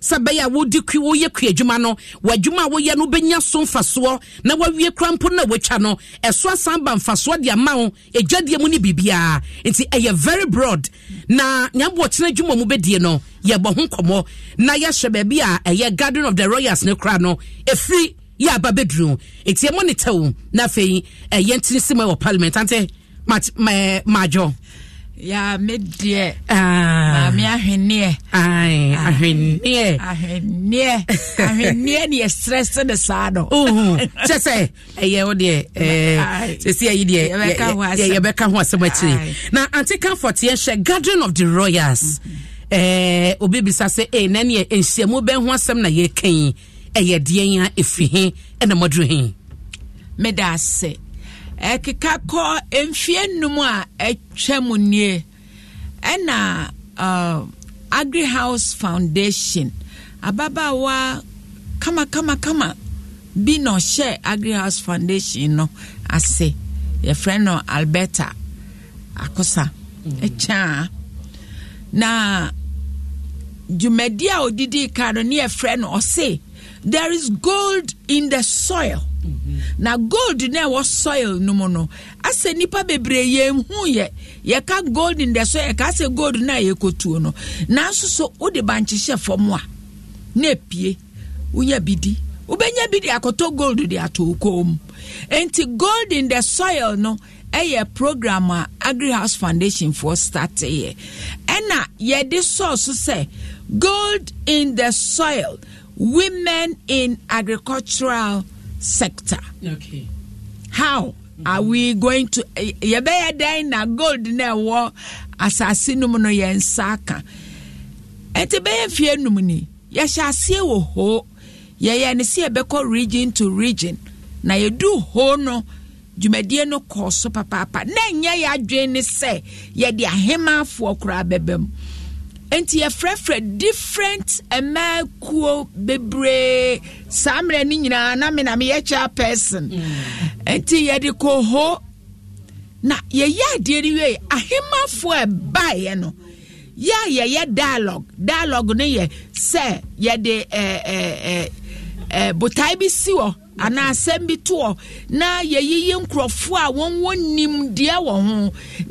sɛ bɛyɛ a wodi kwi woyɛ kwi adwuma no w'adwuma a woyɛ no wobɛnya so mfasoɔ na wawie kora mpo no a watwa no ɛso asan ba mfasoɔ de ama wo adwadeɛ mu ne biribiaa nti ɛyɛ very broad na neaboɔkyena adwuma mu bɛdie no yɛbɔ ho nkɔmmɔ na yɛhyɛ baabi a ɛyɛ garden of the royals ne kora no ɛfiri yɛ aba bɛduru nti ɛmɔ ne tɛwo na afei ɛyɛ ntene sɛ mu wɔ parliament ante maadwo ma, ma, ya medeɛ ah. maame ahwenneɛ ah. ahwenneɛ ahwenneɛ ahwenneɛ ne yɛserɛ se ne saa no kyɛ sɛ ɛyɛ wo deɛ eh, sɛsi ayi deɛ yɛbɛka ho asɛm akyire na ante comfort yɛhwɛ gathering of the royals mhm. eh, obi bisa sɛ e na neɛ nhyiamu bɛn ho asɛm na yɛka yi ɛyɛ deɛn a ɛfiri he ɛna mɔduru he meda ase ɛkeka kɔ mfie nnum a ɛtwa mu nie ɛna uh, agri house foundation ababaawa kamakamakama bi na ɔhyɛ agri house foundation no ase yɛfrɛ no alberta akosa ɛkyɛn mm. na dwumadi a odidi ka no ne yɛfrɛ no ɔse there is gold in the soil mm-hmm. na gold na ɛwɔ soil no mu no asɛ nipa bebree yɛn hu yɛ yɛka gold in the soil yɛka asɛ gold na yɛ kotuo no nanso so wode bankyehyɛ fam a na epie wonya bi di wobɛnya bi de akɔtɔ gold de ato okoo nti gold in the soil no ɛyɛ program a agri house foundation for start yɛ ɛna yɛde sɔɔ so sɛ gold in the soil women in agricultural sector. Okay. How mm-hmm. are we going to yɛbɛyɛ dɛn na gold na ɛwɔ asase no no yɛn nsa fie num ni yɛhyɛ aseɛ wɔ hoo yɛyɛ ne sɛ yɛbɛkɔ region to region na yɛdu hoo no dwumadie no kɔɔ so papaapa na ɛnyɛ yɛ adwene ne sɛ yɛde ahemaafoɔ koraa bɛbɛ mu nti yɛfrɛfrɛ different mmaa kuo bebree saa mmerɛ no nyinaa na me na meyɛ person mm. nti yɛde kɔho na yɛyɛ adeɛ no wie ahemafoɔ ɛbaeɛ no yɛ a yɛyɛ dialogue dialogue no yɛ sɛ yɛde eh, eh, eh, eh botae bi si hɔ anaa asɛm bi toɔ na yɛyiyi nkurɔfoɔ a wɔn wɔn nim deɛ wɔ ho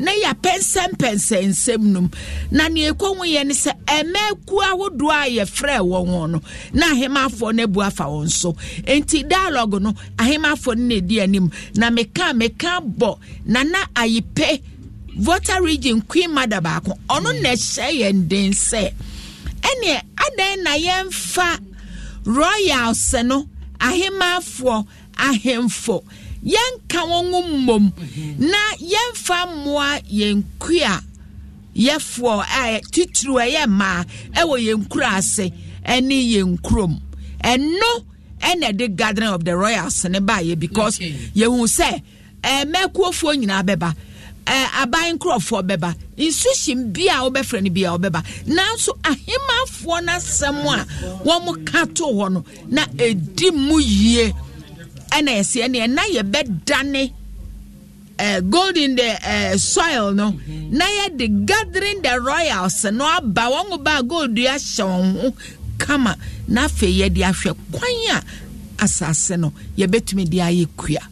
na yɛapɛnsɛmpɛnsɛ nsɛm nom na nea ɛkɔ ho yɛ ne sɛ ɛmɛɛku ahodoɔ a yɛfrɛ wɔn ho no na ahemafoɔ no abu afa wɔn so nti dialogue no ahemafoɔ no na ɛdi anim na meka meka bɔ na na ayipɛ voter region queen mother baako ɔno na ɛhyɛ yɛn den sɛ ɛnneɛ adan na yɛmfa royals no ahemafo ahemfo yɛnka wɔn mmom mhm. na yɛnfa mmoa yɛn kua yɛfoɔ a titiri ɛyɛ mmaa ɛwɔ yɛn kuro ase ɛne yɛn kurom ɛno ɛna ɛde gathering of the royals ne baayɛ because yɛhu sɛ ɛɛ nyinaa bɛba. Eh, aban nkurɔfoɔ bɛba nsuhyim bia a wɔbɛfrɛ no bia wɔbɛba nanso ahemafoɔ no asɛm a wɔn ka to hɔ no na ɛdi mu yie ɛna yɛsɛ ɛna na yɛbɛdane uh, gold in the uh, soil no na yɛde gathering the royals no aba wɔn mu ba gold ahyɛ wɔn ho kama na afei yɛde ahwɛ kwan a asase no yɛbɛtumi de ayɛ kua.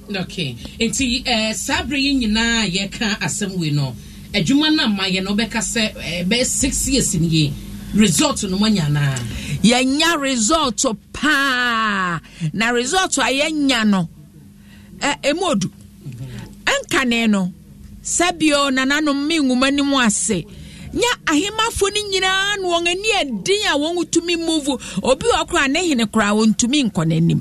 nti eh, saa abiri yi nyinaa yɛka asɛm wei no adwuma na ma yɛ no bɛka sɛ ɛɛ eh, esi six years ni yie result nya naa. yɛnya result paa na result a yɛnya no nọ, eh, ɛmu odu mhm. ɛnkane no sɛbio nananom nwoma nyɛ ahemafo no nyinaa no wɔn ani adin a wɔn tumi move obi wɔ koraa ne hene koraa wɔn tumi nkɔ n'anim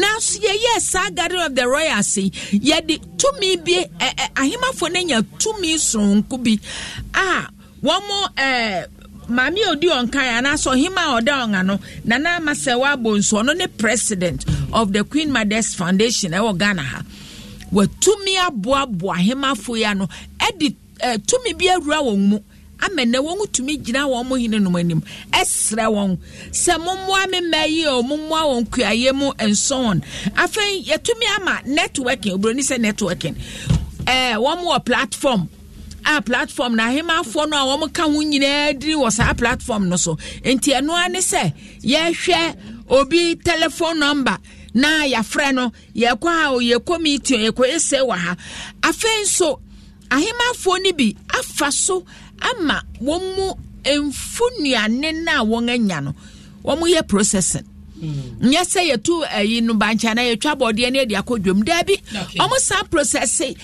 nanso yɛyɛ saa garden of the royals yi yɛde tumi bi ɛ ɛ ahemafo no nya tumi sononko bi a wɔn ɛɛ maame odi ɔnkan anaasɛ ɔhema a ɔda ɔnga no nana amasawa abonso ɔno ne president of the queen mothers foundation ɛwɔ ghana ha wɔatumi aboaboa ahemafo yi ano ɛde ɛɛ tumi bi awura wɔn mu. ama na wɔn tumi gyina wɔn mo hene nom anim ɛsrɛ wɔn sɛ mummoa me mmaa yi o mummoa wɔn kuaeɛ mu and afei yɛtumi ama networking oburoni sɛ networking ɛɛ wɔn wɔ platform a platform na ahemafoɔ no a wɔn ka ho nyinaa diri wɔ saa platform no so nti ɛnoa ne sɛ yɛhwɛ obi telephone number na yɛafrɛ no yɛkɔ a yɛkɔ meeting yɛkɔ ese wɔ ha afei nso ahemafoɔ no bi afa so. ama wɔn mu mfu nnuane no a wɔn anya no wɔn yɛ processing hmm. nyɛ sɛ yɛtu ayi eh, no bankyɛn na yɛtwa bɔdeɛ no yɛde akɔ dwom daabi wɔn san process a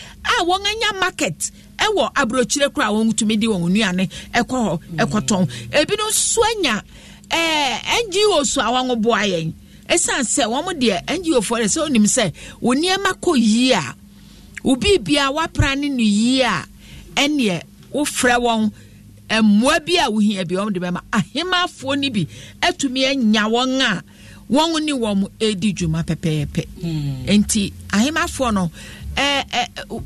wɔn anya market ɛwɔ aburokyire a wɔn tumi di wɔn nnuane ɛkɔ hɔ ɛkɔtɔn ebinom nso anya ɛɛ eh, ngo so a wɔn boa yɛn ɛsan sɛ wɔn deɛ ngo foɔ de sɛ onim sɛ wɔn nneɛma kɔ yie a obi bia wapra ne no yie a ɛneɛ wofrɛ wɔn mmoa bi a wohia bi wɔn de bɛma ahemafoɔ no bi atumi anya wɔn a wɔn ne wɔn edi dwuma pɛpɛɛpɛ hmm. nti ahemafoɔ no ɛɛ ɛ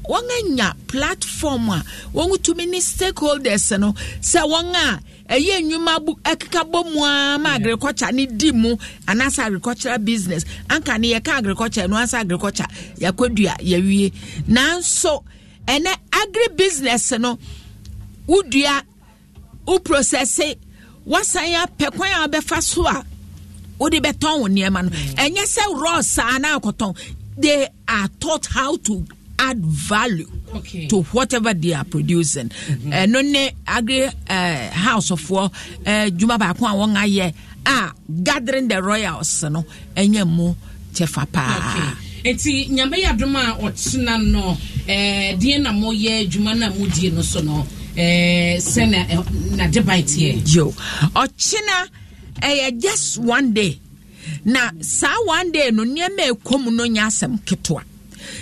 wɔn anya platform a wɔn tumi ne stakeholders no sɛ wɔn a ɛyɛ nnwuma bu ɛkeka bɔ mu ara ma agriculture ne di mu anaasɛ agricultural business anka ne yɛka agriculture no ansa agriculture yɛkɔdua yɛwie nanso ɛnɛ agri business no. wodua wo prosɛse wasan apɛ kwan a wobɛfa so a o bɛtɔn wo nneɛma no mm. ɛnyɛ sɛ raw saa na akɔtɔn they are taught how to add value okay. to whatever they are producing mm-hmm. ɛno ne agri eh, house of war uh, eh, baako a wɔn ayɛ a gathering the royals no ɛnyɛ mu fa paa. eti nti nyame yɛ adom a ɔtena no ɛɛ eh, deɛ na moyɛ adwuma na a modie no so no Eh, Yo! ɔkyena ɛyɛ eh, just one day na saa one day no nneɛma ɛkɔ mu no nyɛ asɛm ketewa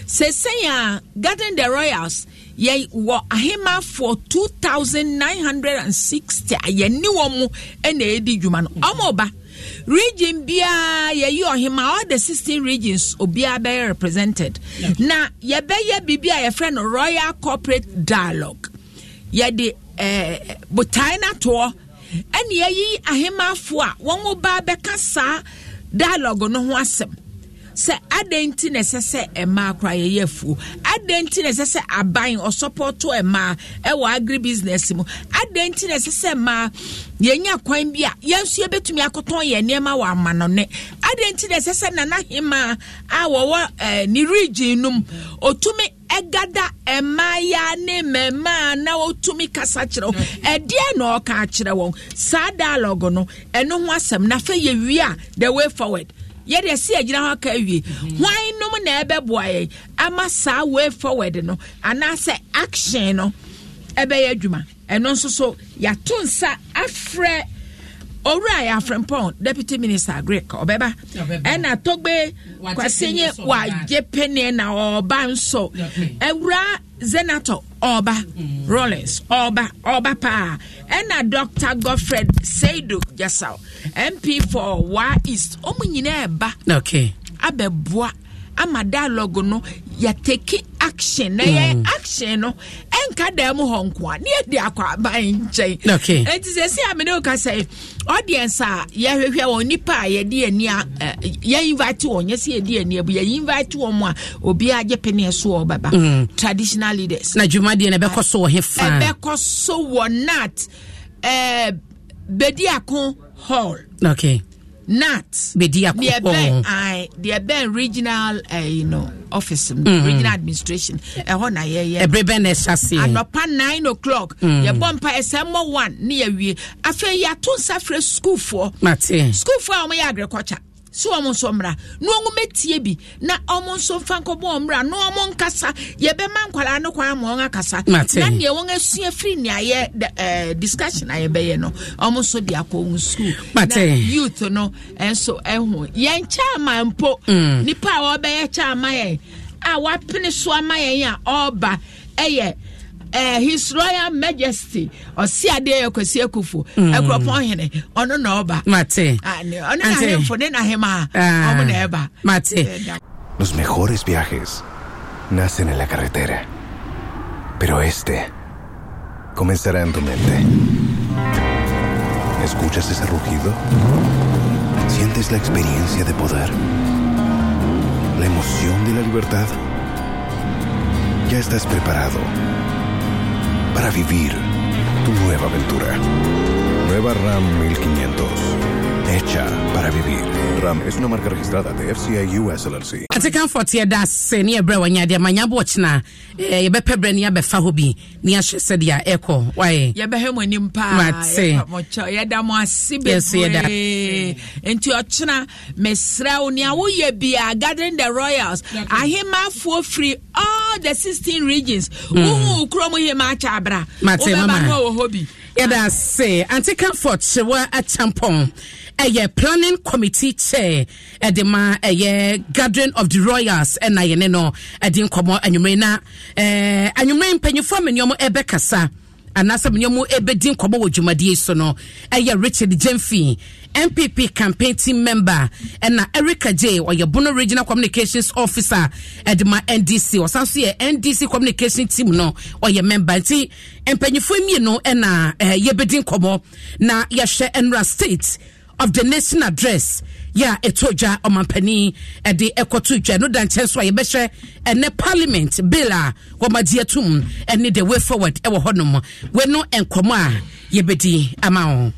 sɛsɛn a garden the royals yɛ wɔ ahema for two thousand nine hundred and sixty a yɛne wɔn mu ɛna ɛdi dwuma no ɔmo ba region biara yɛyi ɔhema all the sixteen regions obiara bɛyɛ represented na yɛbɛyɛ biribi a yɛfrɛ no royal corporate dialogue. yɛde ɛɛ eh, botae natoɔ ɛna yɛyi ahemaafoɔ a wɔn ba bɛka saa dialogue no ho asɛm. sɛ adɛn nti na ɛsɛ sɛ mmaa kora yɛyɛ afuo adɛn nti na ɛsɛ sɛ aban ɔsɔpɔtɔ mmaa ɛwɔ agri business mu adɛn nti na ɛsɛ sɛ mmaa yɛnya kwan bi a yɛnso yɛbɛtumi akɔtɔn yɛn nneɛma wɔ amanɔne adɛn nti na ɛsɛ sɛ nanahema a wɔwɔ ɛɛ eh, ne region no mu otumi ɛgada mmaayaa ne mmɛmaa na wɔtumi kasa kyerɛ wɔn ɛdeɛ na ɔka kyerɛ wɔn saa dialogue no ɛno ho asɛm na afɛ yɛ a the way forward. yɛde ɛsi agyina hɔ aka awie hwan nom na ɛbɛboa yɛ ama saa way forward no anaasɛ action no ɛbɛyɛ adwuma ɛno nso so yɛato nsa afrɛ owura yɛ afrɛmpɔn deputy minister greek ɔbɛba ɛna togbe kwasenye wagye pene na ɔba nso ɛwura zenator ọba rollins ọba ọba paa ɛna dr godfred seido jasaw mp for wa east wɔn nyinaa ɛba okay. abɛboa ama dialogue no take action na yɛ mm. action no ɛnka dan mu hɔ nkoa ne yɛde akɔ aban nkyɛn ɛnti sɛ si amene wo ka sɛ audience a yɛhwehwɛ wɔn nipa a yɛde ani eh, yɛ invite wɔn yɛ si yɛde ani abu yɛ invite wɔn mu a obiara gye pene so wɔ bɛba mm. traditional leaders na dwumadeɛ no ɛbɛkɔ so wɔ he faa ɛbɛkɔ so wɔ nat ɛɛ eh, bedi ako hall okay nat bɛdi akokɔ deɛ bɛn regional uh, you know, office mm -hmm. regional administration ɛhɔ eh, na yɛyɛ ɛberɛ bɛn na ɛhyɛ seɛ anɔpa nine o'clock mm. yɛbɔ mpa ɛsɛ mmɔ one ne yɛwie afei yɛato nsa frɛ sukuufoɔ sukuufoɔ a wɔyɛ agriculture sɛ ɔmo nso mmra na ɔmo mɛtie bi na ɔmo nso mfa nkɔbɔ ɔmo mmra na ɔmo nkasa yɛbɛma nkwadaa no kwan ama ɔmo akasa na nea wɔn asua firi nea yɛ ɛɛ eh, discussion a yɛbɛyɛ no ɔmo nso de akɔ wɔn sukuu na youth no nso ɛho yɛn kyaama mpo mm. nipa a ɔbɛyɛ kyaama yɛn a wapene so ama yɛn a ɔreba ɛyɛ. Eh, his royal majesty los mejores viajes nacen en la carretera pero este comenzará en tu mente escuchas ese rugido sientes la experiencia de poder la emoción de la libertad ya estás preparado para vivir tu nueva aventura. Nueva RAM 1500. hecha para vivir. Ram es una marca registrada de FCA US LLC. Atekanfoɔ teɛ da ase ne ɛberɛ wanya deɛ ma nyabɔ kyena yɛbɛpɛ berɛ ne yɛbɛfa hɔ bi ne yɛahyɛ sɛdeɛ ɛkɔ wayɛ yɛbɛhɛ mo anim paa yɛda mo the royals ahemafoɔ firi all the 16 regions mm. wohu kurom hema akyɛ abra wobɛba no a wɔ hɔ bi yɛda ase ante comfort ɛyɛ planning committee chair ɛde ma ɛyɛ gathering of the royals ɛna yɛ ne no ɛde nkɔmɔ anwummerɛ na ɛɛ eh, anwummerɛ mpanyinfoɔ mmienu ɛbɛkasa anaasɛ mmienu ɛbɛdi nkɔmɔ wɔ dwumadie so no ɛyɛ richard jemfi npp campaign team member ɛna erica j ɔyɛ bono regional communications officer ɛde ma ndc ɔsan so yɛ ndc communication team no ɔyɛ member nti mpanyinfoɔ mmienu ɛna ɛɛ eh, yɛbɛdi nkɔmɔ na yɛhwɛ nwura state of the nation address yɛ a ɛtɔ dwa ɔmampanin ɛde ɛkɔto dwa no da nkyɛn parliament bill a wɔmagye atum ɛne the way forward ɛwɔ hɔnom wɔ no nkɔmɔ a yɛbɛdi ama wɔn.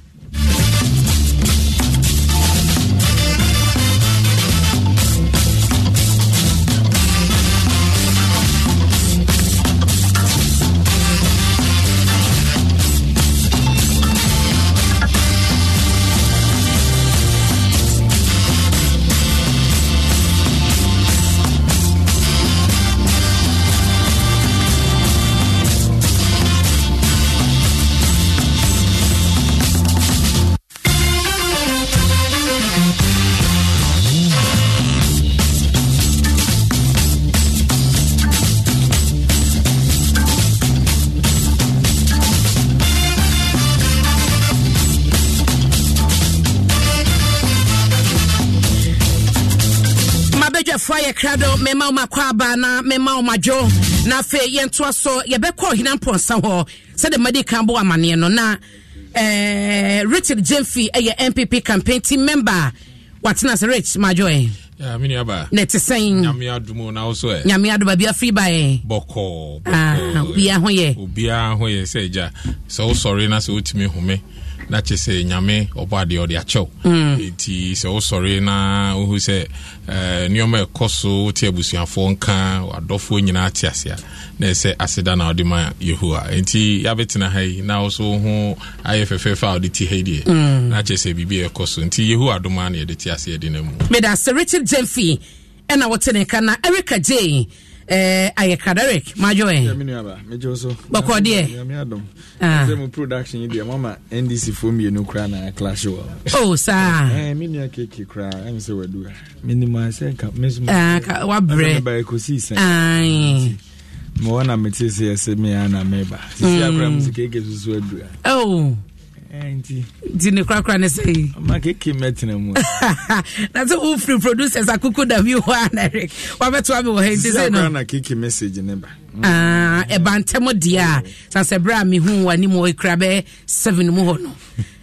ɛkrado mema wo makɔ aba na mema wo madwo na afei yɛntoa so yɛbɛkɔ ɔhena mpɔnsa hɔ sɛde madi kan bo amanneɛ no na eh, richard jamfi ɛyɛ mpp campaign team member watena sɛ rich madwoɛ Yeah, na ɛte sɛn nyame adom abia firi baɛ obiaa ho yɛ sɛ agya sɛ wosɔre na sɛ wotumi home Eh, hmm. oh, na kyɛ sɛ nyame ɔbɔ adeɛ ɔde akyɛw nti sɛ wosɔre na wohu sɛ nneɔma ɛkɔ so wote abusuafoɔ nka adɔfoɔ nyinaa te ase a na ɛsɛ aseda na wode ma yehowa nti yɛabɛtena ha yi na wo so ho ayɛ fɛfɛɛfɛ a wode te ha deɛ na kyɛ sɛ biribi ɛkɔ so nti yehowa doma na yɛde te ase yɛde no mu meda sɛ richard jamfi ɛna wote ne ka na erika jane Eh, ayɛ kaderic madwoɛ bɔkɔ deɛ production yi deɛ mama ndc fo mmienu koraa na clash wɔ o saa me nua keke koraa ɛne sɛ wadua menimasɛ wabrɛ ɛkɔsii sɛ mewɔ na metee sɛ yɛ sɛ meaa na meba sisi akora mu sɛ keke susu adua nti ne korakora ne mm. ah, sɛ na sɛ wofiri producers akoko da hɔ a na rek wabɛtoa me wɔ ha ntɛm deɛ a sa sɛ berɛ a mehu w'anim wɔ kura bɛyɛ 7 mu hɔ no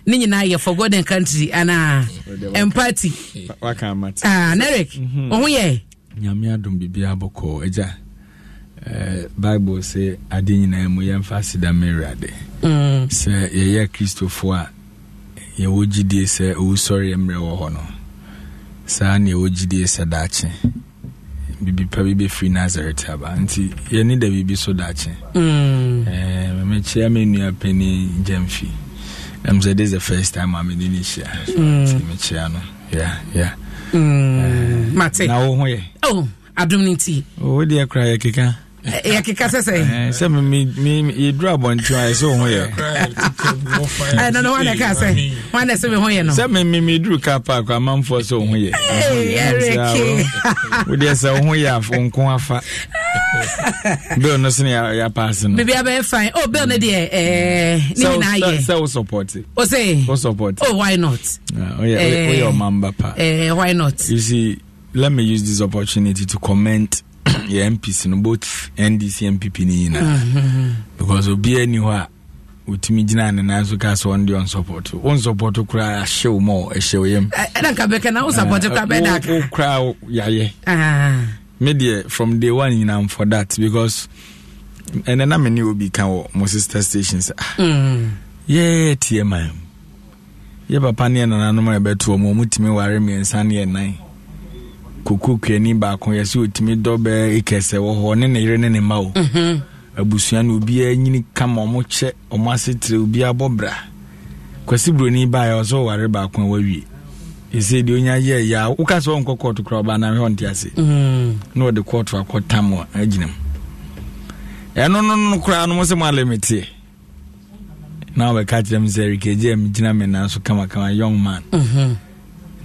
ne nyinaa yɛ forgotten country anaa empatynarek wo ho yɛ nyame adom biribiaa bɔkɔɔ agya Eh, bible sɛ ade nyinaa mm. mu yɛmfa aseda mary ade sɛ yɛyɛ kristofoɔ a yɛwɔ gyidie sɛ owusɔre mmerɛ wɔ hɔ no saa ne yɛwɔ gyidie sɛ daakye biribi pa bi bɛfiri nazaret aba nti yɛne da biribi so daakye mekyia mm. eh, me nnua pani gyamfi ɛm sɛ this the first time a mede ne hyia nti mekyia no yeah, mm. eh, na wo ho yɛ oh, adom no oh, nti kora yɛ keka yɛkeka eh, eh, eh, sɛ sɛsɛ yɛduru abɔnten a ɛsɛ wo ho yɛ no wane ka sɛ wane sɛ me ho yɛ no sɛ meme meduru ka park amanfoɔ sɛ ah, wo ho yɛ wodeɛ sɛ wo ho yɛ nko afa bill no sene yɛpaase no bɛyɛ fine oh bill no deɛ ne nyinaa yɛ sɛ wo support o wo support oh why not ah, woyɛ ɔmamba pa why not you see let me use this opportunity to comment yɛ mps no both ndc mpp no nyinaa mm-hmm. because obiaa ni hɔ a wotumi gyina ne nan so ka sɛ ɔno deɛ ɔnsɔpɔto wonsɔpɔto koraa ahye wo ma ah, ɛhyɛ wo yam wo koraa ah. from day one nyinam for that because ɛnɛ na me ne obi ka wɔ mo sister station sɛ ah, mm. yɛyɛ tiɛ ma yɛ papa ne yɛ nananom a yɛbɛtoɔ mu ɔmutumi ware mmiɛnsa ne yɛ nan koko kuani baako yɛsɛ ɔtumi dɔ bɛɛ ekɛsɛ wɔ hɔ ne ne yere ne ne ma o mhm. abusua no obiara nyini kama ɔmo kyɛ ɔmo asetire obiara bɔ bra kwasi buroni baa yɛ ɔsɛ ɔware baako a wawie ɛsɛ deɛ onya yɛ ya a woka sɛ ɔnkɔ kɔɔto koraa ɔbaa na hɛ ɔnte ase mhm. na ɔde kɔɔto akɔ tam a agyina mu ɛno no no koraa no mo sɛ mo alɛmeteɛ na wɔbɛka kyerɛ m sɛ rikagye a megyina me nanso kamakama young man mm -hmm.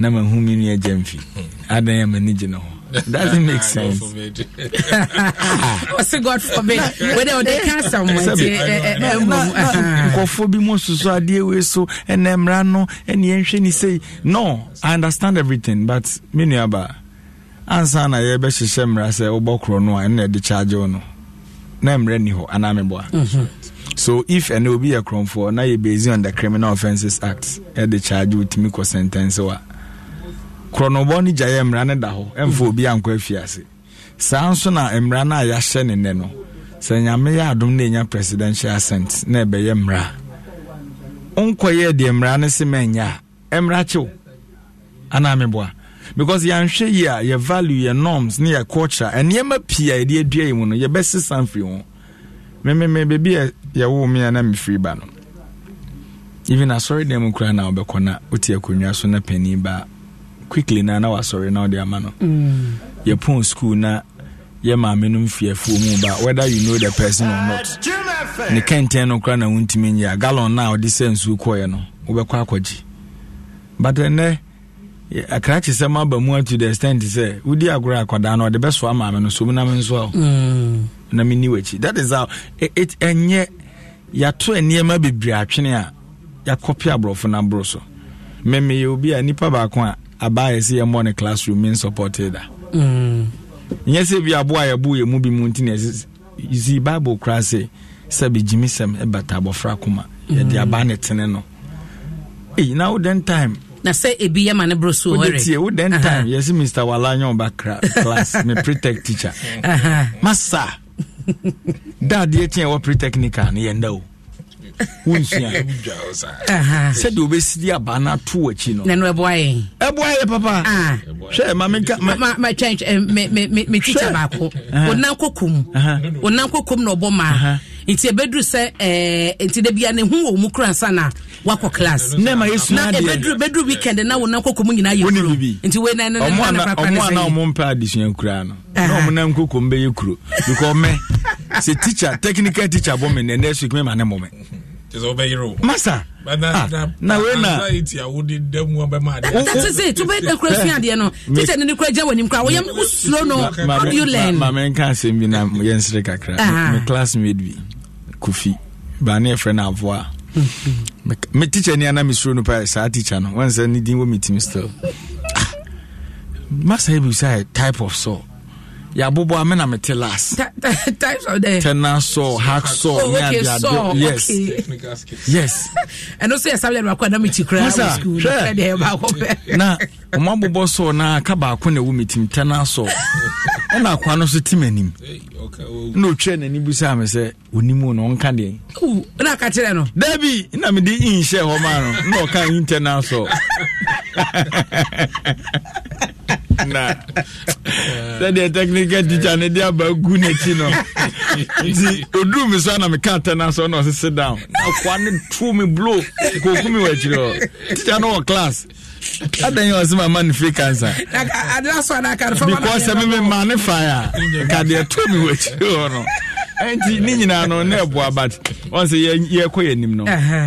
na ma hu mi nua gya mfi hmm. adan ya m'ani gye ne ho doesn't make sense. Ɔsi oh, God forbid. Wede ɔde kansa mu nti ɛmu. Nkɔfoɔ bi mu soso adeɛ wei so ɛna mmara no ɛna yɛnhwɛ ni sɛ no I understand everything but me nua ba ansa na yɛbɛhyehyɛ mmara sɛ wobɔ korɔ no a ɛna ɛde kyaagye wo no na mmerɛ ni hɔ anaa meboa. Mhm. So if ɛna obi yɛ korɔmfoɔ na yɛ based on the criminal offences act ɛde kyaagye wotumi kɔ sentence wa. korɔnɔbɔ no gyaeɛ mmara no da hɔ ɛmfa obi ankɔ afiase saa nso na mmara a yɛahyɛ ne nnɛ no sɛ nyame na enye presidential assent na ɛbɛyɛ mmara deɛ se a ɛmmara kyew anaa meboa because yɛanhwɛ yi a yɛ value yɛ norms ne yɛ culture pii a yɛde adua yi mu no yɛbɛse san firi ho mememe baabi yɛwo a na ba no na na quickly na na wasɔre na ɔde ama no mm. yɛpon school na yɛ maame no mfiefuo mu ba whether you know the person or not ne kɛntɛn no kora na wontumi nyɛ a gallon na ɔde sɛ nsuo kɔɛ no wobɛkɔ akɔgye but ɛnɛ akrakye sɛ maba mu to the extent sɛ wodi agorɔ akwadaa no ɔde bɛsoa maame no so mu nso a mm. na menni wakyi that is how e, e, ɛnyɛ yɛato nneɛma bebree atwene a yɛakɔpe aborɔfo no aboro so memeyɛ obi a nnipa baako a abaa yɛsɛ yɛmmɔ ne classroom in supported mm. a nyɛ sɛ bi aboa a yɛbu yɛ mu bi mu nti na ɛsi bible koraa sɛ sɛ bɛgyimi sɛm ɛbata abɔfra koma yɛde mm. aba ne tene no ei na woden time na sɛ ebi yɛ ma ne boro so wɔre tie woden time yɛsɛ mr wala nyɛ ɔba class me pretech teacher masa daadeɛ kyeɛ ɛwɔ pretechnical ne yɛnda o sɛde wobɛsidi aba no ato akyi no nɛno ɛboa yɛ ɛboa yɛ papa ah. hwɛ ma mekamekita eh, baako wonam kɔkom wonam kɔkom na ɔbɔ maa nti ɛbɛduru sɛ eh, nti da bia ne ho wɔ mu kora nsa na wakɔ class na ɛbɛduru bɛduru weekend na wonam kɔkom nyinaa yɛ kuro nti wei na ɔmoana ɔmo mpɛ adesua koraa no na ɔmonam kɔkom bɛyɛ kuro because mɛ sɛ teacher technical teacher bɔ me nɛ next week mema ne mmɔ me masa na wena. That is it wobɛda kora sua adeɛ no tekyɛ ne ne kora gya w'anim kora woyɛ wosuro no how do you learn ma menka asɛm bi na ah. yɛnsere kakra ah. me classmate bi kofi baane yɛfrɛ no avoa me teacher ni ana mesuro no paa saa teacher no wansɛ ne din wɔ metim still ah. masa yɛbisa type of salt yàbọ̀bọ̀ amẹ́ mena mi ti last. types of the. tena saw hack saw yes yes. ẹnu sọ yẹ sábẹ́ ẹnu akọ ẹnu mi ti kura na ọmọ abọbọ na aka baako na ewu mi ti tena saw ẹna akwa no so ti mi anim na o twẹ n'ani bi sáà mi sẹ onimu na deɛ. dabi ɛna mi di nhyɛ hɔ maa no na ɔka yi na sɛdeɛ technical teacher ne eh. de aba gu n'akyi no nti oduru mi so a na mi ka atɛna so ɔna ɔsi sit down akwa ne tu mi blow koku mi wɔ akyire hɔ teacher no wɔ class adan yi ɔsi mama ne free cancer because sɛ mi ma ne fa a ka deɛ mi wɔ akyire hɔ no nti ne nyinaa no ne ɛboa but ɔn sɛ yɛkɔ yɛ anim no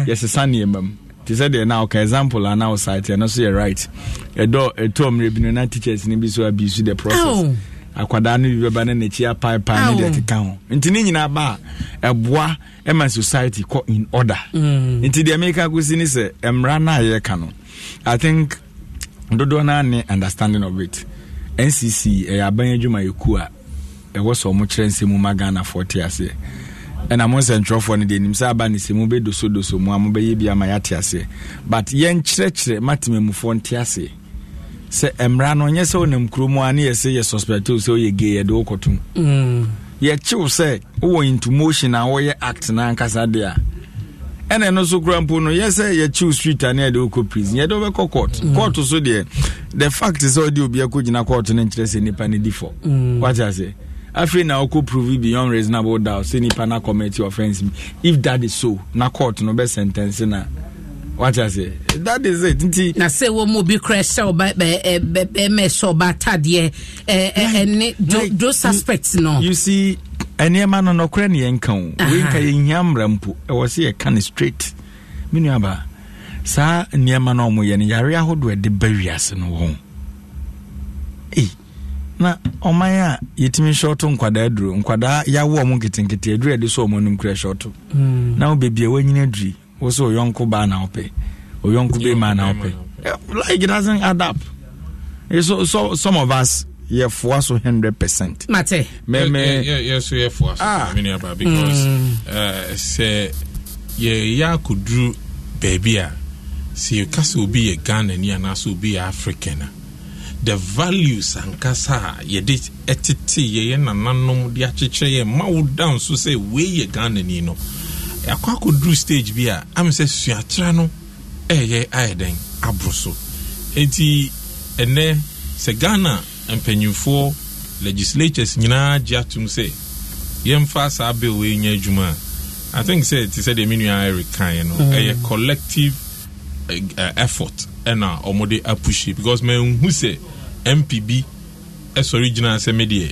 yɛsesa nneɛma mu te sɛ deɛ na ɔka example ana wo site ɛno so yɛ right ɛdɔ ɛtɔ mmerɛ bi no na teachers no bi so abi so the process akwadaa no bi bɛba no n'akyi apaapae ne deɛ keka ho nti ne nyinaa ba a ɛboa ma society kɔ in order mm. nti deɛ meka kosi ne sɛ mmara no a yɛreka no i think dodoɔ no ne understanding of it ncc ɛyɛ aban adwuma yɛku a ɛwɔ sɛ ɔmo kyerɛ nsɛmu ma ghanafoɔ te aseɛ ɛna mo nsɛntwerɛfoɔ no deɛ nim sɛ aba ne sɛ mu bɛdosodoso mu a mobɛyɛ bi ama yɛate aseɛ but yɛnkyerɛkyerɛ matemamufoɔ nte aseɛ sɛ mmara no ɔnyɛ sɛ wonam kurom a ne yɛsɛ yɛ suspecteo sɛ woyɛ ge yɛde wokɔtom mm. yɛkyew sɛ wowɔ into motion a wɔyɛ act no ankasa de a ɛna ɛno nso kora mpo no yɛ sɛ yɛkyew street a ne yɛde wokɔ prison yɛde wobɛkɔ court mm. court so deɛ the fact sɛ wode obi akɔgyina court no nkyerɛ sɛ nnipa no di fɔ mm. wate aseɛ afei na ɔkɔ prove beyond reasonable doubt sɛ nipa na committee offence mi if that is so na court no bɛ sentence na wate ase that is it nti. na se wɔn mu bi kura ɛhyɛ ɔba ɛɛ ɛmɛ ɛhyɛ ɔba ataadeɛ ɛɛ ɛne do suspect no. you see nneɛma no nɔkora ne yɛn kan o wei nka yɛn hia mmra mpo ɛwɔ sɛ yɛka ne straight mi nuaba saa nneɛma no ɔmo yɛ no yare ahodoɔ ɛde ba wiase no wɔn. na ɔman a yɛtumi hyɛɔto nkwadaa aduro nkwadaa yɛawo ɔmo nketenkete aduru yɛde so ɔmo anim kura hyɛɔto mm. na wo beebi a woanyini aduri wo sɛ ɔyɔnko baa na wopɛ ɔyɔnko bee maa na wopɛ like it doesn't add up eh, so, so, some of us yɛfoa so 100 percent mate mɛmɛyɛso yɛfoa so ah. menuaba because hmm. eh, sɛ yɛyɛ akɔduru baabi a sɛ yɛka sɛ obi yɛ ghana ni anaasɛ obi yɛ african a the values ankasa a yɛde tete yɛyɛ nananom de akyekyerɛ yɛ ma wo da nso sɛ wei yɛ ghanani no akɔ akɔduru stage bi a ame sɛ suakyerɛ no ɛyɛ ayɛ dɛn aboro so enti ɛnɛ sɛ ghana mpanyimfoɔ legislatures nyinaa gye atom sɛ yɛmfa saa bill wei nyɛ adwuma a i think sɛ te sɛ deɛ me nua eric kaeɛ no mm. ɛyɛ collective Eh, effort ɛna wɔn de apushi because mɛ nhu sɛ mpb ɛsɔre gyina sɛ mɛ deɛ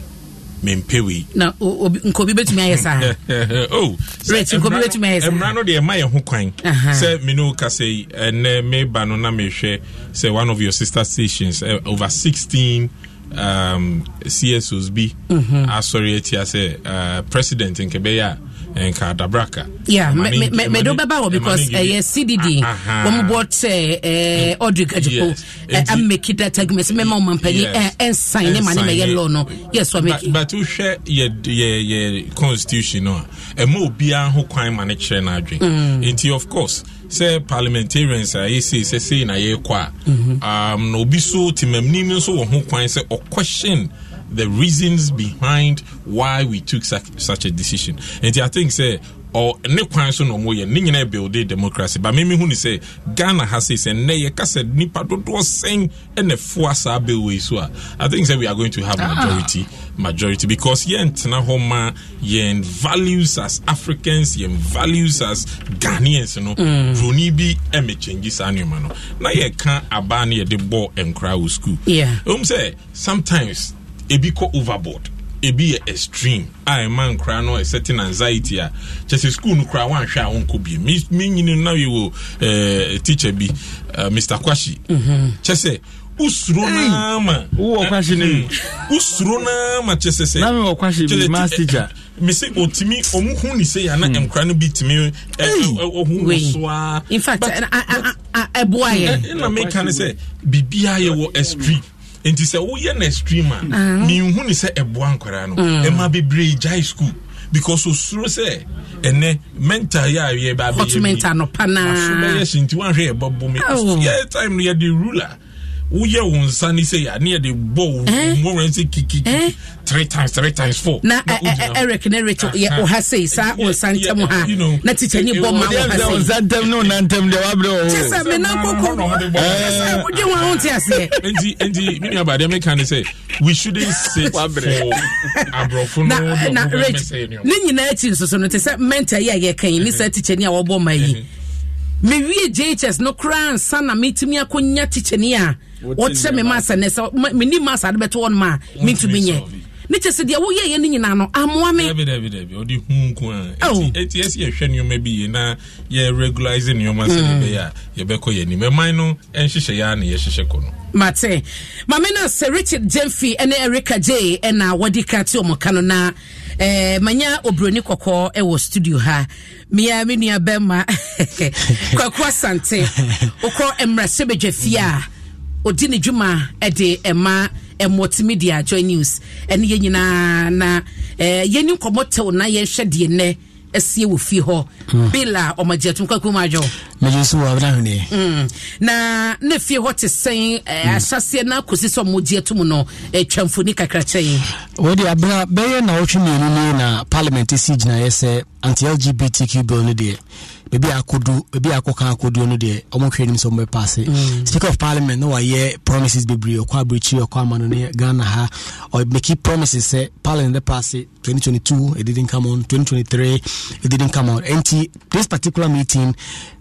mɛmpɛ wei. na obi nkobi betumi ayɛ saa. Oh, rate nkobi betumi ayɛ saa. mmara no deɛ ɛma yɛn ho kwan. sɛ minnu kasa yi ɛnɛ meba no na mehwɛ sɛ one of your sister stations uh, over sixteen. Um, CSOs bi mm -hmm. asɔre atia sɛ uh, president nkɛbɛyɛ a nka dabraka. me mmedo bɛba wɔ because eh, ah, ah, ah. Eh, eh, yes cdd wɔn bɔ tɛ ɔdrik adipo I'm gumɛ sɛ mɛma ɔman panyin ɛnsan ne ma ne ma yɛ yellow." no yɛ sɔ meki. but share yɛ yɛ yɛ constitution no oh? a ɛma obiara ho kwan ma ne kyerɛ n'adwene mm. nti of course. sɛ parliamentarians a yɛsei sɛ sei na yɛrekɔ a na obi so temamnim nso wɔ ho kwan sɛ ɔkɔhyɛn the reasons behind why we took such, such a decision. And I think say or ne kwan so na ɔmo yɛ ne build democracy but mimi hu ni say ghana ha sɛ sɛ nnɛ yɛ kasa nipa dodoɔ sɛn ɛna foa saa bill wei so think say we are going to have ah. majority majority because yɛn tena hɔ ma yɛn values as africans yɛn values as ghanaians no mm. broni bi ɛmɛ change saa nneɛma no na yɛ ka abaa no yɛ de bɔ nkura wɔ school. Yeah. Um, say, sometimes ebi kɔ overboard ebi yɛ extreme a ɛma nkora no ɛsɛtin anxiety a kyɛ sɛ school no koraa wanhwɛ a wɔnkɔ bi me me nyini na yɛ wɔ ɛɛ teacher bi ɛɛ mr kwashi kyɛ sɛ usuro naa ma wowɔ kwashi no yi usuro naa ma kyɛ sɛ sɛ mi wɔ kwashi bi mass teacher mese otumi ɔmo hu ni se yana nkura no bi tumi ɔhu wɔ so in fact ɛboa yɛ ɛna meka ne sɛ biribiara yɛ wɔ extreme nti sɛ woyɛ no stream a ah. menhu ne sɛ ɛboa nkwaraa no mm. ɛma bebree gyae school because osuro sɛ ɛnɛ mental yɛ a yɛ ba bɛyɛ bi asomɛyɛ si nti wanhwɛ yɛ bɔbɔ mi yɛ time no yɛ de ruler woyɛ wo nsa ne sɛ ane yɛde bɔ mmɔwura sɛ kikiki three times three times four. na eric ne rachel yɛ ɔha sei saa ɔnsa ntɛm ha na tikya ni bɔ ma ɔha sei. ɔnsa ntɛm ne ɔna ntɛm deɛ wabere wɔ. kyesa mi na nkoko wodi wɔn ahun ti aseɛ. nti nti mi ni mi kan sɛ we shouldn't sit for aborɔfo no ɔdɔ ɔmɔ mɛsɛ yɛ ne nyinaa akyi nsoso no te sɛ mɛnta yi a yɛ kan yi ne sɛ tikya ni a wɔbɔ ma yi mm-hmm. mewie jhs no koraa nsa na metumi akɔnya tikyani a wɔte sɛ me masa ne sɛ menni masa de bɛto wɔnom a mentumi nyɛ ne kyɛ sɛ deɛ woyɛyɛ no nyinaa no amoa me ɔde hu nko a ɛti ɛsi oh. yɛhwɛ nneɔma bi yie na yɛregulise nneɔma sɛ mm. yɛbɛyɛ a yɛbɛkɔ yɛ anim ɛman no ɛnhyehyɛ yɛ a na yɛhyehyɛ kɔ no mate mame no sɛ richard jemfi ne erika j ɛna wɔde ka te ɔmɔ ka no na eh, manya obroni kɔkɔɔ ɛwɔ studio ha mea me nua bɛma kɔkɔ asante wokɔ mmrasɛ badwa fie a ɔdi ne dwuma de ɛma multimedia joy news ɛne yɛn nyinaa na e, yɛni nkɔmmɔ tew na yɛnhwɛ deɛ nnɛ asie wɔ fie hɔ bill a ɔmagye atum kwaku mu adwo megye so wɔ abena hone na na fie hɔ te sɛn ahyɛseɛ no akɔsi sɛ ɔmɔgye atum no twa mfoni kakra kyɛn wɔde abena bɛyɛ na wɔtwe mmienu no na parliament si gyinaeɛ sɛ anti lgbtq bill no deɛ baabi akodu baabi akɔka akoduo no deɛ ɔmo hwɛ anim sɛ ɔmo bɛpa speaker of parliament na wayɛ promises bebree ɔkɔ abirikyiri ɔkɔ ama no ne ghana ha ɔmeki promises say eh, parliament bɛpa ase 2022 it didn't come on 2023 it didn't come on nti this particular meeting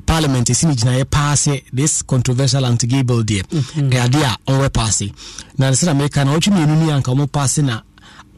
parliament is ne gyinaeɛ paa pass this controversial anti gay bill deɛ ɛyɛ adeɛ a ɔwɔ paase na sɛ na mɛka na ɔtwe ni anka ɔmo paase na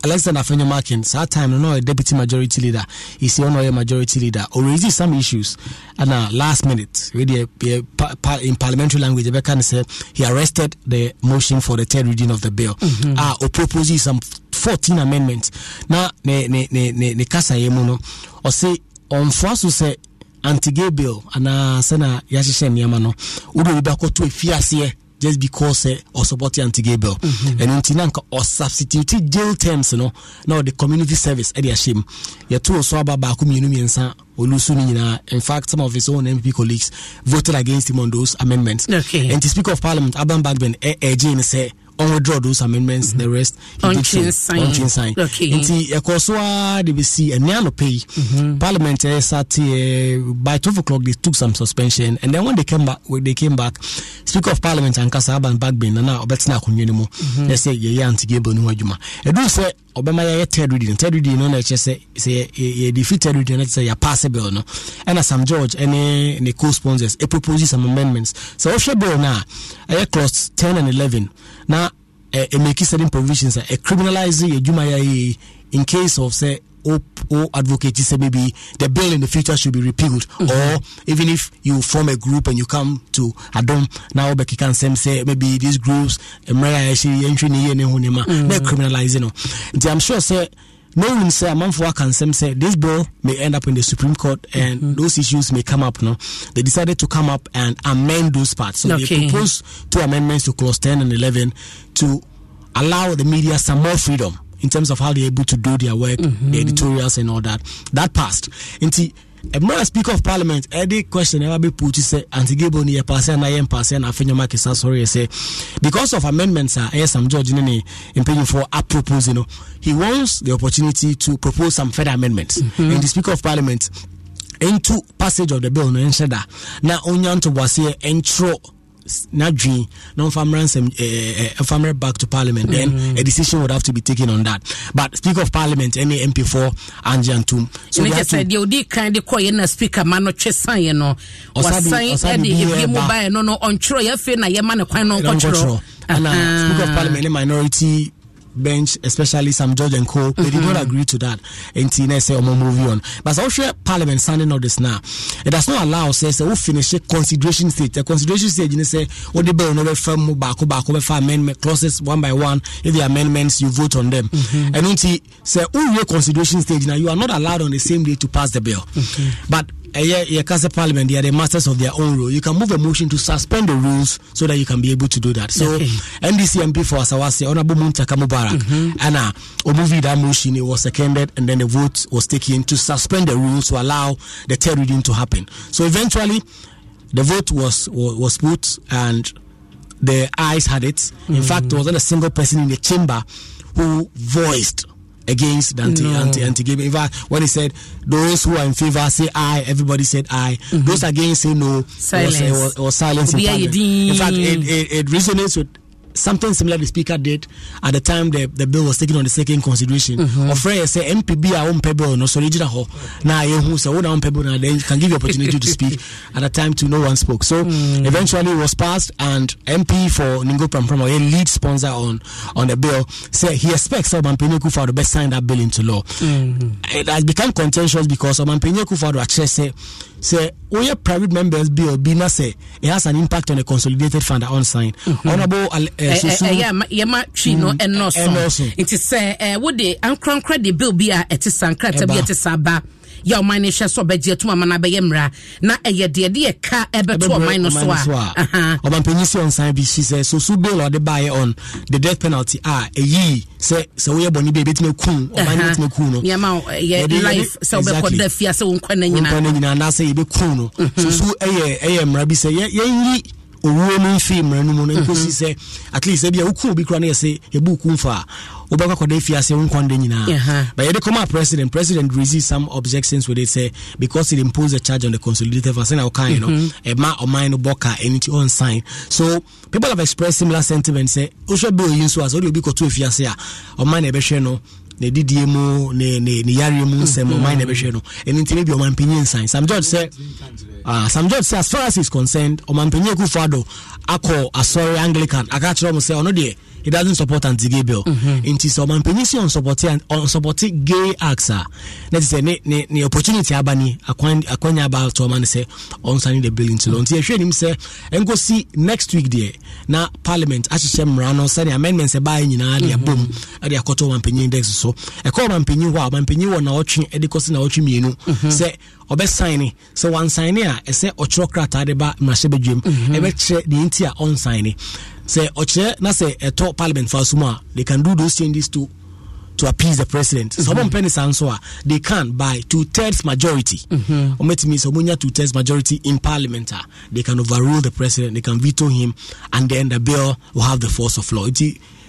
Alexander Afenyo Markin, so time, no, no, deputy majority leader, is the honorary majority leader, or raises some issues. And uh, last minute, really, uh, in parliamentary language, Rebecca say he arrested the motion for the third reading of the bill. Mm-hmm. Ah, or proposes some 14 amendments. Now, ne, ne, ne, ne, ne kasa yemu no, or say, on for say, anti-gay bill, and uh, sena yashishe niyama no, ube ube akotu efiasye, just because uh, eh, ɔsupɔte anti gabriel ɛno mm-hmm. nti na nka jail terms you know, now the community service ɛde ahyɛ mu yɛtoo so aba baako mmienu mmiɛnsa olusu ni nyinaa in fact some of his own mp colleagues voted against him on those amendments okay. and to speak of parliament aban bagben ɛɛgye eh, eh, ne sɛ on withdraw those amendments mm-hmm. the rest on chin sign on sign okay nti ɛkɔ so a de bi pay. ɛnɛ anɔpɛ parliament ɛ eh, eh, by twelve o'clock they took some suspension and then when they came back when they came back speaker of parliament and aban bagbin nana ɔbɛtena akonnwa mm-hmm. they say yeah, ɛsɛ yɛyɛ antigable no ho adwuma yeah, sɛ ɔbɛma yɛyɛ third reading third reading no na just say say eh, yɛdefi defeated reading not say sɛ yɛpaase bill no ɛna sam george and the co-sponsors proposes some amendments So, wohwɛ bill no a 10 and 11 now uh, making certain provisions uh, criminalizing adwumayɛ in case of say or, advocate say maybe the bill in the future should be repealed mm-hmm. or even if you form a group and you come to Adam now but you can say maybe these groups emraya actually entry ne ne ho ne ma na mm. criminalizing i'm sure say knowing say amanfo and nsɛm say this bill may end up in the supreme court and mm-hmm. those issues may come up no they decided to come up and amend those parts so okay. they proposed two amendments to clause 10 and 11 to allow the media some more freedom in terms of how they're able to do their work mm-hmm. the editorials and all that that passed Inti, mmerɛ speaker of parliament ɛde question ɛba bɛ puuti sɛ antigabo no yɛpaase anaa yɛmpaase ana afei nyɔma kesa Sorry, yɛ sɛ because of amendments a ɛyɛ sam george ne ne mpanyinfoɔ apropose no he wants the opportunity to propose some further amendments mm-hmm. and the speaker of parliament into passage of the bill no ɛnhyɛ da na ɔnya ntoboaseɛ ɛntwerɛ n'adwin na nfa mmerɛ nsɛm ɛɛ eh, nfa eh, eh, back to parliament then mm a decision would have to be taken on that but speaker of parliament ɛne mp4 angie and antum. so we have to ɛnɛ kyɛ sɛ deɛ odi kan de kɔ yɛn na speaker ma no twɛ san yɛn no wasan ɛde ebien mu ba yɛn no no ɔntwerɛ yɛn fɛ na yɛn ma ne kwan no nkɔtwerɛ. ana speaker of parliament ne minority bench, especially Sam George and Co. They mm-hmm. did not mm-hmm. agree to that. And Tina say, "I'm on." But also Parliament signing on this now. It does not allow says we finish a consideration stage. The consideration stage, you know, say what the bill never firm back back over amendment clauses one by one. If the amendments, you vote on them. Mm-hmm. And until say oh, your consideration stage now, you are not allowed on the same day to pass the bill. Okay. Mm-hmm. But Eh, yeah, yɛka sɛ parliament they are the masters of their own rule you can move a motion to suspend the rules so that you can be able to do that so okay. ndc mp for Asawasi, honorable muntaka mubarak mm-hmm. ana omuvi that motion it was seconded and then the vote was taken to suspend the rules to allow the third reading to happen so eventually the vote was was, was put and the eyes had it in mm-hmm. fact there wasn't a single person in the chamber who voiced against the anti no. anti anti gay. In fact, when he said those who are in favor say aye, everybody said aye. Mm-hmm. Those against say no silence. or, or, or silence. In fact, it, it, it resonates with something similar the speaker did at the time the, the bill was taken on the second consideration. Mm-hmm. Or Freya say MPB I own people no so original ho. Now you who say own oh, people now then can give you opportunity to speak. At a time to no one spoke. So mm eventually it was passed and MP for Ningo Pramprama, a lead sponsor on on the bill, said he expects for Kufado best sign that bill into law. Mm-hmm. It has become contentious because Obampinyo Kufado actually said sɛ woyɛ private members bill bi na sɛ it has an impact on a consolidated fund on sign mm-hmm. honorable uh, sosu yɛma twi no ɛnɔso nti sɛ wode ankorankora de bill bi a ɛte sa nkrata bi ɛte sa ba yɛ ɔman no hyɛ sɛ ɔbɛgye atum ama no abɛyɛ mmara na ɛyɛ deɛ de yɛ ka ɛbɛto ɔman no so a ɔbampanyin sɛ ɔnsan bi hyi sɛ sosu bail ɔde baeɛ on the death penalty a ah, ɛyii sɛ sɛ woyɛ bɔne bi a ɛbɛtumi akum ɔman no bɛtumi akum no yɛma eh, yɛ life sɛ wobɛkɔ da fia sɛ wonkwa no nyinaa no nyinaa anaasɛ yɛbɛkum no mhm. sosu ɛyɛ ɛyɛ mmara bi sɛ yɛnyi owuo no mfiri mmara no mu mhm. sɛ at least ebi bi a wokum obi kora no yɛ sɛ yɛbu wokum fa wobɛkɔ akɔda afiase wo nkwa nyinaa but yɛde kɔma president president resist some objections with it sɛ because it imposed a charge on the consolidated fund sɛna wokae no ɛma mm-hmm. ɔman no bɔ ka ɛno ɔnsign so people have expressed similar sentiment sɛ wohwɛ bill yi nso a sɛ wode obi kɔto afiase a ɔman na ɛbɛhwɛ no ne didie mu ne yareɛ mu nsɛm ɔman na ɛbɛhwɛ no ɛno nti ne bi ɔman panyin sam george sɛ Uh, Sam George say as far as he's concerned, Omanpenye Kufado akɔ asɔre Anglican aka kyerɛ ɔmo sɛ ɔno deɛ he doesn't support anti gay bill mhm. nti sɛ Omanpenye si ɔnsupporte ɔnsupporte gay acts a ah. na ti sɛ ne ne ne opportunity aba ni akɔnya aba to ɔma ne sɛ ɔnsane the bill nti lɔ nti ehwɛ nim sɛ nkosi next week deɛ na parliament ahyehyɛ mmara no sɛde amendments ɛbaa yɛ nyinaa de mhm. abom ɛde akɔtɔ Omanpenye index so ɛkɔ Omanpenye hɔ a Omanpenye wɔ na ɔtwe ɛde kɔsi na ɔtwe mmienu mhm. sɛ. ɔbɛsaine sɛ wansaine a ɛsɛ ɔkyerɛ krataa de ba mmarahyɛ badwam ɛbɛkyerɛ deɛ nti a ɔnsaine sɛ ɔkyerɛ na sɛ ɛtɔ parliament fa so mu a they can do those changes to to appease the president sɛ ɔmompɛ ne saa nso a they can by two thirds majority ɔmɛtumi mm-hmm. sɛ ɔmonya two thirds majority in parliament a ah, they can overrule the president they can veto him and then the bill will have the force of law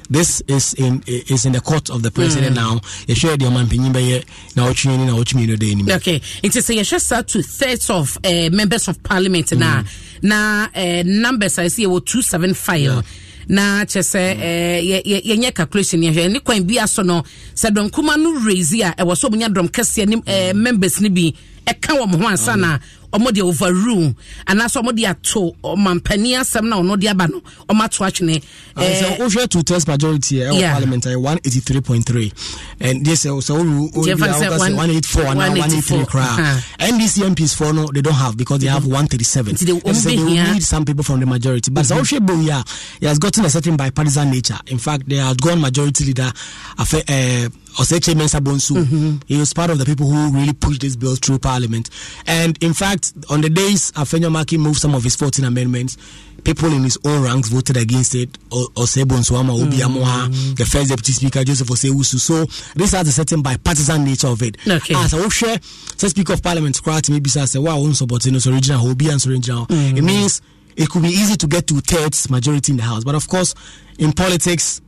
this is in is in the court of the president mm. now yɛhwɛ deɛ ɔmampanyin bɛyɛ na ɔtwe ani na mi no de anim okay it nti sɛ yɛhwɛ saa to thirds of uh, members of parliament mm. na hmm. na uh, numbers I see yɛwɔ two seven five yeah. na kyɛ sɛ mm. uh, yɛnyɛ calculation yɛhwɛ ne kwan bi aso no sɛ dɔnkuma no raise a ɛwɔ so ɔmunya dɔm kɛseɛ ne members no bi ɛka wɔ mo ho ansa na ɔmo deɛ overrule anaasɛ ɔmo deɛ ato ɔmampanin asɛm na ɔno de aba no ɔmo ato atwene. ɛɛ ah, wohwɛ eh, two thirds majority ɛwɔ eh, parliament ɛyɛ eh, one eighty three point three and this ɛwɔ sɛ olu olu bi awo kasi one eight four ana one eight three koraa ndc mps four no they don't have because they have one thirty seven they will need some people from the majority but sɛ wohwɛ bowie a he has gotten a certain bipartisan nature in fact they outgone majority leader afɛ ɛɛ. Uh, Oseche Mensah Mm-hmm. He was part of the people who really pushed this bill through Parliament. And in fact, on the days Afenyo Maki moved some of his 14 amendments, people in his own ranks voted against it. Ose Bonsuama Obi mm-hmm. Amoha, the first deputy speaker, Joseph Osewusu. So this has a certain bipartisan nature of it. Okay. As I will share, say Speaker of Parliament, Krat, maybe say, wow, I'm supporting original, Obi and original. Mm-hmm. It means it could be easy to get two thirds majority in the House. But of course, in politics,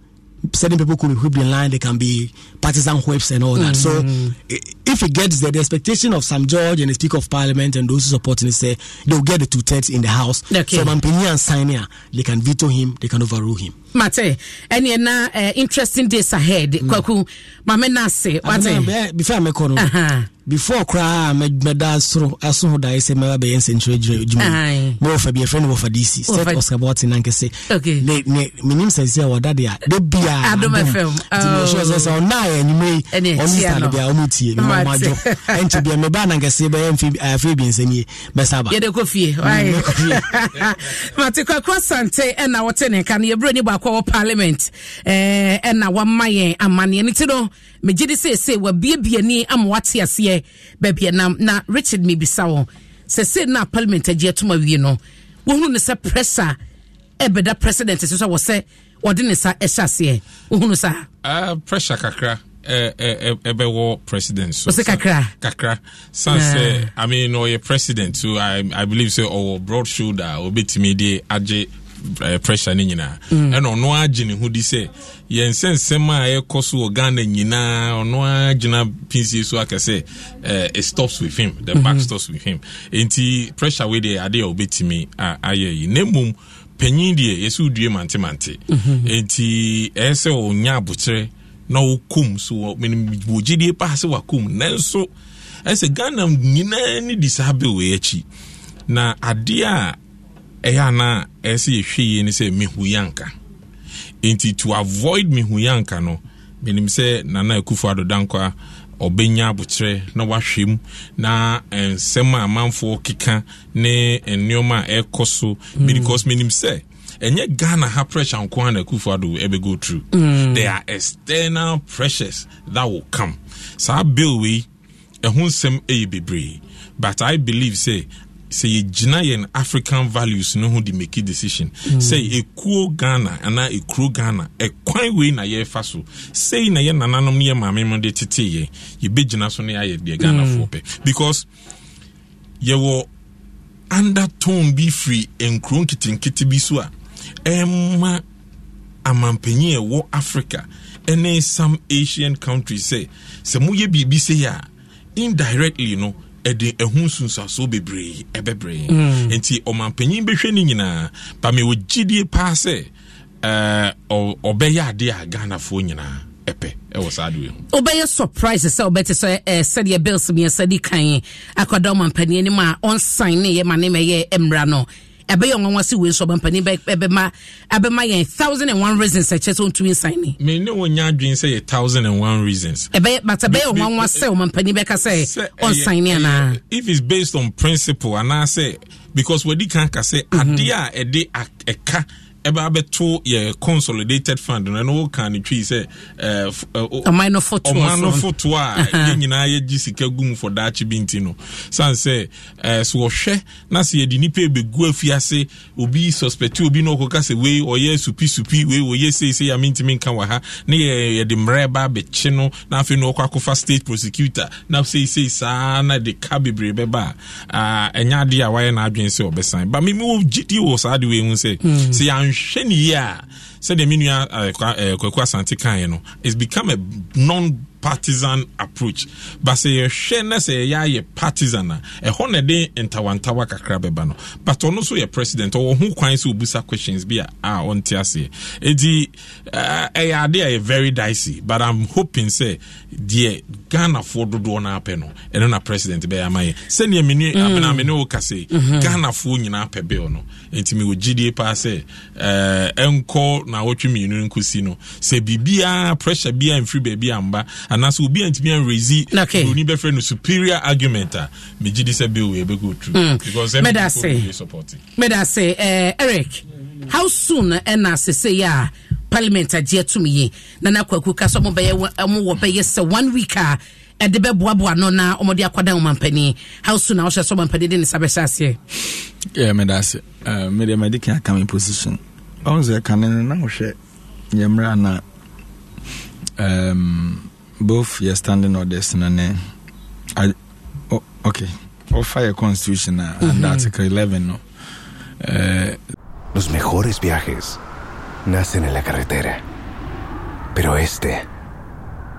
certain people could be whipped in line. They can be partisan whips and all that. Mm-hmm. So mm. if it gets there, the expectation of Sam George and the Speaker of Parliament and those who support him say they'll get the two thirds in the House. Okay. So Mampini and Sania, they can veto him. They can overrule him. mate any na uh, interesting days ahead mm. kwaku mame no ase eh, before mɛkɔ no before koraa meda soro aso ho daeɛ sɛ mɛba bɛyɛ nsɛnkyerɛdwerɛ adwuma mɛwɔ fa bi ɛfrɛ no wɔfa dc sɛt oscar boaten ankɛse menim sɛ sɛ wɔda be a da eh, biaantimehyɛ sɛ sɛ ɔna yɛ anwuma yi ɔne stade bia ɔmutie mmadwo ɛnkyɛ bia mɛba nankɛse bɛyɛ afei biɛnsa nie bɛsa ba yɛdɛkɔ fie mate kwakora sante ɛna wɔte ne ka no yɛbrɛ ni baako akɔwɔ parliament eh, ɛna wama yɛn amanneɛ no ti no megye de seesei wabiebie ni ama wate aseɛ baabi ɛnam na richard mebisa wɔ sɛsei na parliament agye atom awie no wohunu no sɛ pressure ɛbɛda president so sɛ wɔ sɛ wɔde ne sa ɛhyɛ aseɛ wohunu saa ah, pressure kakra ɛbɛwɔ president so ɔsɛ kakra kakra san sɛ ah. i mean ɔyɛ president so i, I believe sɛ ɔwɔ broad shoulder obɛtumi de agye uh, pressure ne nyinaa mm. ɛna ɔno agye ne ho di sɛ yɛn nsɛnsɛm a ɛkɔ so wɔ ghana nyinaa ɔno agyina pinsie so aka sɛ uh, it stops with him the mm -hmm. back mhm. stops with him enti pressure wei deɛ adeɛ a wɔbɛtumi ayɛ yi na mmom panyin deɛ yɛsɛ wodue mantemante enti mhm. ɛyɛ sɛ ɔnya abokyerɛ na wɔkɔm so wɔgyedie paa sɛ wakɔm nanso ɛsɛ ghana nyinaa ne di saa bɛ wɔ akyi na adeɛ a ɛyɛ ana ɛsɛ yɛhwɛ yie ne sɛ mehuyanka nti to avoid mehuyanka no menim sɛ nana akufo adodankwa ɔbɛnya abokyerɛ na wahwɛ na eh, nsɛm a amanfoɔ keka ne eh, nneɔma a ɛkɔ so hmm. because menim sɛ ɛnyɛ ghana ha pressure nko a na akufo ado ɛbɛgo through hmm. there are external pressures that will come saa bill wei ɛho nsɛm ɛyɛ bebree but i believe say sɛ yɛgyina yɛn african values no ho de make decision mm. sɛ ɛkuo ghana anaa ɛkuro ghana ɛkwan wei na yɛfa so Say na yɛ nananom no yɛ maame mo de teteyɛ yɛbɛgyina so no yɛayɛ deɛ ghanafoɔ hmm. pɛ because yɛwɔ undertone bi firi nkuro nketenkete bi so a ɛma amanpanyin a ɛwɔ africa ɛne some asian countries sɛ sɛ moyɛ biribi sei a indirectly you no know, ɛde ɛho nsunsuasoɔ bebree ɛbɛbree mm. nti ɔmanpanyin bɛhwɛ no nyinaa pame wɔgyidie paa sɛ ɔbɛyɛ eh, adeɛ a ghanafoɔ nyinaa ɛpɛ ɛwɔ saa adeɛ ho wobɛyɛ surprise sɛ wobɛte sɛ eh, sɛdeɛ bills miɛnsa di kan akɔda ɔmanpanin anim a ɔnsan ne yɛ ma ne mɛyɛ mmara no ɛbɛyɛ ɔnwanwa si wei nso ɔbɛmpanin bɛma ɛbɛma yɛn thousand and one reasons ɛkyɛ sɛ ɔntumi nsan ni. mi ne wo nya adwene sɛ yɛ thousand and one reasons. ɛbɛyɛ bata bɛyɛ ɔnwanwa sɛ ɔbɛmpanin bɛka sɛ ɔnsan eh, ni anaa. Eh, if it's based on principle anaasɛ because wɔdi kan ka mhm. adeɛ eh, a ɛde ɛka. ɛbɛ abɛto yɛ consolidated fund no ɛno woka no twii sɛ ɔman no eh, fotoɔ a yɛn nyinaa yɛgye sika gum fɔ daakye bi nti no sane sɛ sɛ wɔhwɛ na sɛ yɛde nipa ɛbɛgu e afiase obi suspect obi na ɔkɔka sɛ wei ɔyɛ supisupi wei wɔyɛ seisei a mentimi nka wɔ ha ne yɛde mmerɛ ba abɛkye no na afei na ɔkɔ akɔfa state prosecutor na seisei saa na de ka bebree bɛba ah, a ɛnyɛ adeɛ a wayɛ no adwene sɛ ɔbɛsan ba memewɔ gyidi wɔ saa de wei hu sɛ hmm. sɛ yɛanhwɛ hwɛ ne yie a sɛdeɛ me nua eh, eh, kwaku asante kaeɛ no it's become a non partisan approach but sɛ yɛhwɛ na sɛ yɛyɛ ayɛ partisan a ɛhɔ na ɛde ntawantawa kakra bɛba no but ɔno nso yɛ president ɔwɔ ho kwan sɛ ɔbusa questions bi a a ɔnte aseɛ ɛnti eh, ɛyɛ ade a yɛ very dicey but i'm hoping sɛ deɛ ghanafoɔ dodoɔ no apɛ no ɛno na president bɛyɛ ama yɛ sɛneɛ mene mm. abena mene wo ka sɛ mm-hmm. ghanafoɔ nyinaa pɛ bill no nti mewɔ gyidie paa sɛ ɛnkɔ nawɔtwe mmienu no nkɔsi no sɛ biribiaa pressure biaa mfiri baabi amba anaasɛ obi antumi anresi buroni bɛfrɛ no superior argument a megye di sɛ bill yɛbɛgo tru mm. meda se eric how soon ɛna sesei a parliament agye atom yi na na kwaku ka sɛ mobɛyɛ mowɔ bɛyɛ sɛ one week a ɛde bɛboaboa no na ɔmɔde akɔda ɔmampani how soon a wohyɛ sɛ ɔmampani de ne sa bɛhyɛ aseɛ yeah, mede ase uh, mede mede ka aka position ɔhu sɛ ɛka ne no na wohwɛ na um, both yɛ standing orders no ne okay ɔfa yɛ constitution a mhm. article 11 no uh, Los mejores viajes nacen en la carretera pero este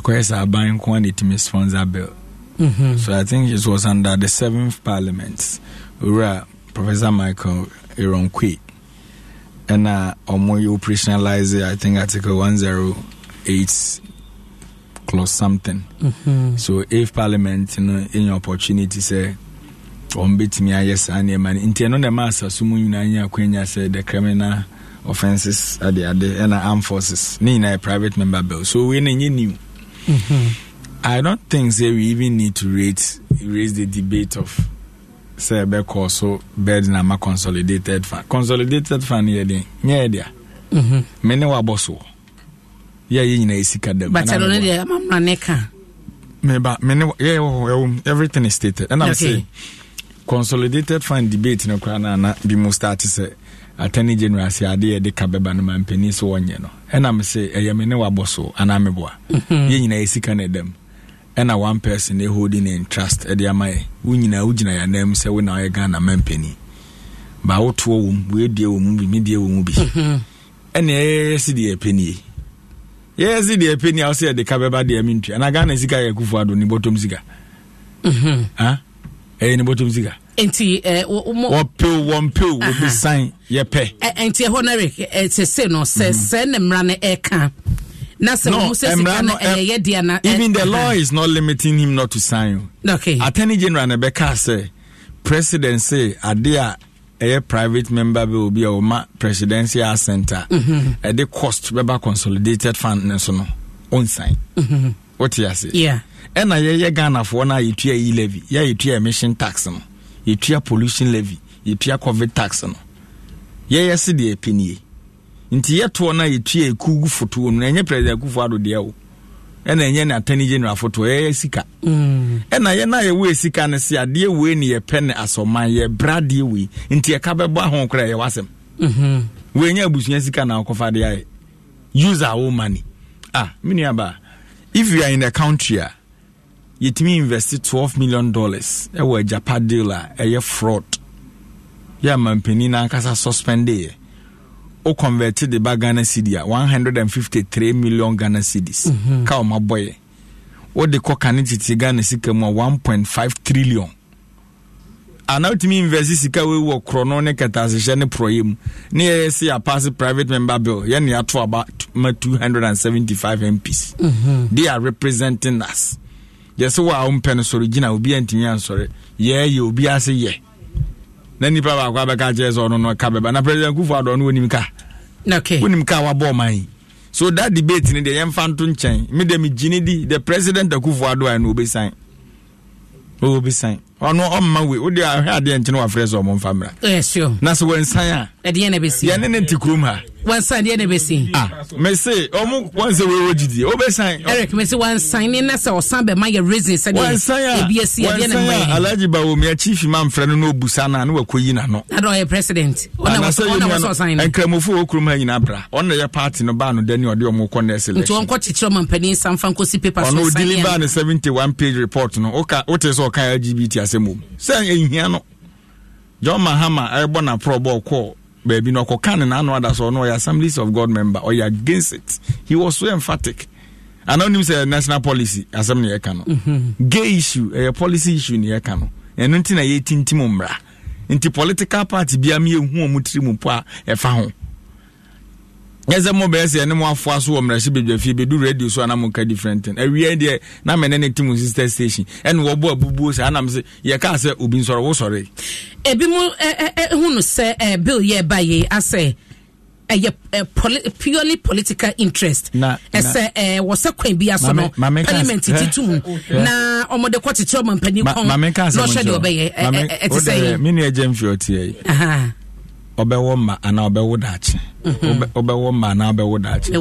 akɔyɛ aban nko a na sponsor bill mm-hmm. so i think it was under the seventh parliament where professor michael eronkwe ɛna ɔmo uh, operationalize i think article 108 close something mm-hmm. so if parliament you know, any opportunity say, on bit ayɛ saa nneɛma no nti ɛno na ɛma asaso mu nyinaa nyɛ akwanya sɛ the criminal offences adeade ɛna armed forces ne nyinaa private member bill so wei na ɛnyɛ new Mm-hmm. I don't think say we even need to raise raise the debate of say be so bed na ma consolidated fund. Consolidated fund here dey. Yeah there. Mhm. Me ne wa boso. Yeah ye nyina esika dem. But I don't know the mama ne ka. Me ba me yeah um, everything is stated. And I'm okay. saying consolidated fund debate no kra na na bi mo start say eh. attorney general sɛ adeɛ yɛde ka bɛba no mampani so wɔnyɛ no me sɛ ɛyɛ me ne wabɔ so anaa meboa mhm. yɛn nyinaa yɛsika no ɛdam ɛna one person ne holding in trust ɛde ama yɛ wo nyinaa wogyina yɛnam sɛ wo na woyɛ ghana mampani ba wotoɔ wɔ mu woɛdie wɔ mu bi medeɛ wɔ mu bi mhm. ɛne ɛyɛyɛ si deɛ yɛpɛnie yɛyɛ si deɛ yɛpɛnie a wo sɛ yɛde ka bɛba deɛ mentua na ghana sika yɛ kufoɔ ado ne bɔtɔm sika mhm. ha ɛyɛ eh, eh, eh, mhm. ne bɔtɔm sika nti wɔpew wɔmpew wɔbisan yɛpɛ nti ɛhɔ no rek sese no sɛ sɛ ne mmara no ɛka even the law is not limiting him not to sign okay attorney general na ɛbɛka sɛ president say ade a private member will be a ɔma presidential ah, center At mhm. the cost bɛba consolidated fund ne so no ɔnsan wote ase yeah ɛna yɛyɛ ghanafoɔ no a yɛtua yi e levy yɛ yɛtua emission tax no yɛtua pollution levy yɛtua covid tax no yɛyɛ si deɛ penie nti yɛtoɔ no a yɛtua ɛku gu fotoɔ no ɛnyɛ president akufo ado deɛ o ɛna ɛnyɛ ne attorney general fotoɔ yɛyɛ sika mm. ɛna yɛn na yɛwɔ sika no se adeɛ wei ne yɛpɛ ne asɔman bra deɛ wei nti ɛka bɛbɔ aho kora yɛwɔ asɛm mm-hmm. wei nyɛ abusua sika na akɔfa de ayɛ use our money ah me nuaba if you are in a country a uh, yɛtumi invest twelve million dollars ɛwɔ agyapa deal a ɛyɛ fraud yɛ amampanin nankasa suspendeɛ o converti de ba ghana cedi a three million ghana cedis mm -hmm. ka ɔma bɔyɛ wode kɔ kane tete ghana sika mu a 1.5 trillion ana wotumi invest sika wei wɔ korɔ no ne kɛtasehyɛ ne porɔyɛ mu ne yɛyɛ se apase private member bill yɛne yɛato aba ma and seventy five MPs, mhm. they are representing us yɛsɛ wo a wompɛ no sɔre gyina obi antumi ansɔre yɛɛ yɛ obi ase yɛ na nipa baako abɛka kyerɛ sɛ ɔno no ka bɛba na president kufo adɔ no wonim ka wonim ka wabɔ ɔman so that debate no deɛ yɛmfa nto nkyɛn mede megyine di the president akufo adɔ a no wɔbɛsan wɔbɛsan ɔno ɔmma we wode ahwɛ adeɛ nkyene wafrɛ sɛ ɔmo mfa mmra eh, na sɛ wansan a yɛne ne nte kurom ha wansan deɛ na bɛsi. ah mese ɔmu wansan wo ewo jidi o bɛ san. eric mese wansan ne na sɛ ɔsan bɛ ma yɛ reason sɛ de ebi esi ɛdeɛ na mɔ yɛ. wansan a alhaji bawumia chief man filɛ no n'o busa na ne wa ko yi na nɔ. adɔ ɔyɛ president ɔna wɔsɔ ɔsan ne. nkramofo o kurum ha nyinaa bra ɔna yɛ party no baa no dɛ ni ɔde ɔmu kɔ nɛ selection. nti wɔn kɔ kyekyere ɔman panyin sanfa nkosi paper so san yɛ. ɔno deliver ne 71 page report no o ka o te sɛ ɔka lgbt asɛm wɔ sɛ ɛhia no john mahama ɛrebɔ naporɔ bɔɔ kɔɔ baabi no ɔkɔka ne naano ada so ɔno ɔyɛ assemblies of god member ɔyɛ against it he was so emphatic ana onim sɛ national policy asɛm ne yɛka no mhm. gay issue ɛyɛ policy issue ne yɛka no ɛno nti na yɛtintim mmara nti political party biaa meyɛhu ɔ mu tiri mu po a ɛfa ho nyɛ mo mobɛyɛ sɛ ɛne mo afoa so wɔ mmerɛhyɛ badwafie bɛdu radio so ana moka different n awie deɛ na mɛne ne te sister station ɛne wɔbɔ abubuo saa nam sɛ yɛkaa sɛ obi nsɔre wosɔre ebi mu hu no sɛ bill yɛ ba yei asɛ ɛyɛ uh, poli purely political interest ɛsɛ wɔ sɛ kwan bi aso no parliament ti tu mu na ɔmɔde kɔ tete ɔmɔ mpanin kɔn na ɔhyɛ deɛ ɔbɛyɛ ɛte sɛ yi. mi ni ẹ ɔbɛwɔ ma anaa ɔbɛwo daakye ɔbɛwɔ mhm. ma anaa ɔbɛwo daakye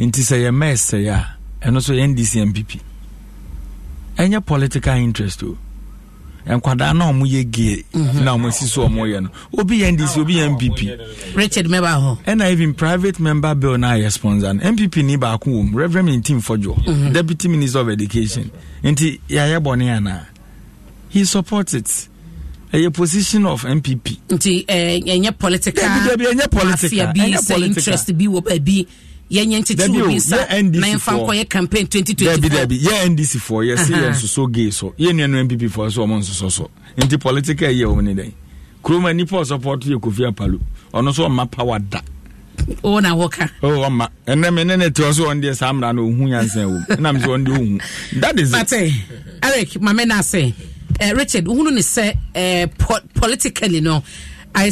nti sɛ yɛ mɛɛ sɛe a ɛno nso yɛ ndc npp ɛnyɛ political interest o nkwadaa na ɔmo yɛ gie mhm. na ɔmo si so ɔmo yɛ no obi yɛ ndc obi yɛ npp richard mɛba hɔ ɛna even private member bill na ayɛ sponsor no npp ni baako wɔ mu reverend ntim fɔdwo mhm. deputy minister of education nti yɛayɛ bɔne anaa he support it ɛyɛ position of MPP. nti ɛnyɛ political dabi interest bi wɔ baabi yɛnyɛ ntutu bi nsa na nfa nkɔyɛ campaign twenty four. yɛ ndc fɔ yɛsi yɛn soso gay so yɛn nua no npp fɔ so ɔmo nsoso so nti political yɛ wɔn ne dɛ kuroma nipa ɔsɔpɔtɔ yɛ kofi apalo ɔno so ɔma power da. o na wɔka. o ɔma ɛnɛ mi ne ne tɛ ɔso ɔn deɛ saa mura no ohun yansan wo ɛnam so ɔn deɛ ohun that is it. pate eric maame na uh, richard wohunu ne sɛ uh, po politically no ayɛ eh,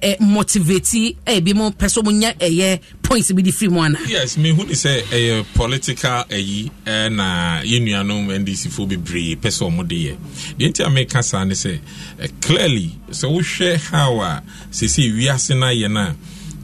eh, sɛ uh, uh, motivate ɛbi uh, mu pɛ so monya ɛyɛ points bi de firi mu ana yes mehu ne sɛ ɛyɛ political ayi uh, uh, na yɛnnuanom ndcfoɔ bebree pɛ sɛ ɔmo de yɛ deɛ nti a meka saa ne sɛ uh, clearly sɛ wohwɛ how a sɛsɛ wiase no ayɛ no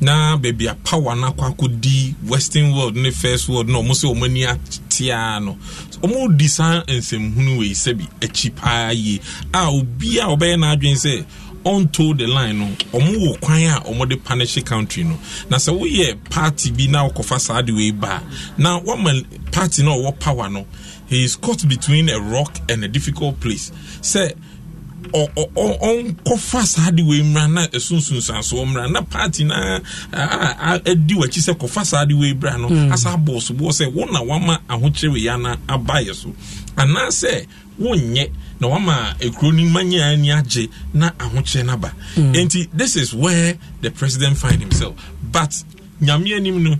na baabi a power no akɔ akɔdi western world ne first world na ɔmo sɛ ɔmo ani ateaa no wɔn di saa nsɛmhunu wei sɛbi akyi paa yie a obi a ɔbɛyɛ n'adwene sɛ ɔnto the line no ɔmo wɔ kwan a ɔmo de panishi country no na sɛ woyɛ party bi na ɔkɔfa saa de wei ba na wɔma party na ɔwɔ power no he is caught between a rock and a difficult place sɛ. So, ɔnkɔfa saa de wei mmra na ɛsunsunsansoɔ mmra na party na adi wakyi sɛ kɔfa saa de wei bra no hmm. asa abɔ soboɔ sɛ na wama ya na ana abayɛ so anaasɛ wonyɛ na wama ekuro ni ma nyinaa ni agye na ahokyerɛ no aba hmm. nti this is where the president find himself but nyame anim no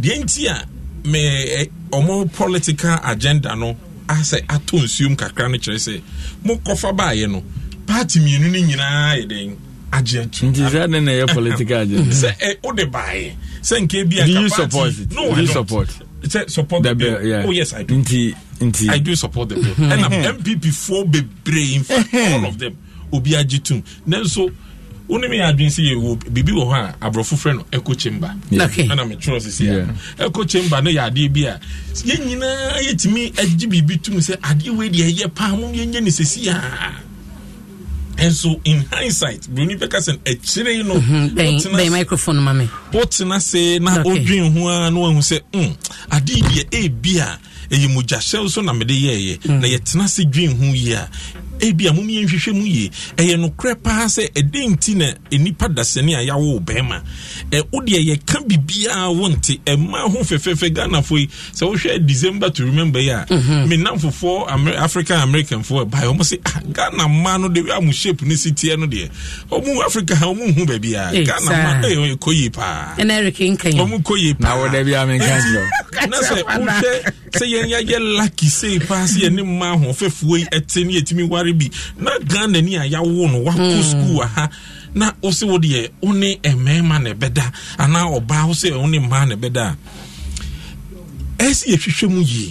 deɛ nti a me eh, ɔmo political agenda no asɛ atɔ nsuom kakra no kyerɛ sɛ mokɔfa baayɛ no paati mmienu no nyinaa yɛ dɛn agyentu nti sɛ ne na ɛyɛ political agent sɛ ɛ o de baayɛ sɛ nke bi a ka paati no I don't support sɛ support the bill yeah. oh yes I do nti nti I do support the bill ɛna MPP foɔ bebree in fact all of them obi agye tum nanso wone meyɛ adwene sɛ yɛwɔ biribi wɔ hɔ a aborɔfo frɛ no echo chamber ana metwerɛ sesea echo chamber no yɛ adeɛ bi a yɛn nyinaa yɛtumi agye biribi tum sɛ adeɛ wei deɛ ɛyɛ paa mom yɛnyɛ ne sesia And so, in hindsight broni bɛka sɛ akyire yi no wotena se na wodwen ho a na wahu No one mm, yi say. ɛbi eh, a a ɛyɛ mogyahyɛw so na mede yɛɛyɛ mm. na yɛtena se dwen ho yi ebi a mo mi nhwehwɛ mu yie ɛyɛ nokorɛ paa sɛ ɛdɛn nti na nipa dasani a yawo bɛrima ɛ o deɛ yɛ ka bibiara wɔnte ɛmaa ho fɛfɛɛfɛ ghanafoɔ yi sɛ wohwɛ december to remember yi a mhm. me fofoɔ african american foɔ ɛbaeɛ ɔmo si ah, ghana mmaa no de wi a mo shape ne si tiɛ no deɛ ɔmo africa mu ɔmo nhu baabiara ghana mmaa ɛyɛ kɔ yie paa ɛnɛ ɛrekɛ nkɛn paa na wɔ dɛbi a nkan kyerɛ na sɛ wohwɛ sɛ yɛn yɛ lucky sɛ paa sɛ yɛn ne mmaa ahoɔfɛfoɔ yi ɛte ne yɛtumi ware bi na ghana ni a yɛawo no woakɔ hmm. school aha na wo se deɛ wo mmarima na ɛbɛda anaa ɔbaa wo sɛ mmaa na ɛbɛda ɛsi ehwehwɛ mu yie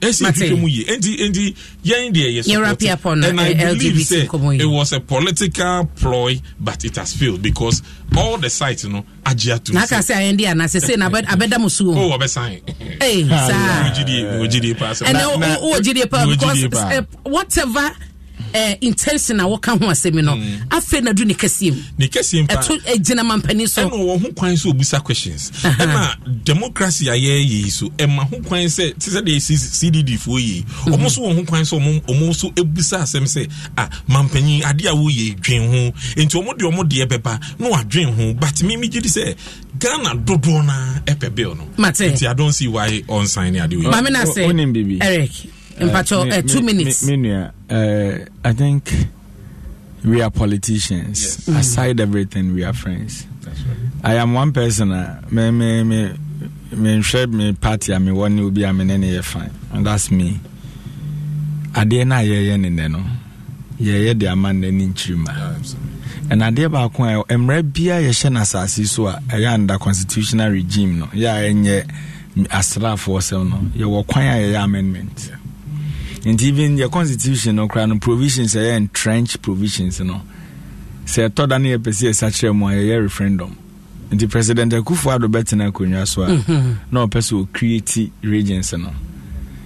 ɛsi ehwehwɛ mu yie nti nti yɛn deɛ yɛ support and i believe say it was a political ploy but it has failed because all the sites no agye ato na aka sɛ ayɛ ndi ana sɛ na abɛda mu suo o ɔbɛsan ee saa wo gyidie wo paa sɛ ɛnna wo paa because eh, whatever eh, intention a wɔka ho asɛmi no mm. afei na du ne kɛseɛ mu ne kɛseɛ mu ɛto gyina ma mpanin so ɛna wɔn ho kwan sɛ obusa questions ɛna democracy a yɛyɛ yi so ɛma ho kwan sɛ te sɛ deɛ cdd foɔ yi mhm. ɔmo nso wɔn ho kwan sɛ ɔmo nso ebusa asɛm sɛ ah, a ma mpanyin adeɛ a wɔyɛ dwen ho nti ɔmo deɛ ɔmo deɛ bɛba na wadwen ho but mi mi gye di sɛ ghana dodoɔ naa ɛpɛ bill no nti i don see why ɔnsan ne adeɛ oyi. maame na se eric. mpacho uh, two minutes. Me, me, me, uh, I think we are politicians. Yes. mm Aside everything, we are friends. That's right. I am one person. Uh, me me me me share me party. I mean, one will be. I mean, any fine, and that's me. Adeɛ na yɛyɛ ne nɛ no yɛyɛ de ama nnɛ ne nkyiri ma ɛna adeɛ baako a mmerɛ biara yɛhyɛ no so uh, a ɛyɛ under constitutional regime no yɛ a ɛnyɛ asraafoɔ sɛm no yɛwɔ kwan a yɛyɛ amendment yeah. nti even your constitution no koraa no provisions ɛyɛ eh, entrench provisions no sɛ ɛtɔ da no yɛpɛ sɛ yɛsa kyerɛ mu a yɛyɛ referendum nti president akufo ado bɛtena akonnwa so a mm-hmm. na ɔpɛ sɛ ɔcreate regents no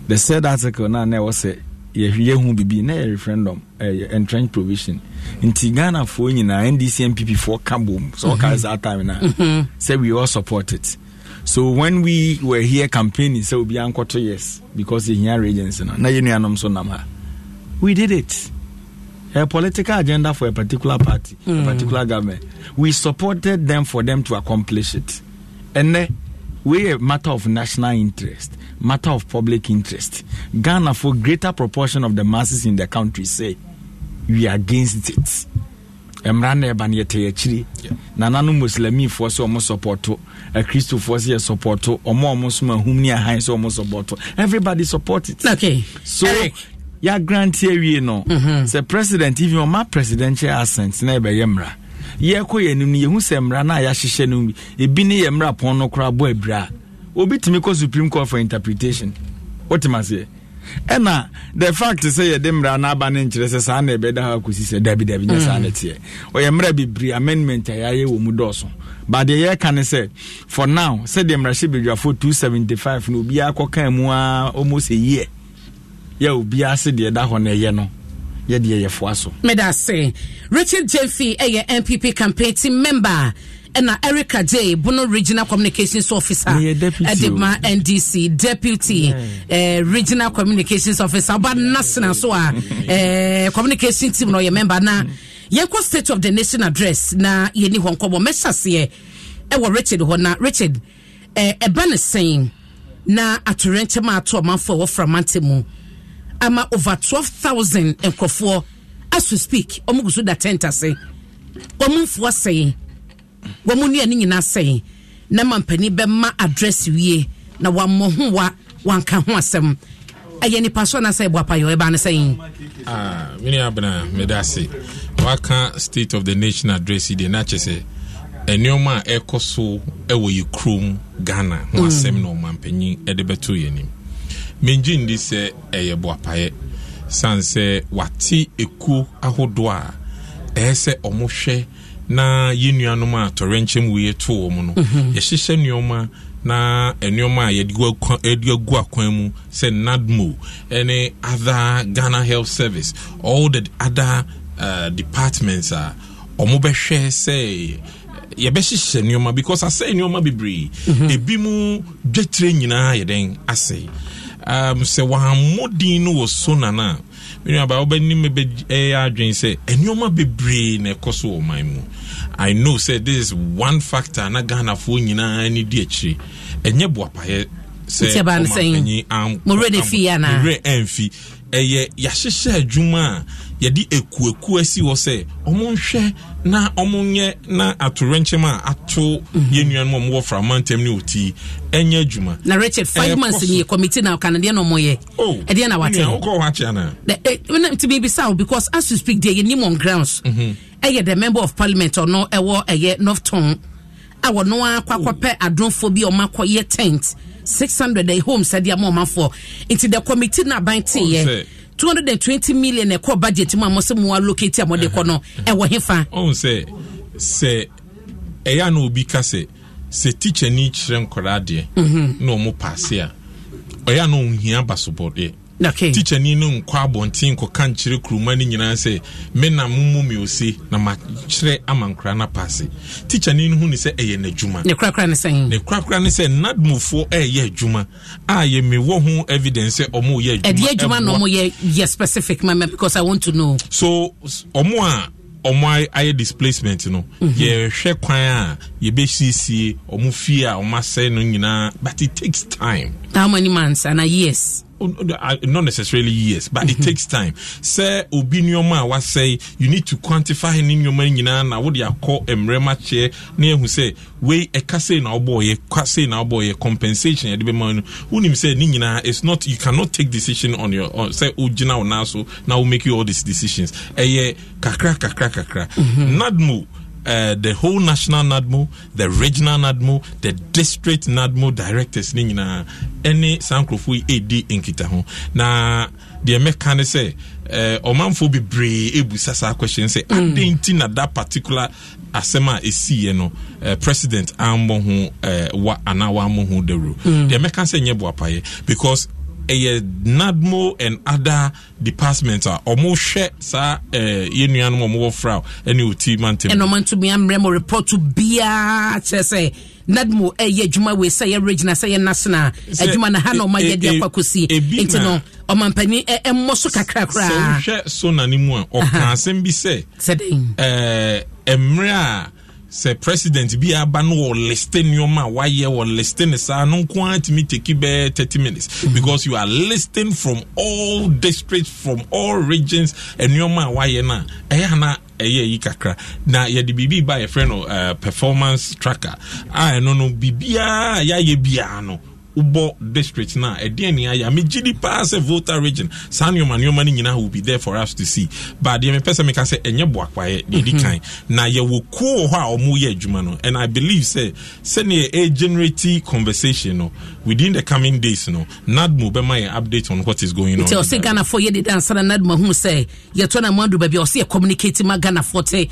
the said article na na ɛwɔ sɛ yɛhu bibi na yɛ referendum ɛyɛ eh, entrench provision nti ghanafoɔ nyinaa ndc mpp foɔ ka bom sɛ ɔka mm-hmm. saa time no a mm-hmm. sɛ we all support it mm -hmm. so when we were here campaigning so obi ankɔto yes because yɛhia here regions, na yɛnnuanom so we did it a political agenda for a particular party mm. a hmm. particular government we supported them for them to accomplish it ɛnɛ eh, we a matter of national interest matter of public interest ghana for greater proportion of the masses in the country say we are against it mmara na ɛba no yɛtɛ yɛakyiri nananom muslamifoɔ sɛ ɔmo sɔpɔto akristofoɔ sɛ yɛ sɔpɔto ɔmo a ɔmo som ahum ne ahan sɛ ɔmo sɔpɔto everybody support it okay. so Eric. yɛagrante awie no mm-hmm. sɛ president even ɔma presidential assent na ɛbɛyɛ mmara yɛkɔ yɛ anim no yɛhu sɛ mmara no a yɛahyehyɛ no bi ebi ne yɛ mmara pɔn no koraa bɔ abira obi tumi kɔ supreme court for interpretation wotim aseɛ ɛna the fact sɛ yɛde mmara no aba no nkyerɛ sɛ saa na ɛbɛda hɔ akɔsi sɛ dabi dabi nyɛ saa mm. ne teɛ ɔyɛ mmerɛ bebree amendment a yɛayɛ wɔ mu dɔɔso but deɛ yɛka ne sɛ for now sɛdeɛ mmarahyɛ badwafoɔ 275 no obiaa kɔka mu a almost a year yɛ obiaa sɛdeɛ da hɔ no ɛyɛ no yɛdeɛ yɛfoa so meda se richard jemfi ɛyɛ npp campaign team member ɛna erica j bono regional communications officer ɛde ma ndc deputy eh, regional communications officer ɔba nasena so a eh, communication team na ɔyɛ member na yɛnkɔ state of the nation address na yɛni hɔ nkɔmmɔ mɛhyɛ seɛ ɛwɔ richard hɔ na richard eh, ɛba ne sɛn na atorɛnkyɛm a ato ɔmanfoɔ ɛwɔ framante mu ama over twelve thousand nkurɔfoɔ as we speak ɔmo gu so da tent ase ɔmo mfoɔ sɛn wɔn nnua no nyinaa sɛn na ma mpanin bɛma address wie na wɔammɔ ho wa wɔanka ho asɛm ɛyɛ nipa so na sɛ ɛbɔ apayɔ ɛba no sɛn. mene abena mede ase waka state of the nation address yi deɛ na kyɛ sɛ nneɛma a ɛkɔ so wɔ yɛ kurom ghana ho mm. asɛm na ɔmanpanyin de bɛto yɛ anim mengye ndi sɛ ɛyɛ boapaeɛ sane sɛ wate ekuo ahodoɔ a ɛyɛ sɛ ɔmo hwɛ na yɛ nuanom a tɔrɛnkyɛm wei to wɔ mu no mhm. yɛhyehyɛ nneɔma na nneɔma a yɛde agu akwan mu sɛ nadmo ne other ghana health service all the other uh, departments a ɔmo bɛhwɛ sɛ yɛbɛhyehyɛ nneɔma because asɛe nneɔma bebree mhm. ebi mu dwatire nyinaa yɛdɛn ase um, sɛ wɔammɔden no wɔ so nana a menua ba wobɛnim bɛyɛ adwen sɛ nneɔma bebree na ɛkɔ so wɔ man mu i know say this is one factor na ghanafoɔ nyinaa ni di akyire ɛnyɛ boapayɛ sɛ ɔma panyin anko anko mmerɛ ɛnfi ɛyɛ yɛahyehyɛ adwuma a yɛde ɛkuaku asi hɔ sɛ ɔmo nhwɛ na ɔmo nyɛ na atorɛnkyɛm a ato mhm. yɛn nua no mu ɔmo wɔ frama ntɛm ne ɔti ɛnyɛ adwuma. na richard five months ni committee na ɔkan deɛ na ɔmo yɛ. o oh, ɛdeɛ na wate. nea ɔkɔ wakye ana. Na ɛ ti bi bisa o because as you speak there yɛ nim on grounds. Mhm. ɛyɛ the member of parliament ɔno ɛwɔ ɛyɛ north town a wɔn akɔ akɔpɛ oh. adonfo bi ɔmo akɔ yɛ tent. Mm -hmm. six hundred ɛyɛ home sɛdeɛ ama ɔmanfoɔ nti the committee na aban oh, teeɛ two hundred and twenty million ɛkɔ budget mu a mo sɛ mo allocate a mo de kɔ no uh-huh. ɛwɔ he fa. ɔn sɛ sɛ ɛyɛ ano obi ka sɛ sɛ teacher ni kyerɛ nkɔla adeɛ mhm. na ɔmo paase a ɛyɛ ano ohia basobɔdeɛ okay. tikyani no nkɔ abɔnten nkɔka nkyerɛ kuruma no nyinaa sɛ me na momu me ose na makyerɛ ama nkora no paase tikyani no hu ne sɛ ɛyɛ n'adwuma ne korakora ne sɛ nadmufoɔ ɛyɛ adwuma a yɛ mewɔ ho evidence sɛ ɔmo yɛ adwuma ɛdeɛ adwuma na ɔmo specific mama because i want to know so ɔmo a ɔmo ayɛ displacement no mhm. yɛhwɛ kwan a yɛbɛsiesie ɔmo fie a ɔmo asɛe no nyinaa but it takes time how many months and years Uh, not necessarily years, but it mm-hmm. takes time. Sir, obi nneɛma a wasɛe, you need to quantify ne nneɛma nyinaa na wode akɔ mmerɛma kyɛ na ehu sɛ wei ɛka sei na wobɔ yɛ kwa sei na wobɔ yɛ compensation yɛde bɛma no wonim sɛ ne nyinaa it's not you cannot take decision on your on sɛ wogyina wo so na wo make you all these decisions ɛyɛ kakra kakra kakra mm-hmm. Uh, the whole national NADMO, the regional NADMO, the district NADMO directors ni nyinaa ɛne saa nkurɔfoɔ yi ɛredi nkita ho na deɛ mɛka ne sɛ uh, ɔmanfoɔ bebree ɛbusa saa question sɛ mm. adɛn nti na da particular asɛm a ɛsiiɛ no uh, president ammɔ ho wa anaa wammɔ ho dawuro mm. deɛ mɛka sɛ nyɛ boapayɛ because ɛyɛ nadmo and other department a ɔmohwɛ saa yɛ nuanom ɔmowɔ fra ɛne ɔti mantam ɛna ɔmantumi ammerɛ mɔ report biaa kyerɛ sɛ nadmo ɛyɛ adwuma wei sɛ yɛ regina sɛ yɛ nasena adwuma na ha na e- ɔma yɛde e- e- akɔ akɔsi nti no ɔmampani ɛmmɔ so kakrakoraa sɛ wohwɛ so no mu a ɔka asɛm bi sɛ sɛdɛn mmerɛ a sɛ president bi aba no wɔ liste nneɛma a wayɛ wɔ liste ne saa no nko ara tumi take bɛɛ thirty minutes because you are listing from all districts from all regions nneɛma a wayɛ no a ɛyɛ ana ɛyɛ yi kakra na yɛde biribi ba yɛfrɛ no uh, performance tracker a ɛno no biribiara a yɛayɛ biara no Ubo district na ɛdeɛne eh, ayɛ a megye di Pass a voter region saa nneɔma nneɔma ni nyinaa will be there for us to see but the mepɛ sɛ meka sɛ ɛnyɛ boakwaeɛ deɛ ɛdi kan na yɛwɔ kuo wɔ hɔ a ɔmoyɛ and i believe say send a eh, generative conversation no within the coming days no nadmo Be my update on what is going on nti ɔsɛ ghanafoɔ yɛdeda ansana nadmo ahunu sɛ yɛtɔ no amoadu baabi a ɔsɛ yɛ communicate ma ghanafoɔ te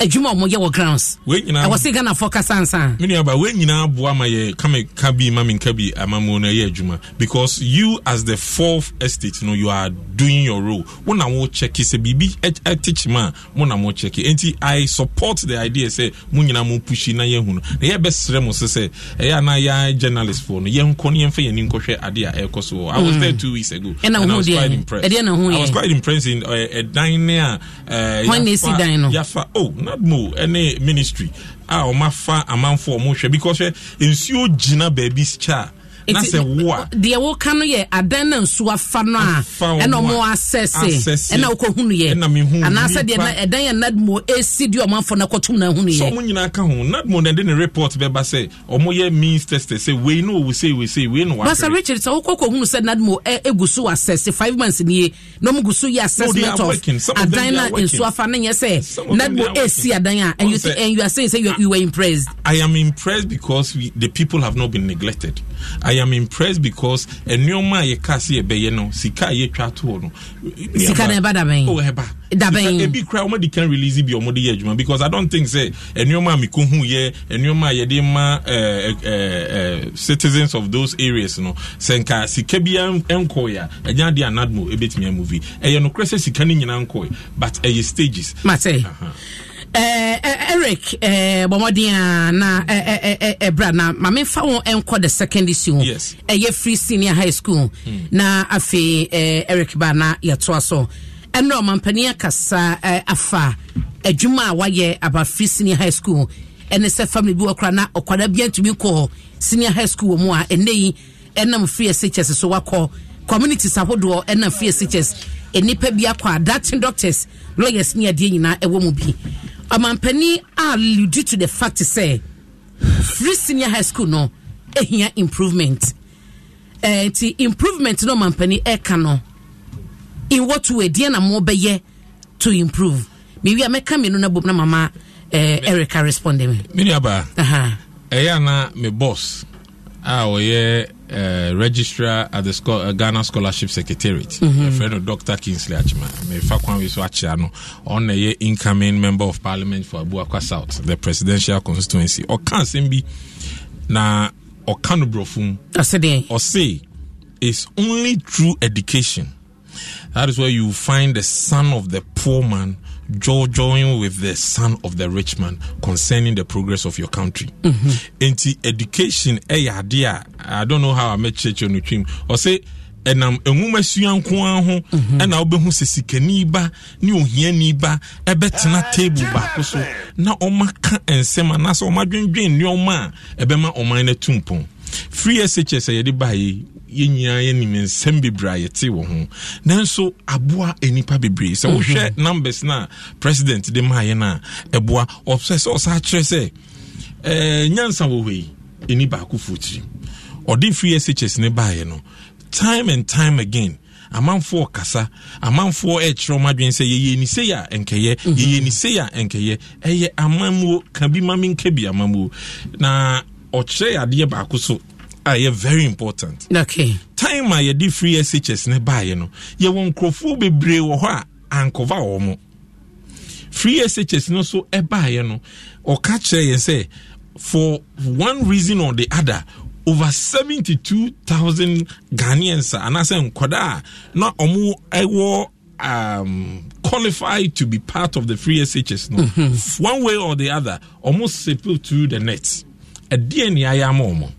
adwuma ɔmo yɛ wɔ grounds ɛwɔ se ghana fɔ kasa ansa. mi ni aba wei nyinaa bo ama yɛ kame ka bi ma mi nka bi ama mu na yɛ adwuma because you as the fourth estate you no you are doing your role mo na mo check sɛ biribi ɛtikyi mu a mo na mo check nti i support the idea sɛ mo nyinaa mo pushi na yɛ hu no na yɛ bɛ srɛ mo sɛ ɛyɛ ana yɛ journalist fo no yɛn nkɔ no yɛn fɛ yɛn ni nkɔhwɛ adeɛ a ɛkɔ so i was mm. there two weeks ago and i was quite impressed i was quite impressed in ɛdan ne a. wɔn na esi dan no yafa oh nadmo ne ministry ah, a ɔmafa amanfoɔ ɔmohwɛ because hwɛ nsuo gyina baabi kyɛ a na sɛ wo a deɛ woka no yɛ adan na nsuo afa no a ɛna ɔmo asɛse ɛna wokɔhunu yɛ anaasɛ deɛ ɛdan yɛ nadmo ɛsi deɛ ɔmo afɔ no akɔtom no ahunu yɛ ɔmo nyinaa ka ho nadmo na ɛde ne report bɛba sɛ ɔmo yɛ means tester sɛ wei na ɔwu sei wei sei wei na wakere basa richard sɛ wokɔ kɔhunu sɛ nadmo ɛgu so asɛse five months nie na ɔmo gu so yɛ assessment of adan na nsuo afa no nyɛ sɛ nadmo ɛsi adan a and you and you are saying say you were impressed. I am impressed because we, the people have not been neglected. I I am impressed because nneɛma a yɛka se yɛbɛyɛ no sika a yɛtwa toɔ no. sika na ɛba dabɛn. o oh, ɛba. dabɛn. ebi kura wɔn de kan release bi wɔn de yɛ adwuma because I don't think say nneɛma a mi ko hu yɛ nneɛma a yɛde ma ɛɛ eh, ɛɛ eh, eh, citizens of those areas no sɛ nka sika bi nkɔɔ a ɛnyɛ adeɛ anadmo ebetumi amuvi ɛyɛ no kura sɛ sika ne nyinaa nkɔɔ but ɛyɛ stages. mate. Uh -huh. Eh, eh, eric eh, bɔmmɔden a ah, na ɛbra na mame fa wɔn nkɔ the second issue ɛyɛ free senior high school hmm. na afei eric ba na yɛtoa so ɛnna ɔmampanin akasa afa adwuma a wayɛ aba free senior high school ɛne sɛ family bi wɔ kora na ɔkwada bi ntumi kɔ senior high school wɔ mu a ɛnɛ yi ɛnam free shs so wakɔ communities ahodoɔ ɛnam free shs nnipa bi akɔ a doctors lawyers ne adeɛ nyinaa ɛwɔ mu bi ɔmampanin a due to the fact sɛ free senior high school no ehia improvement eh, nti eh, improvement no ɔmampanin ɛka no in what way deɛ na mo bɛyɛ to improve mewi a mɛka mmienu na bom na mama eh, erica respond me. mi ni aba ɛyɛ ana mi boss a ɔyɛ. Uh, registrar at the Scho- uh, Ghana Scholarship Secretariat, mm-hmm. a friend of uh, Dr. Kingsley Achima, Achano, on a incoming member of parliament for Abuakwa South, the presidential constituency. Or can be na or can eh. or say it's only through education. That is where you find the son of the poor man join with the son of the rich man concerning the progress of your country. Mm-hmm. education, eh, idea. I don't know how I met church on the team. Or say, and I'm a ɛnam mm-hmm. nwoma And nko ara I ɛna wobɛhu sɛ sikani ba ne ohiani ba ɛbɛtena ah, table baako so now, my na ɔma ka my anaasɛ ɔma dwendwen nneɔma a ɛbɛma ɔman no atu mpɔn free shs I did buy. yɛn nyinaa yɛ nim nsɛm bebree a yɛte wɔ ho nanso aboa nipa bebree sɛ wohwɛ mhm. numbers no a president de maa yɛ no a ɛboa ɔsɛ sɛ ɔsa kyerɛ sɛ eh, nyansa wɔ hɔ yi ɛni baako fo ɔde free shs ne baeɛ no time and time again amanfoɔ kasa amanfoɔ ɛkyerɛ ɔmo adwene sɛ yɛyɛ ni sey a nkɛyɛ mhm. yɛyɛ ni sey a nkɛyɛ ɛyɛ amamuo ka bi ma mi nka bi amamuo na ɔkyerɛ adeɛ baako so a yɛ very important. okay. time a yɛde free shs ne baayɛ no yɛwɔ nkurɔfoɔ bebree wɔ hɔ a ankɔva wɔn mo free shs no so baayɛ no ɔka kyerɛ yɛn sɛ for one reason or the other over seventy two thousand ghanaians anaasɛ nkɔdaa na wɔn wɔ. Um, qualified to be part of the free SHS, no? Mm-hmm. one way or the other, almost sepulted through the net. A DNA, I am almost.